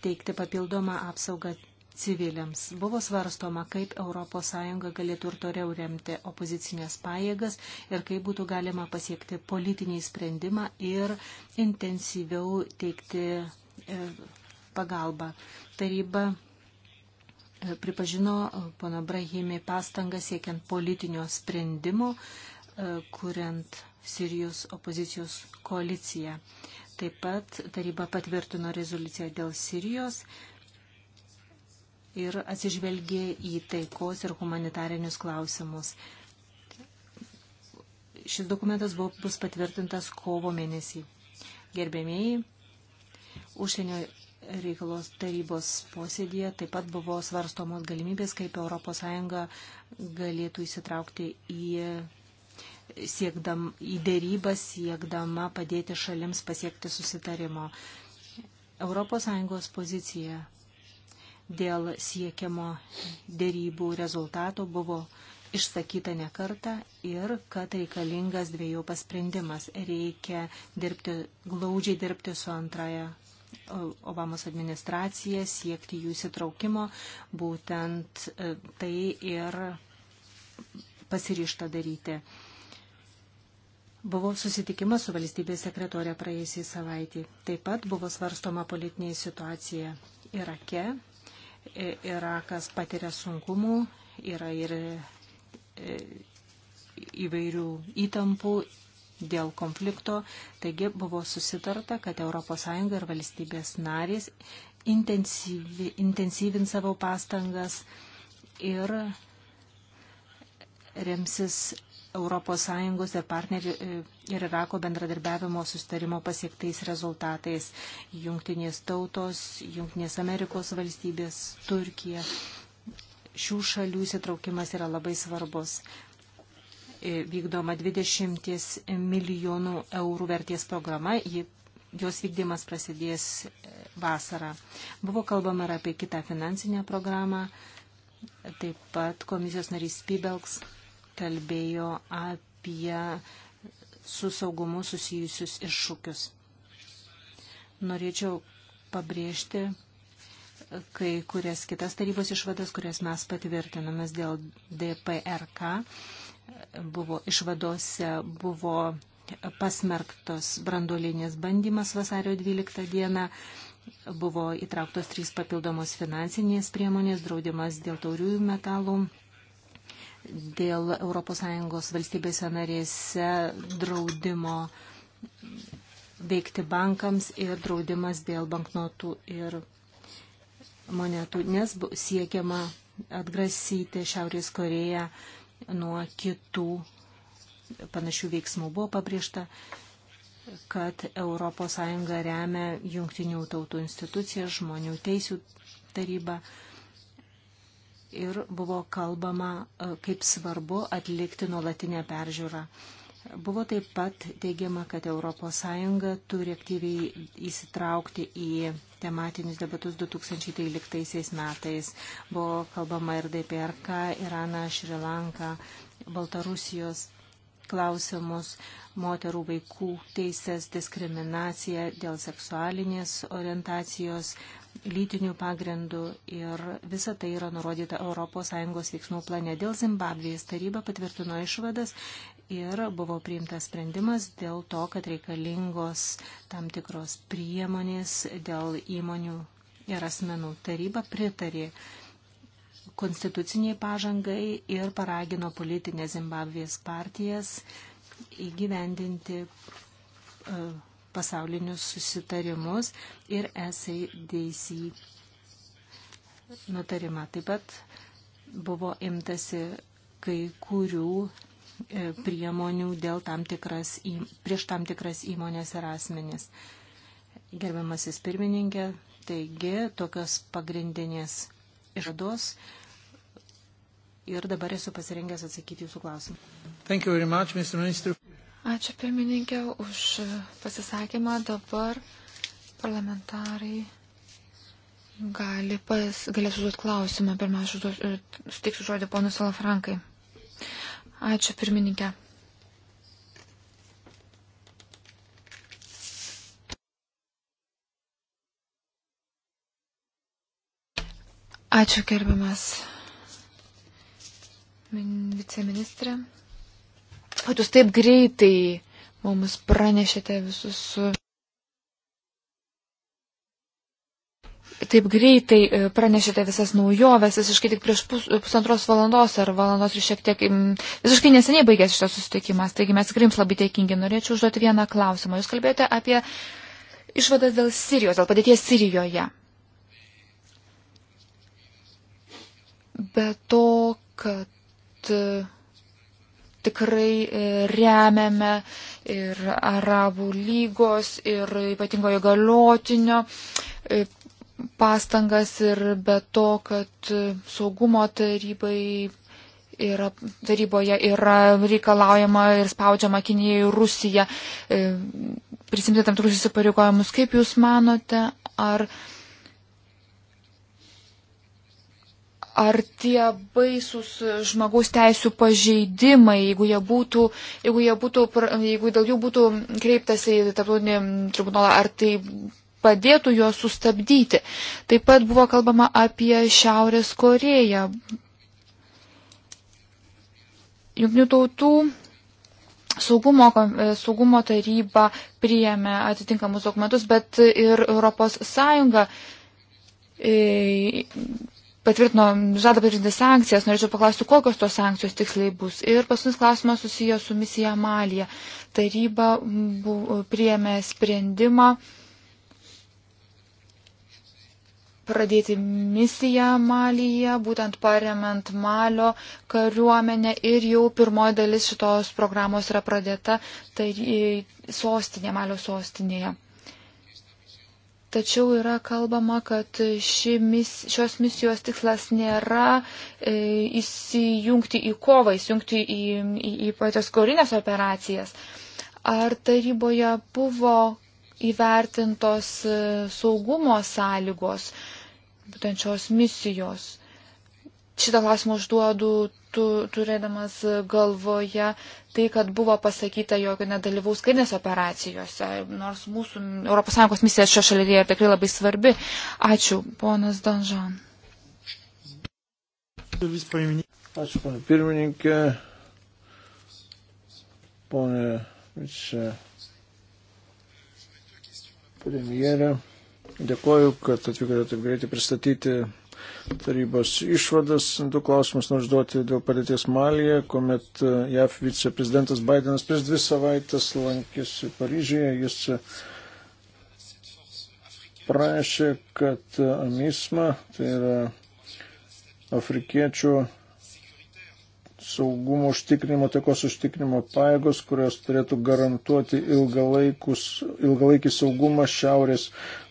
teikti papildomą apsaugą civiliams. Buvo svarstoma, kaip ES galėtų ir toliau remti opozicinės pajėgas ir kaip būtų galima pasiekti politinį sprendimą ir intensyviau teikti e, pagalbą. Taryba pripažino e, pono Brahimi pastangą siekiant politinio sprendimo, e, kuriant Sirijos opozicijos koaliciją. Taip pat taryba patvirtino rezoliuciją dėl Sirijos ir atsižvelgė į taikos ir humanitarinius klausimus. Šis dokumentas buvo, bus patvirtintas kovo mėnesį. Gerbėmėjai, užsienio reikalos tarybos posėdėje taip pat buvo svarstomos galimybės, kaip ES galėtų įsitraukti į, siekdam, į dėrybas, siekdama padėti šalims pasiekti susitarimo. ES pozicija dėl siekiamo dėrybų rezultato buvo išsakyta ne kartą ir kad reikalingas dviejopas sprendimas. Reikia dirbti, glaudžiai dirbti su antraja Obamos administraciją, siekti jų įsitraukimo. Būtent e, tai ir pasiryšta daryti. Buvo susitikimas su valstybės sekretorė praėjusiai savaitį. Taip pat buvo svarstoma politinė situacija Irake. E, Irakas patiria sunkumų, yra ir e, įvairių įtampų dėl konflikto, taigi buvo susitarta, kad ES ir valstybės narės intensyvi, intensyvin savo pastangas ir remsis ES ir partnerių ir Irako bendradarbiavimo sustarimo pasiektais rezultatais. Jungtinės tautos, Jungtinės Amerikos valstybės, Turkija. Šių šalių įsitraukimas yra labai svarbus. E, vykdoma 20 milijonų eurų verties programa. Ji, jos vykdymas prasidės e, vasarą. Buvo kalbama ir apie kitą finansinę programą. Taip pat komisijos narys Spibelks kalbėjo apie su saugumu susijusius iššūkius. Norėčiau pabrėžti kai kurias kitas tarybos išvadas, kurias mes patvirtinamės dėl DPRK buvo išvadose buvo pasmerktos branduolinis bandymas vasario 12 dieną, buvo įtrauktos trys papildomos finansinės priemonės, draudimas dėl tauriųjų metalų, dėl ES valstybėse narėse draudimo veikti bankams ir draudimas dėl banknotų ir monetų, nes siekiama atgrasyti Šiaurės Koreją nuo kitų panašių veiksmų. Buvo pabrėžta, kad ES remia jungtinių tautų institucijas, žmonių teisių tarybą ir buvo kalbama, e, kaip svarbu atlikti nuolatinę peržiūrą Buvo taip pat teigiama, kad ES turi aktyviai įsitraukti į tematinius debatus 2013 metais. Buvo kalbama ir DPRK, Iraną, Šrilanką, Baltarusijos klausimus, moterų vaikų teises, diskriminaciją dėl seksualinės orientacijos, lytinių pagrindų ir visa tai yra nurodyta ES veiksmų plane. Dėl Zimbabvės taryba patvirtino išvadas ir buvo priimtas sprendimas dėl to, kad reikalingos tam tikros priemonės dėl įmonių ir asmenų. Taryba pritarė konstituciniai pažangai ir paragino politinės Zimbabvės partijas įgyvendinti e, pasaulinius susitarimus ir SADC nutarimą. Taip pat buvo imtasi kai kurių E, priemonių dėl tam tikras, prieš tam tikras įmonės ir asmenis. Gerbiamasis pirmininkė, taigi tokios pagrindinės išvados ir dabar esu pasirengęs atsakyti jūsų klausimą. Ačiū pirmininkė už pasisakymą. Dabar parlamentarai gali pas, galės užduoti klausimą. Pirmiausia, suteiksiu žodį ponui Salafrankai. Ačiū pirmininkė. Ačiū gerbiamas viceministrė. O jūs taip greitai mums pranešėte visus taip greitai e, pranešėte visas naujoves, visiškai tik prieš pus, e, pusantros valandos ar valandos ir šiek tiek, visiškai neseniai baigėsi šitas susitikimas, taigi mes tikrai jums labai dėkingi. Norėčiau užduoti vieną klausimą. Jūs kalbėjote apie išvadas dėl Sirijos, dėl padėties Sirijoje. Be to, kad e, tikrai remiame ir Arabų lygos, ir ypatingojo galiotinio pastangas ir be to, kad saugumo tarybai yra, taryboje yra reikalaujama ir spaudžiama Kinijai ir Rusija e, prisimti tam tikrus įsipareigojimus. Kaip Jūs manote, ar, ar tie baisus žmogaus teisų pažeidimai, jeigu, jie būtų, jeigu, jie būtų, jeigu dėl jų būtų kreiptasi į tarptautinį tribunolą, ar tai padėtų juos sustabdyti. Taip pat buvo kalbama apie Šiaurės Koreją. Junknių tautų saugumo, e, saugumo taryba priėmė atitinkamus dokumentus, bet ir ES e, patvirtino, žada patvirtinti sankcijas. Norėčiau paklausti, kokios tos sankcijos tiksliai bus. Ir paskutinis klausimas susijęs su misija Malija. Taryba bu, priėmė sprendimą pradėti misiją Malyje, būtent paremant Malio kariuomenę ir jau pirmoji dalis šitos programos yra pradėta, tai sostinė, Malio sostinėje. Tačiau yra kalbama, kad mis, šios misijos tikslas nėra e, įsijungti į kovą, įsijungti į, į, į pačias korinės operacijas. Ar taryboje buvo įvertintos e, saugumo sąlygos, būtent šios misijos. Šitą klausimą užduodu tu, turėdamas galvoje tai, kad buvo pasakyta, jog nedalyvaus karinės operacijose, nors mūsų ES misija šio šalyje yra tikrai labai svarbi. Ačiū, ponas Danžan. Ačiū, ponė pirmininkė. Ponė vice premjerė. Dėkoju, kad atvykote taip greitai pristatyti tarybos išvadas. Du klausimus noriu užduoti dėl padėties Malyje, kuomet e, JAF viceprezidentas Bidenas prieš dvi savaitės lankėsi Paryžyje. Jis e, prašė, kad e, AMISMA, tai yra afrikiečių saugumo užtikrinimo, taikos užtikrinimo paėgos, kurios turėtų garantuoti ilgalaikį saugumą Šiaurės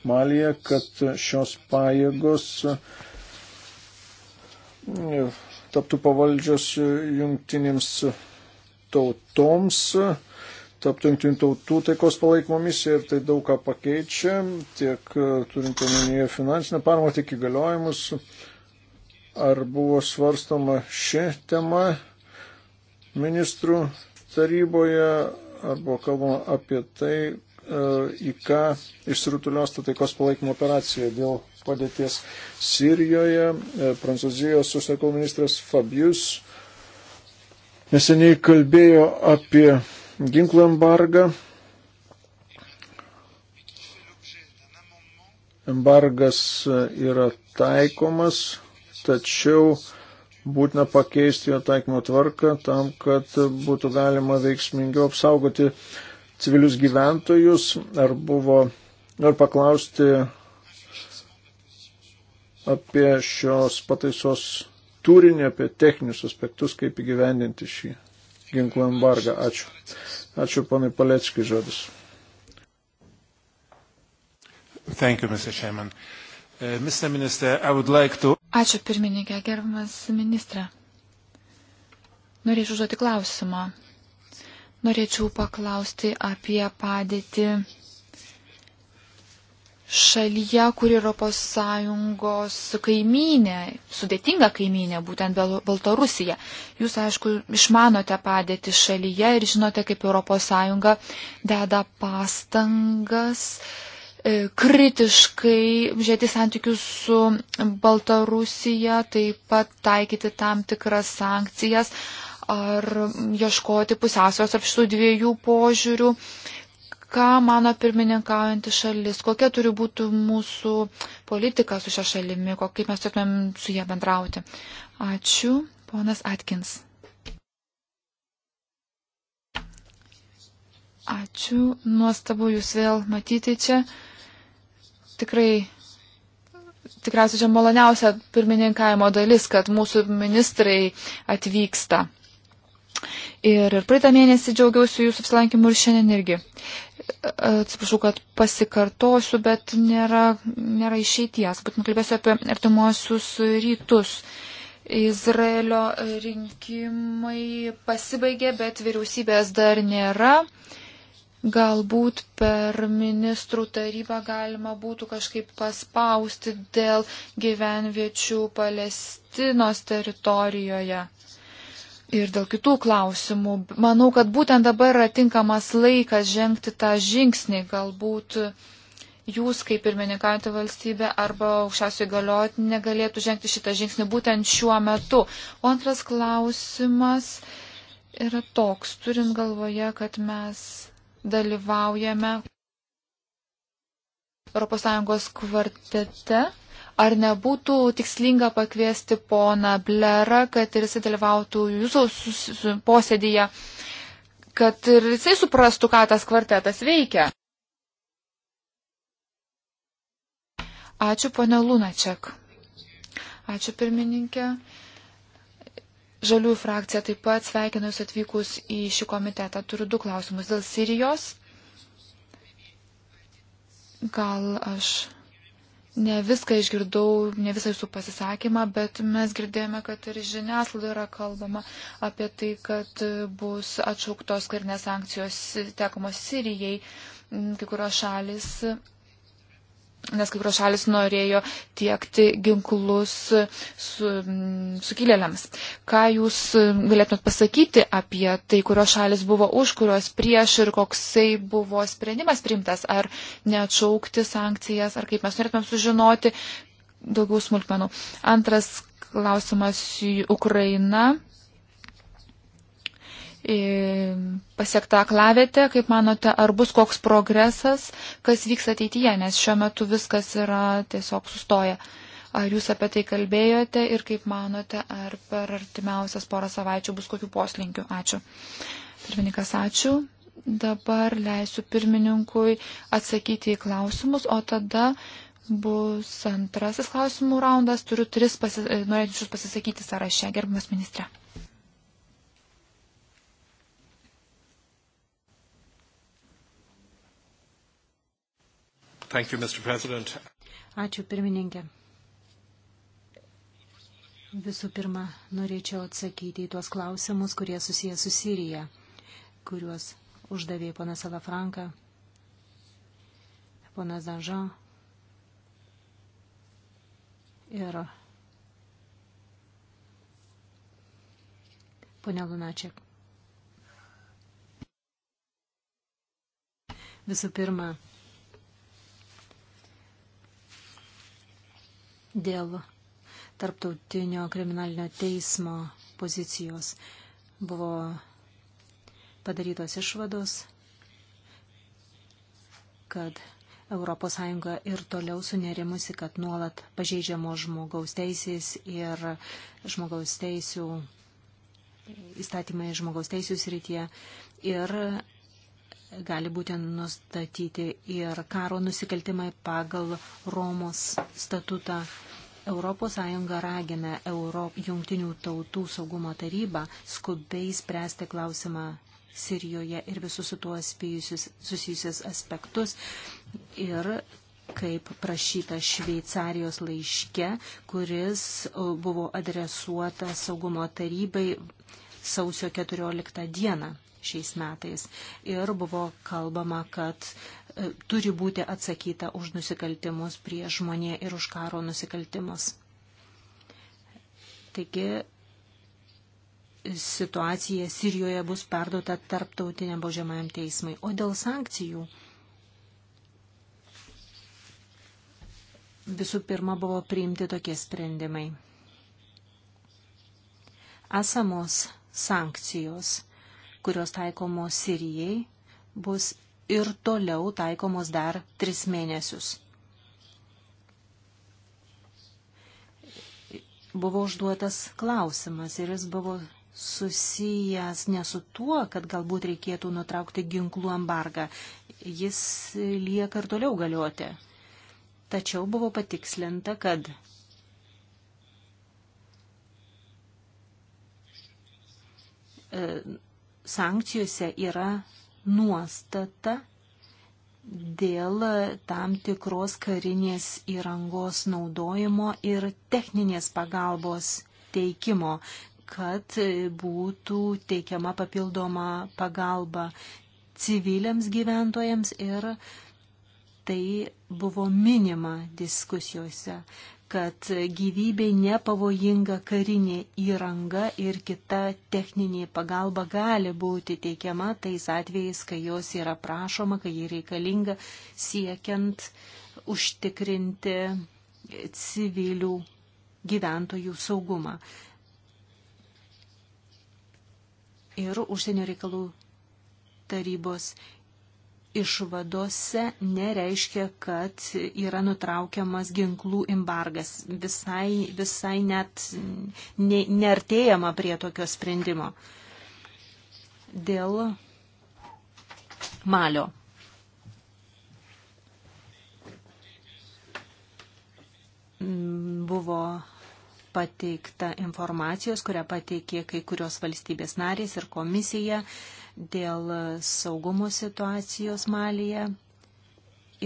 Malyje, kad šios paėgos e, taptų pavaldžios jungtinėms tautoms, taptų jungtinių tautų taikos palaikymo misija ir tai daug ką pakeičia, tiek e, turint omenyje finansinę paramą, tiek įgaliojimus ar buvo svarstoma ši tema ministrų taryboje, ar buvo kalbama apie tai, e, į ką išsirutulios ta taikos palaikymo operacija dėl padėties Sirijoje. E, Prancūzijos užsienio ministras Fabius neseniai kalbėjo apie ginklų embargą. Embargas yra taikomas tačiau būtina pakeisti jo taikymo tvarką tam, kad būtų galima veiksmingiau apsaugoti civilius gyventojus. Ar buvo, ar paklausti apie šios pataisos turinį, apie techninius aspektus, kaip įgyvendinti šį ginklų embargą. Ačiū. Ačiū ponai Paleckiai žodis. Thank you, Mr. Chairman. Uh, Uh, Mr. Minister, I would like to. Ačiū pirmininkė, gerbiamas ministrė. Norėčiau užduoti klausimą. Norėčiau paklausti apie padėtį šalyje, kur Europos Sąjungos kaimynė, sudėtinga kaimynė, būtent Baltarusija. Jūs, aišku, išmanote padėti šalyje ir žinote, kaip Europos Sąjunga deda pastangas E, kritiškai žiūrėti santykius su Baltarusija, taip pat taikyti tam tikras sankcijas ar ieškoti pusiausvės tarp šitų dviejų požiūrių. Ką mano pirmininkaujantį šalis, kokia turi būti mūsų politika su šia šalimi, kaip mes turėtumėm su ją bendrauti. Ačiū, ponas Atkins. Ačiū, nuostabu jūs vėl matyti čia tikrai tikriausiai čia maloniausia pirmininkavimo dalis, kad mūsų ministrai atvyksta. Ir, ir praeitą mėnesį džiaugiausi jūsų apsilankimu ir šiandien irgi. Atsiprašau, kad pasikartosiu, bet nėra, nėra išeities. Būtent kalbėsiu apie artimuosius rytus. Izraelio rinkimai pasibaigė, bet vyriausybės dar nėra. Uh, Galbūt per ministrų tarybą galima būtų kažkaip paspausti dėl gyvenviečių Palestinos teritorijoje ir dėl kitų klausimų. Manau, kad būtent dabar yra tinkamas laikas žengti tą žingsnį. Galbūt jūs, kaip ir meninkaujanti valstybė arba aukščiausiai galiotinė, galėtų žengti šitą žingsnį būtent šiuo metu. O antras klausimas yra toks, turint galvoje, kad mes dalyvaujame ES kvartete. Ar nebūtų tikslinga pakviesti poną Blerą, kad ir jisai dalyvautų jūsų posėdėje, kad ir jisai suprastų, ką tas kvartetas veikia? Ačiū, ponė Lunačiak. Ačiū, pirmininkė. Žaliųjų frakcija taip pat sveikinu Jūs atvykus į šį komitetą. Turiu du klausimus dėl Sirijos. Gal aš ne viską išgirdau, ne visą jūsų pasisakymą, bet mes girdėjome, kad ir žiniaslaidoje yra kalbama apie tai, kad bus atšauktos karinės sankcijos tekomos Sirijai. Kai kurios šalis nes kai kurios šalis norėjo tiekti ginklus mm, sukilėliams. Su, su Ką jūs galėtumėt pasakyti apie tai, kurios šalis buvo už, kurios prieš ir koksai buvo sprendimas priimtas, ar neatšaukti sankcijas, ar kaip mes norėtumėm sužinoti daugiau smulkmenų. Antras klausimas - Ukraina pasiektą aklavietę, kaip manote, ar bus koks progresas, kas vyks ateityje, nes šiuo metu viskas yra tiesiog sustoję. Ar jūs apie tai kalbėjote ir kaip manote, ar per artimiausias porą savaičių bus kokių poslinkių? Ačiū. Pirmininkas, ačiū. Dabar leisiu pirmininkui atsakyti į klausimus, o tada bus antrasis klausimų raundas. Turiu tris pasi norėčius pasisakyti sąraše, gerbimas ministre. Thank you, Mr. President. Ačiū, pirmininkė. Visų pirma, norėčiau atsakyti į tuos klausimus, kurie susiję su Sirija, kuriuos uždavė ponas Alafranka, ponas Danžan ir ponia Lunačiak. Visų pirma, dėl tarptautinio kriminalinio teismo pozicijos. Buvo padarytos išvados, kad ES ir toliau sunerimusi, kad nuolat pažeidžiamos žmogaus teisės ir žmogaus teisų įstatymai žmogaus teisų srityje ir gali būti nustatyti ir karo nusikaltimai pagal Romos statutą ES ragina Europ, Jungtinių tautų saugumo tarybą skubiai spręsti klausimą Sirijoje ir visus su tuo susijusius aspektus ir kaip prašyta Šveicarijos laiške, kuris buvo adresuotas saugumo tarybai sausio 14 dieną šiais metais. Ir buvo kalbama, kad e, turi būti atsakyta už nusikaltimus prie žmonė ir už karo nusikaltimus. Taigi situacija Sirijoje bus perduota tarptautiniam baudžiamajam teismai. O dėl sankcijų visų pirma buvo priimti tokie sprendimai. Esamos sankcijos kurios taikomos Sirijai, bus ir toliau taikomos dar tris mėnesius. Buvo užduotas klausimas ir jis buvo susijęs ne su tuo, kad galbūt reikėtų nutraukti ginklų embargą. Jis lieka ir toliau galioti. Tačiau buvo patikslinta, kad sankcijose yra nuostata dėl tam tikros karinės įrangos naudojimo ir techninės pagalbos teikimo, kad būtų teikiama papildoma pagalba civiliams gyventojams ir tai buvo minima diskusijose kad gyvybei nepavojinga karinė įranga ir kita techninė pagalba gali būti teikiama tais atvejais, kai jos yra prašoma, kai ji reikalinga siekiant užtikrinti civilių gyventojų saugumą. Ir užsienio reikalų tarybos išvadose nereiškia, kad yra nutraukiamas ginklų embargas. Visai, visai net ne, neartėjama prie tokio sprendimo. Dėl malio. Buvo pateikta informacijos, kurią pateikė kai kurios valstybės narės ir komisija. Uh, dėl saugumo situacijos Malyje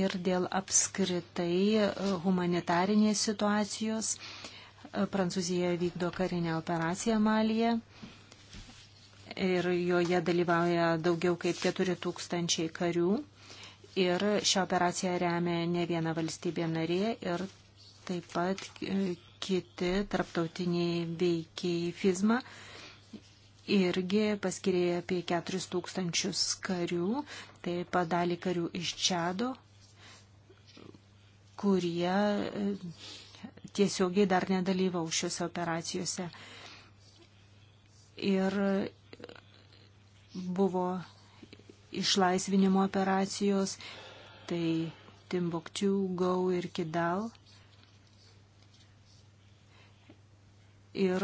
ir dėl apskritai e, humanitarinės situacijos. E, Prancūzija vykdo karinę operaciją Malyje ir joje dalyvauja daugiau kaip 4 tūkstančiai karių. Ir šią operaciją remia ne viena valstybė narė ir taip pat e, kiti tarptautiniai veikiai FIZMA irgi paskirė apie 4 tūkstančius karių, taip pat dalį karių iš Čado, kurie e, tiesiogiai dar nedalyvau šiuose operacijose. Ir buvo išlaisvinimo operacijos, tai Timbuktu, Gau ir Kidal. Ir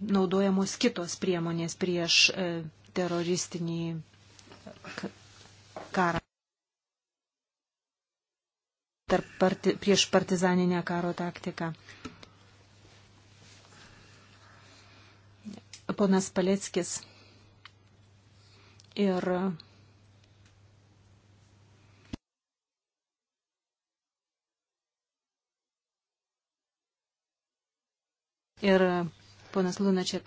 naudojamos kitos priemonės prieš e, teroristinį karą. Tarp parti, prieš partizaninę karo taktiką. Ponas Paleckis ir ir Ponas Lunačiak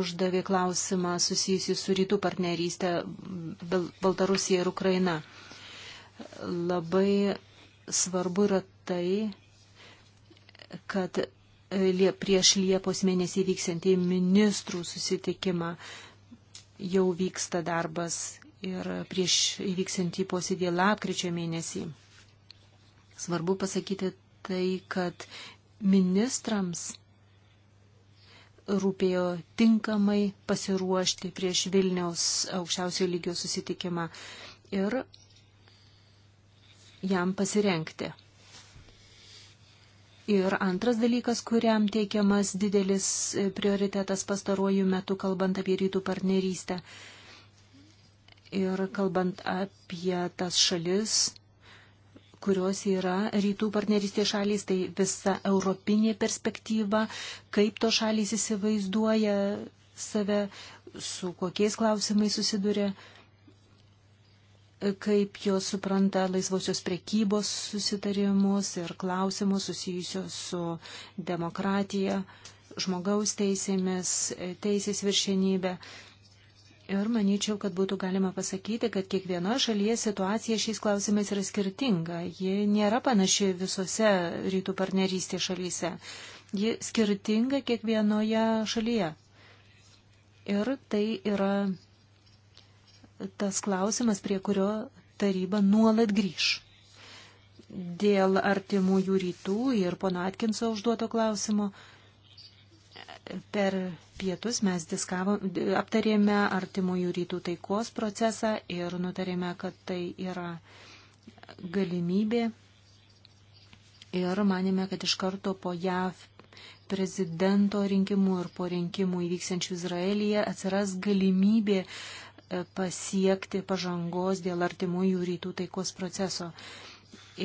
uždavė klausimą susijusi su rytų partnerystė Baltarusija ir Ukraina. Labai svarbu yra tai, kad prieš Liepos mėnesį vyksiantį ministrų susitikimą jau vyksta darbas ir prieš įvyksiantį posėdį lapkričio mėnesį. Svarbu pasakyti tai, kad ministrams rūpėjo tinkamai pasiruošti prieš Vilniaus aukščiausio lygio susitikimą ir jam pasirenkti. Ir antras dalykas, kuriam teikiamas didelis prioritetas pastaruoju metu, kalbant apie rytų partnerystę ir kalbant apie tas šalis, kurios yra rytų partnerystės šalys, tai visa europinė perspektyva, kaip to šalys įsivaizduoja save, su kokiais klausimais susiduria, kaip jos supranta laisvosios prekybos susitarimus ir klausimus susijusios su demokratija, žmogaus teisėmis, teisės viršenybė. Ir manyčiau, kad būtų galima pasakyti, kad kiekvienoje šalyje situacija šiais klausimais yra skirtinga. Ji nėra panaši visose rytų partnerystės šalyse. Ji skirtinga kiekvienoje šalyje. Ir tai yra tas klausimas, prie kurio taryba nuolat grįž. Dėl artimųjų rytų ir pono Atkinso užduoto klausimo per pietus mes diskavom, aptarėme artimųjų rytų taikos procesą ir nutarėme, kad tai yra galimybė. Ir manėme, kad iš karto po JAV prezidento rinkimų ir po rinkimų įvyksiančių Izraelyje atsiras galimybė e, pasiekti pažangos dėl artimųjų rytų taikos proceso.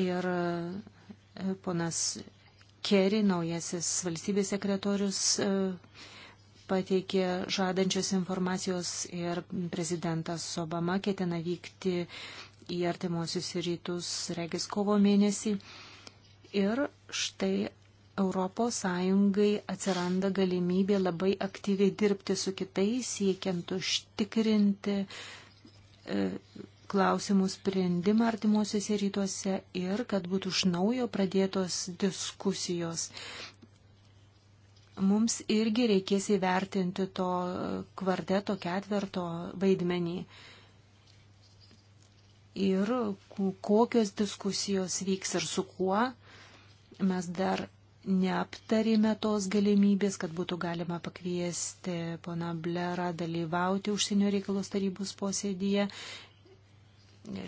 Ir e, ponas Kerry, naujasis valstybės sekretorius, e, pateikė žadančios informacijos ir prezidentas Obama ketina vykti į artimuosius rytus, regis kovo mėnesį. Ir štai ES atsiranda galimybė labai aktyviai dirbti su kitais, siekiant užtikrinti e, klausimų sprendimą artimuosiuose rytuose ir kad būtų iš naujo pradėtos diskusijos mums irgi reikės įvertinti to kvarteto ketverto vaidmenį. Ir kokios diskusijos vyks ir su kuo, mes dar neaptarėme tos galimybės, kad būtų galima pakviesti pona Blerą dalyvauti užsienio reikalos tarybos posėdėje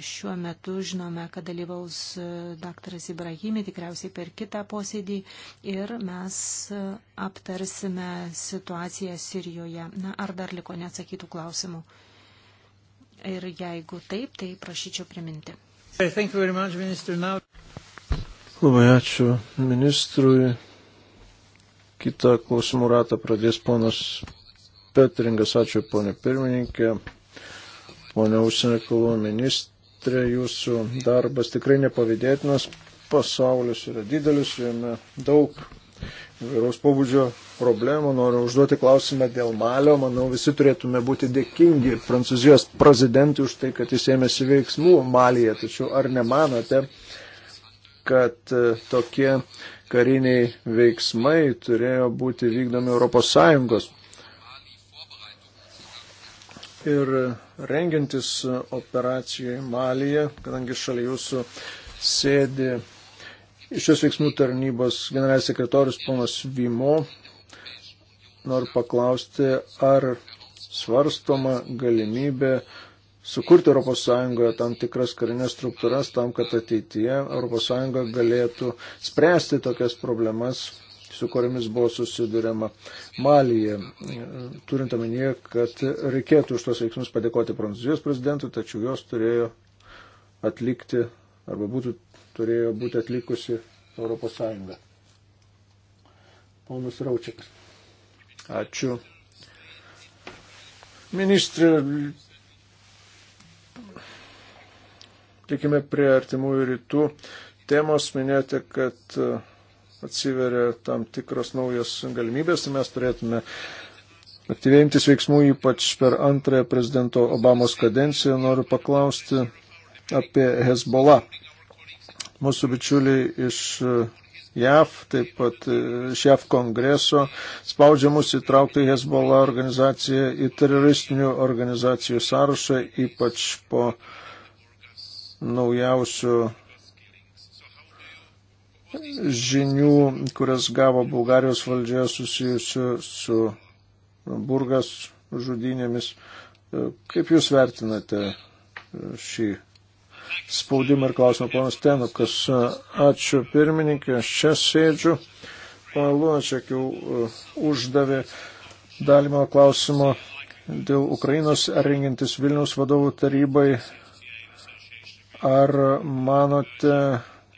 Šiuo metu žinome, kad dalyvaus e, daktaras Ibrahimi tikriausiai per kitą posėdį ir mes e, aptarsime situaciją Sirijoje. Na, ar dar liko neatsakytų klausimų? Ir jeigu taip, tai prašyčiau priminti. Much, minister, now... Labai ačiū ministrui. Kita klausimų ratą pradės ponas Petringas. Ačiū, ponė pirmininkė. Pone užsienio reikalų ministrė, jūsų darbas tikrai nepavydėtinas. Pasaulis yra didelis, jame daug įvairaus pobūdžio problemų. Noriu užduoti klausimą dėl Malio. Manau, visi turėtume būti dėkingi prancūzijos prezidentui už tai, kad jis ėmėsi veiksmų Malyje. Tačiau ar nemanote, kad e, tokie kariniai veiksmai turėjo būti vykdomi ES? Ir rengiantis operacijai Malyje, kadangi šalia jūsų sėdi šios veiksmų tarnybos generalinis sekretorius ponas Vimo, noriu paklausti, ar svarstoma galimybė sukurti ES tam tikras karinės struktūras tam, kad ateityje ES galėtų spręsti tokias problemas su kuriamis buvo susidurima Malyje. Turint omenyje, kad reikėtų už tos veiksmus padėkoti Prancūzijos prezidentui, tačiau jos turėjo atlikti arba būtų, turėjo būti atlikusi Europos Sąjunga. Ponas Raučikas. Ačiū. Ministrė, tikime prie artimųjų rytų temos, minėjote, kad atsiveria tam tikros naujos galimybės ir tai mes turėtume aktyvėjantis veiksmų, ypač per antrąją prezidento Obamos kadenciją, noriu paklausti apie Hezbollah. Mūsų bičiuliai iš eh, JAV, taip pat eh, iš JAV kongreso spaudžia mus įtraukti Hezbollah organizaciją į teroristinių organizacijų sąrašą, ypač po naujausių žinių, kurias gavo Bulgarijos valdžia susijusiu su Burgas žudynėmis. Kaip Jūs vertinate šį spaudimą ir klausimą, ponas Tenukas? Ačiū pirmininkė, aš čia sėdžiu. Pana Lunačiak jau e, uždavė dalį mano klausimo dėl Ukrainos rengintis Vilniaus vadovų tarybai. Ar manote,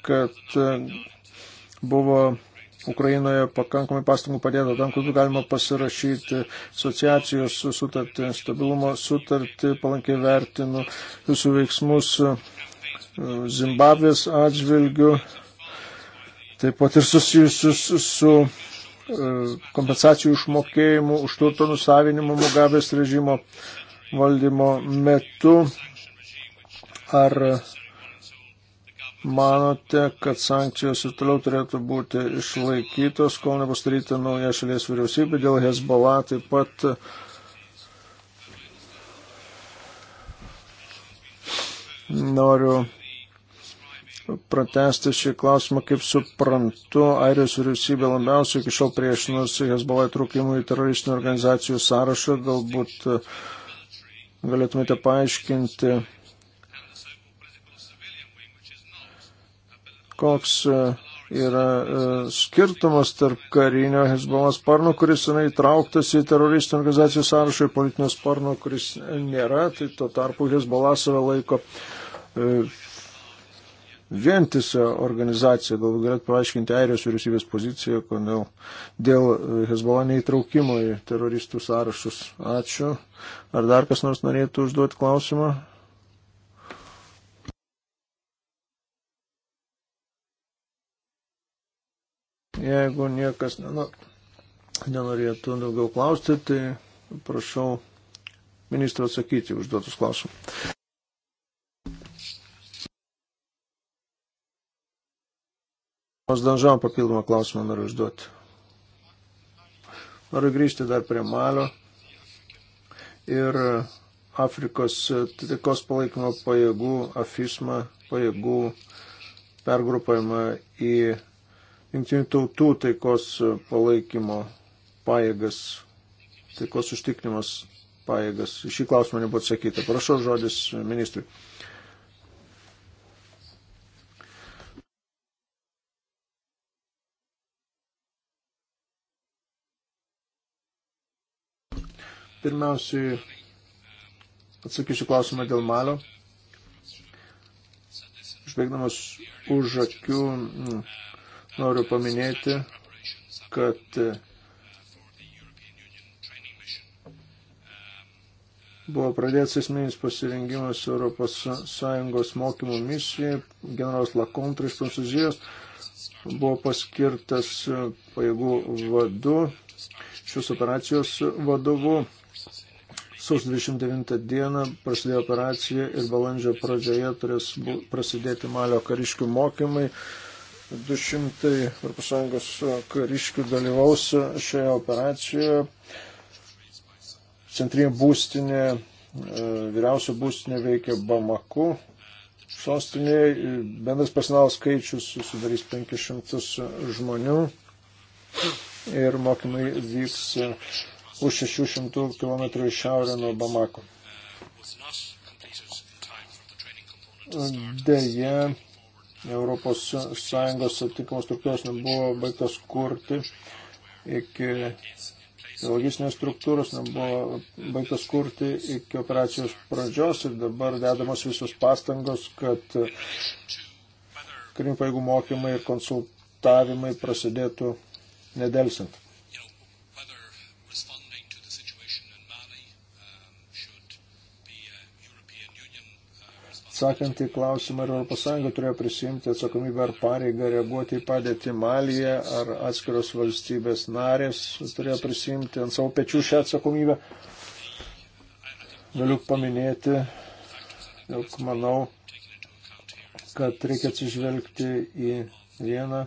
kad buvo Ukrainoje pakankamai pastangų padėta tam, kad galima pasirašyti asociacijos sutartį, stabilumo sutartį, palankiai vertinu visų veiksmus e, Zimbabvės atžvilgių, taip pat ir susijusius su e, kompensacijų išmokėjimu už turto nusavinimu Mugabės režimo valdymo metu. Ar manote, kad sankcijos ir toliau turėtų būti išlaikytos, kol nebus daryta nauja šalies vyriausybė dėl Hezbollah taip pat. Noriu pratesti šį klausimą, kaip suprantu, Airijos vyriausybė labiausiai iki šiol priešinosi Hezbollah įtraukimui į teroristinių organizacijų sąrašą. Galbūt galėtumėte paaiškinti, koks e, yra e, skirtumas tarp karinio Hezbollah sparno, kuris yra įtrauktas į teroristų organizacijų sąrašą ir politinio sparno, kuris nėra, tai tuo tarpu Hezbollah save laiko e, vientisą organizaciją. Gal galėt paaiškinti Airijos vyriausybės poziciją, kodėl dėl Hezbollah neįtraukimo į teroristų sąrašus. Ačiū. Ar dar kas nors norėtų užduoti klausimą? Jeigu niekas nu, nenorėtų daugiau klausti, tai prašau ministro atsakyti užduotus klausimus. Pas Danžan papildomą klausimą noriu užduoti. Noriu grįžti dar prie Malio ir Afrikos taikos palaikymo pajėgų, afisma pajėgų pergrupavimą į jungtinių tautų taikos palaikymo pajėgas, taikos užtikrimas pajėgas. Šį klausimą nebuvo atsakyta. Prašau žodis ministrui. Pirmiausiai atsakysiu klausimą dėl malio. Žveigdamas už akių noriu paminėti, kad buvo pradėtas esminis pasirengimas Europos Sąjungos mokymų misijai. Generolas Lakontra iš Prancūzijos buvo paskirtas pajėgų vadu, šios operacijos vadovu. Saus 29 dieną prasidėjo operacija ir balandžio pradžioje turės prasidėti malio kariškių mokymai. 200 Europos Sąjungos kariškių dalyvaus šioje operacijoje. Centrinė būstinė, e, vyriausia būstinė veikia Bamaku. Sostinėje bendras personalo skaičius sudarys 500 žmonių ir mokymai vyks už 600 km iš šiaurę nuo Bamako. Deja, ES aptikamos struktūros nebuvo baigtas kurti iki logistinės struktūros nebuvo baigtas kurti iki operacijos pradžios ir dabar dedamos visos pastangos, kad karinių paėgų mokymai ir konsultavimai prasidėtų nedelsint. Atsakant į klausimą, ar ES turėjo prisimti atsakomybę ar pareigą reaguoti į padėtį Malyje, ar atskiros valstybės narės turėjo prisimti ant savo pečių šią atsakomybę, galiu paminėti, jog manau, kad reikia atsižvelgti į vieną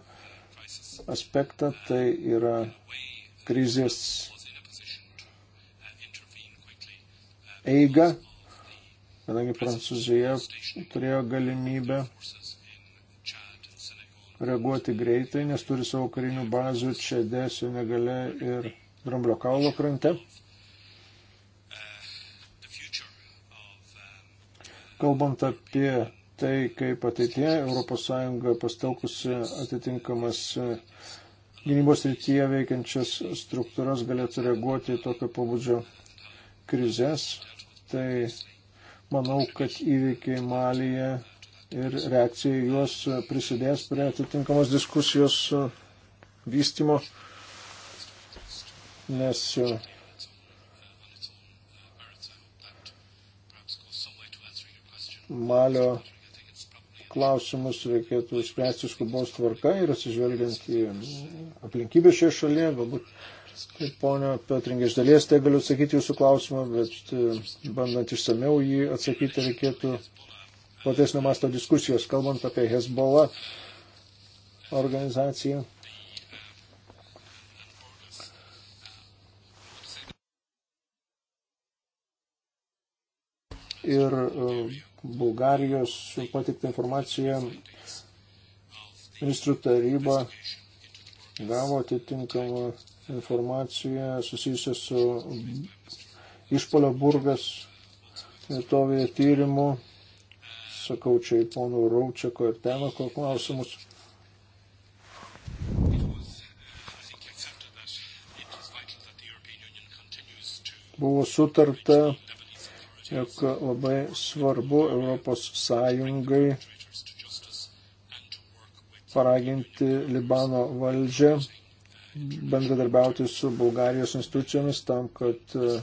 aspektą, tai yra krizės eiga kadangi Prancūzija turėjo galimybę reaguoti greitai, nes turi savo karinių bazių Čede, Senegale ir Dramblio kaulo krante. Kalbant apie tai, kaip ateitie ES pastelkusi atitinkamas e, gynybos rytyje veikiančias struktūras galėtų reaguoti į tokio pabudžio krizės, tai Manau, kad įvykiai Malyje ir reakcija juos prisidės prie atitinkamos diskusijos e, vystimo, nes e, Malio klausimus reikėtų spręsti skubos tvarka ir atsižvelgiant į aplinkybę šioje šalyje, galbūt Pone Petringė, iš dalies tai galiu atsakyti jūsų klausimą, bet e, bandant išsameu jį atsakyti reikėtų platesnio masto diskusijos, kalbant apie Hezbollah organizaciją. Ir e, Bulgarijos patiktą informaciją ministrų taryba gavo atitinkamą informaciją susijusią su išpolio burgas vietovėje tyrimu. Sakau čia į ponų Raučiako ir Tenako klausimus. buvo sutarta, jog labai svarbu Europos Sąjungai paraginti Libano valdžią bendradarbiauti su Bulgarijos institucijomis tam, kad e,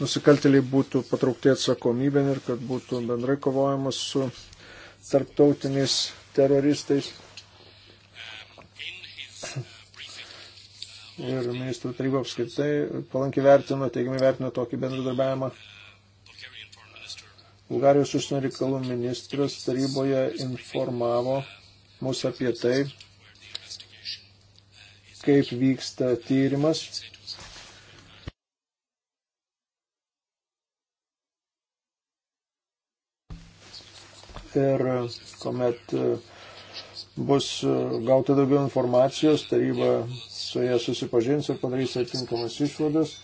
nusikaltėliai būtų patraukti atsakomybėn ir kad būtų bendrai kovojamas su tarptautiniais teroristais. Ir ministrų taryba apskritai palankiai vertino, teigiamai vertino tokį bendradarbiavimą. Bulgarijos užsienio reikalų ministras taryboje informavo mus apie tai, kaip vyksta tyrimas. Ir kuomet e, bus e, gauta daugiau informacijos, taryba su jie susipažins ir padarys atinkamas išvadas.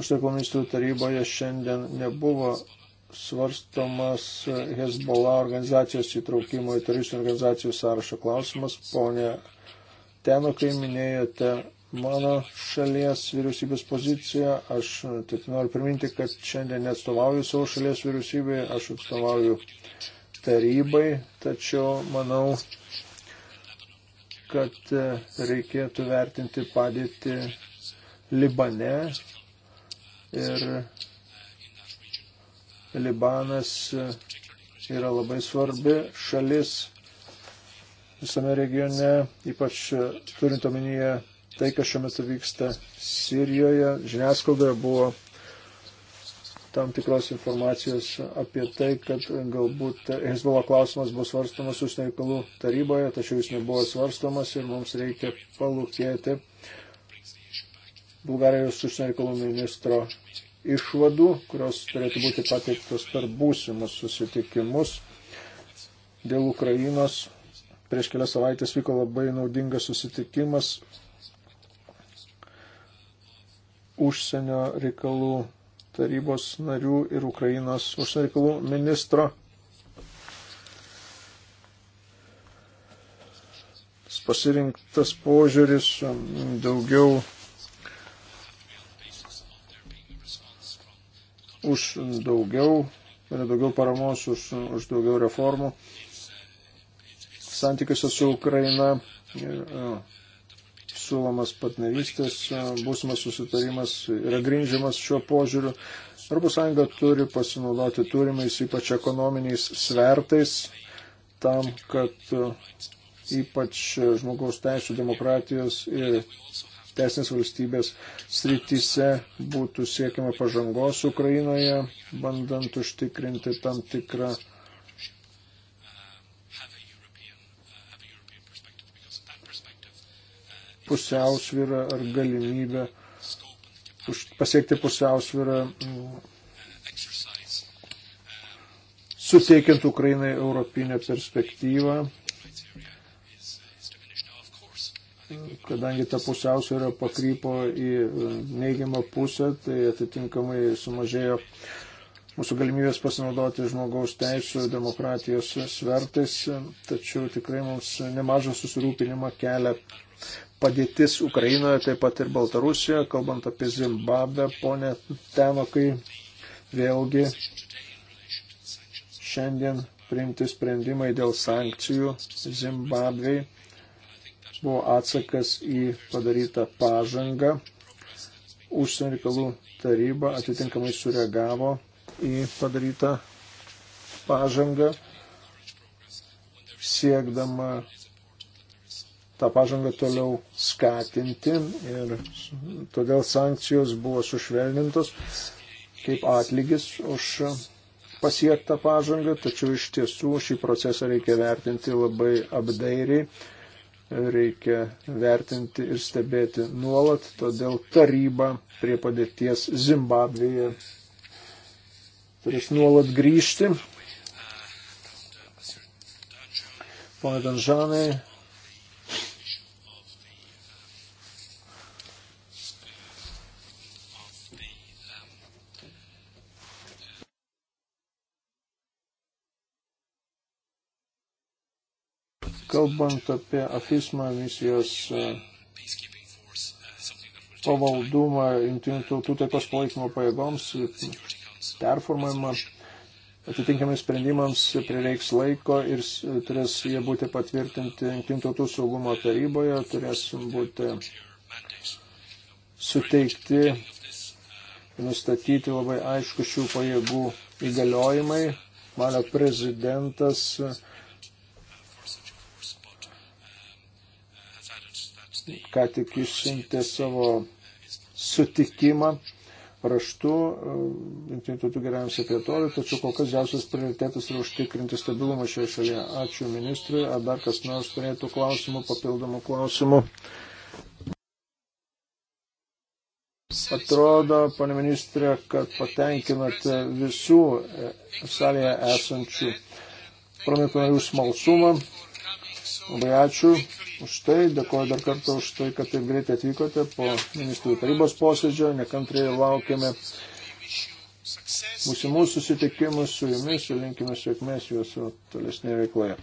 Užsienio ministrų taryboje šiandien nebuvo svarstomas Hezbollah organizacijos įtraukimo į turistinių organizacijų sąrašo klausimas. Pone Teno, kai minėjote mano šalies vyriausybės poziciją, aš tik noriu priminti, kad šiandien neatstovauju savo šalies vyriausybėje, aš atstovauju tarybai, tačiau manau, kad reikėtų vertinti padėti Libane ir Libanas e, yra labai svarbi šalis visame regione, ypač e, turint omenyje tai, kas šiuo metu vyksta Sirijoje. Žiniasklaidoje buvo tam tikros informacijos apie tai, kad galbūt Hezbollah klausimas bus svarstamas užsienio reikalų taryboje, tačiau jis nebuvo svarstamas ir mums reikia palūkėti Bulgarijos užsienio reikalų ministro išvadų, kurios turėtų būti pateiktos per būsimus susitikimus dėl Ukrainos. Prieš kelias savaitės vyko labai naudingas susitikimas užsienio reikalų tarybos narių ir Ukrainos užsienio reikalų ministro. Pasirinktas požiūris um, daugiau už daugiau, ne daugiau paramos, už, už daugiau reformų santykiuose su Ukraina. Ir, e, e, siūlomas partnerystės, e, būsimas susitarimas yra grindžiamas šiuo požiūriu. Europos Sąjunga turi pasinaudoti turimais, ypač ekonominiais svertais, tam, kad ypač žmogaus teisų, demokratijos ir teisinės valstybės srityse būtų siekiama pažangos Ukrainoje, bandant užtikrinti tam tikrą pusiausvyrą ar galimybę pasiekti pusiausvyrą mm, suteikiant Ukrainai europinę perspektyvą kadangi ta pusiausvėra pakrypo į e, neigiamą pusę, tai atitinkamai sumažėjo mūsų galimybės pasinaudoti žmogaus teisų ir demokratijos svertais, tačiau tikrai mums nemažą susirūpinimą kelia padėtis Ukrainoje, taip pat ir Baltarusijoje, kalbant apie Zimbabvę, ponė Tenokai, vėlgi šiandien priimti sprendimai dėl sankcijų Zimbabvei buvo atsakas į padarytą pažangą. Užsienio reikalų taryba atitinkamai sureagavo į padarytą pažangą, siekdama tą pažangą toliau skatinti ir todėl sankcijos buvo sušvelnintos kaip atlygis už pasiektą pažangą, tačiau iš tiesų šį procesą reikia vertinti labai apdairiai reikia vertinti ir stebėti nuolat, todėl taryba prie padėties Zimbabvėje turės nuolat grįžti. Pone Danžanai, Kalbant apie afismą misijos e, pavaldumą jungtinių tautų taikos palaikymo pajėgoms, performavimą, atitinkamai sprendimams prireiks laiko ir turės jie būti patvirtinti jungtinių tautų saugumo taryboje, turės būti suteikti, nustatyti labai aišku šių pajėgų įgaliojimai. Mano prezidentas ką tik išsiuntė savo sutikimą raštu e, Junktinių tautų geriausiam sekretoriui, tačiau kol kas didžiausias prioritetas yra užtikrinti stabilumą šioje šalyje. Ačiū ministrui. Ar dar kas nors turėtų klausimų, papildomų klausimų? Atrodo, pane ministrė, kad patenkinate visų e, salėje esančių parlamento narių smalsumą. Labai ačiū už tai, dėkoju dar kartą už tai, kad taip greitai atvykote po ministrų tarybos posėdžio, nekantriai laukiame būsimų susitikimų su jumis ir linkime sėkmės jūsų tolesnėje veikloje.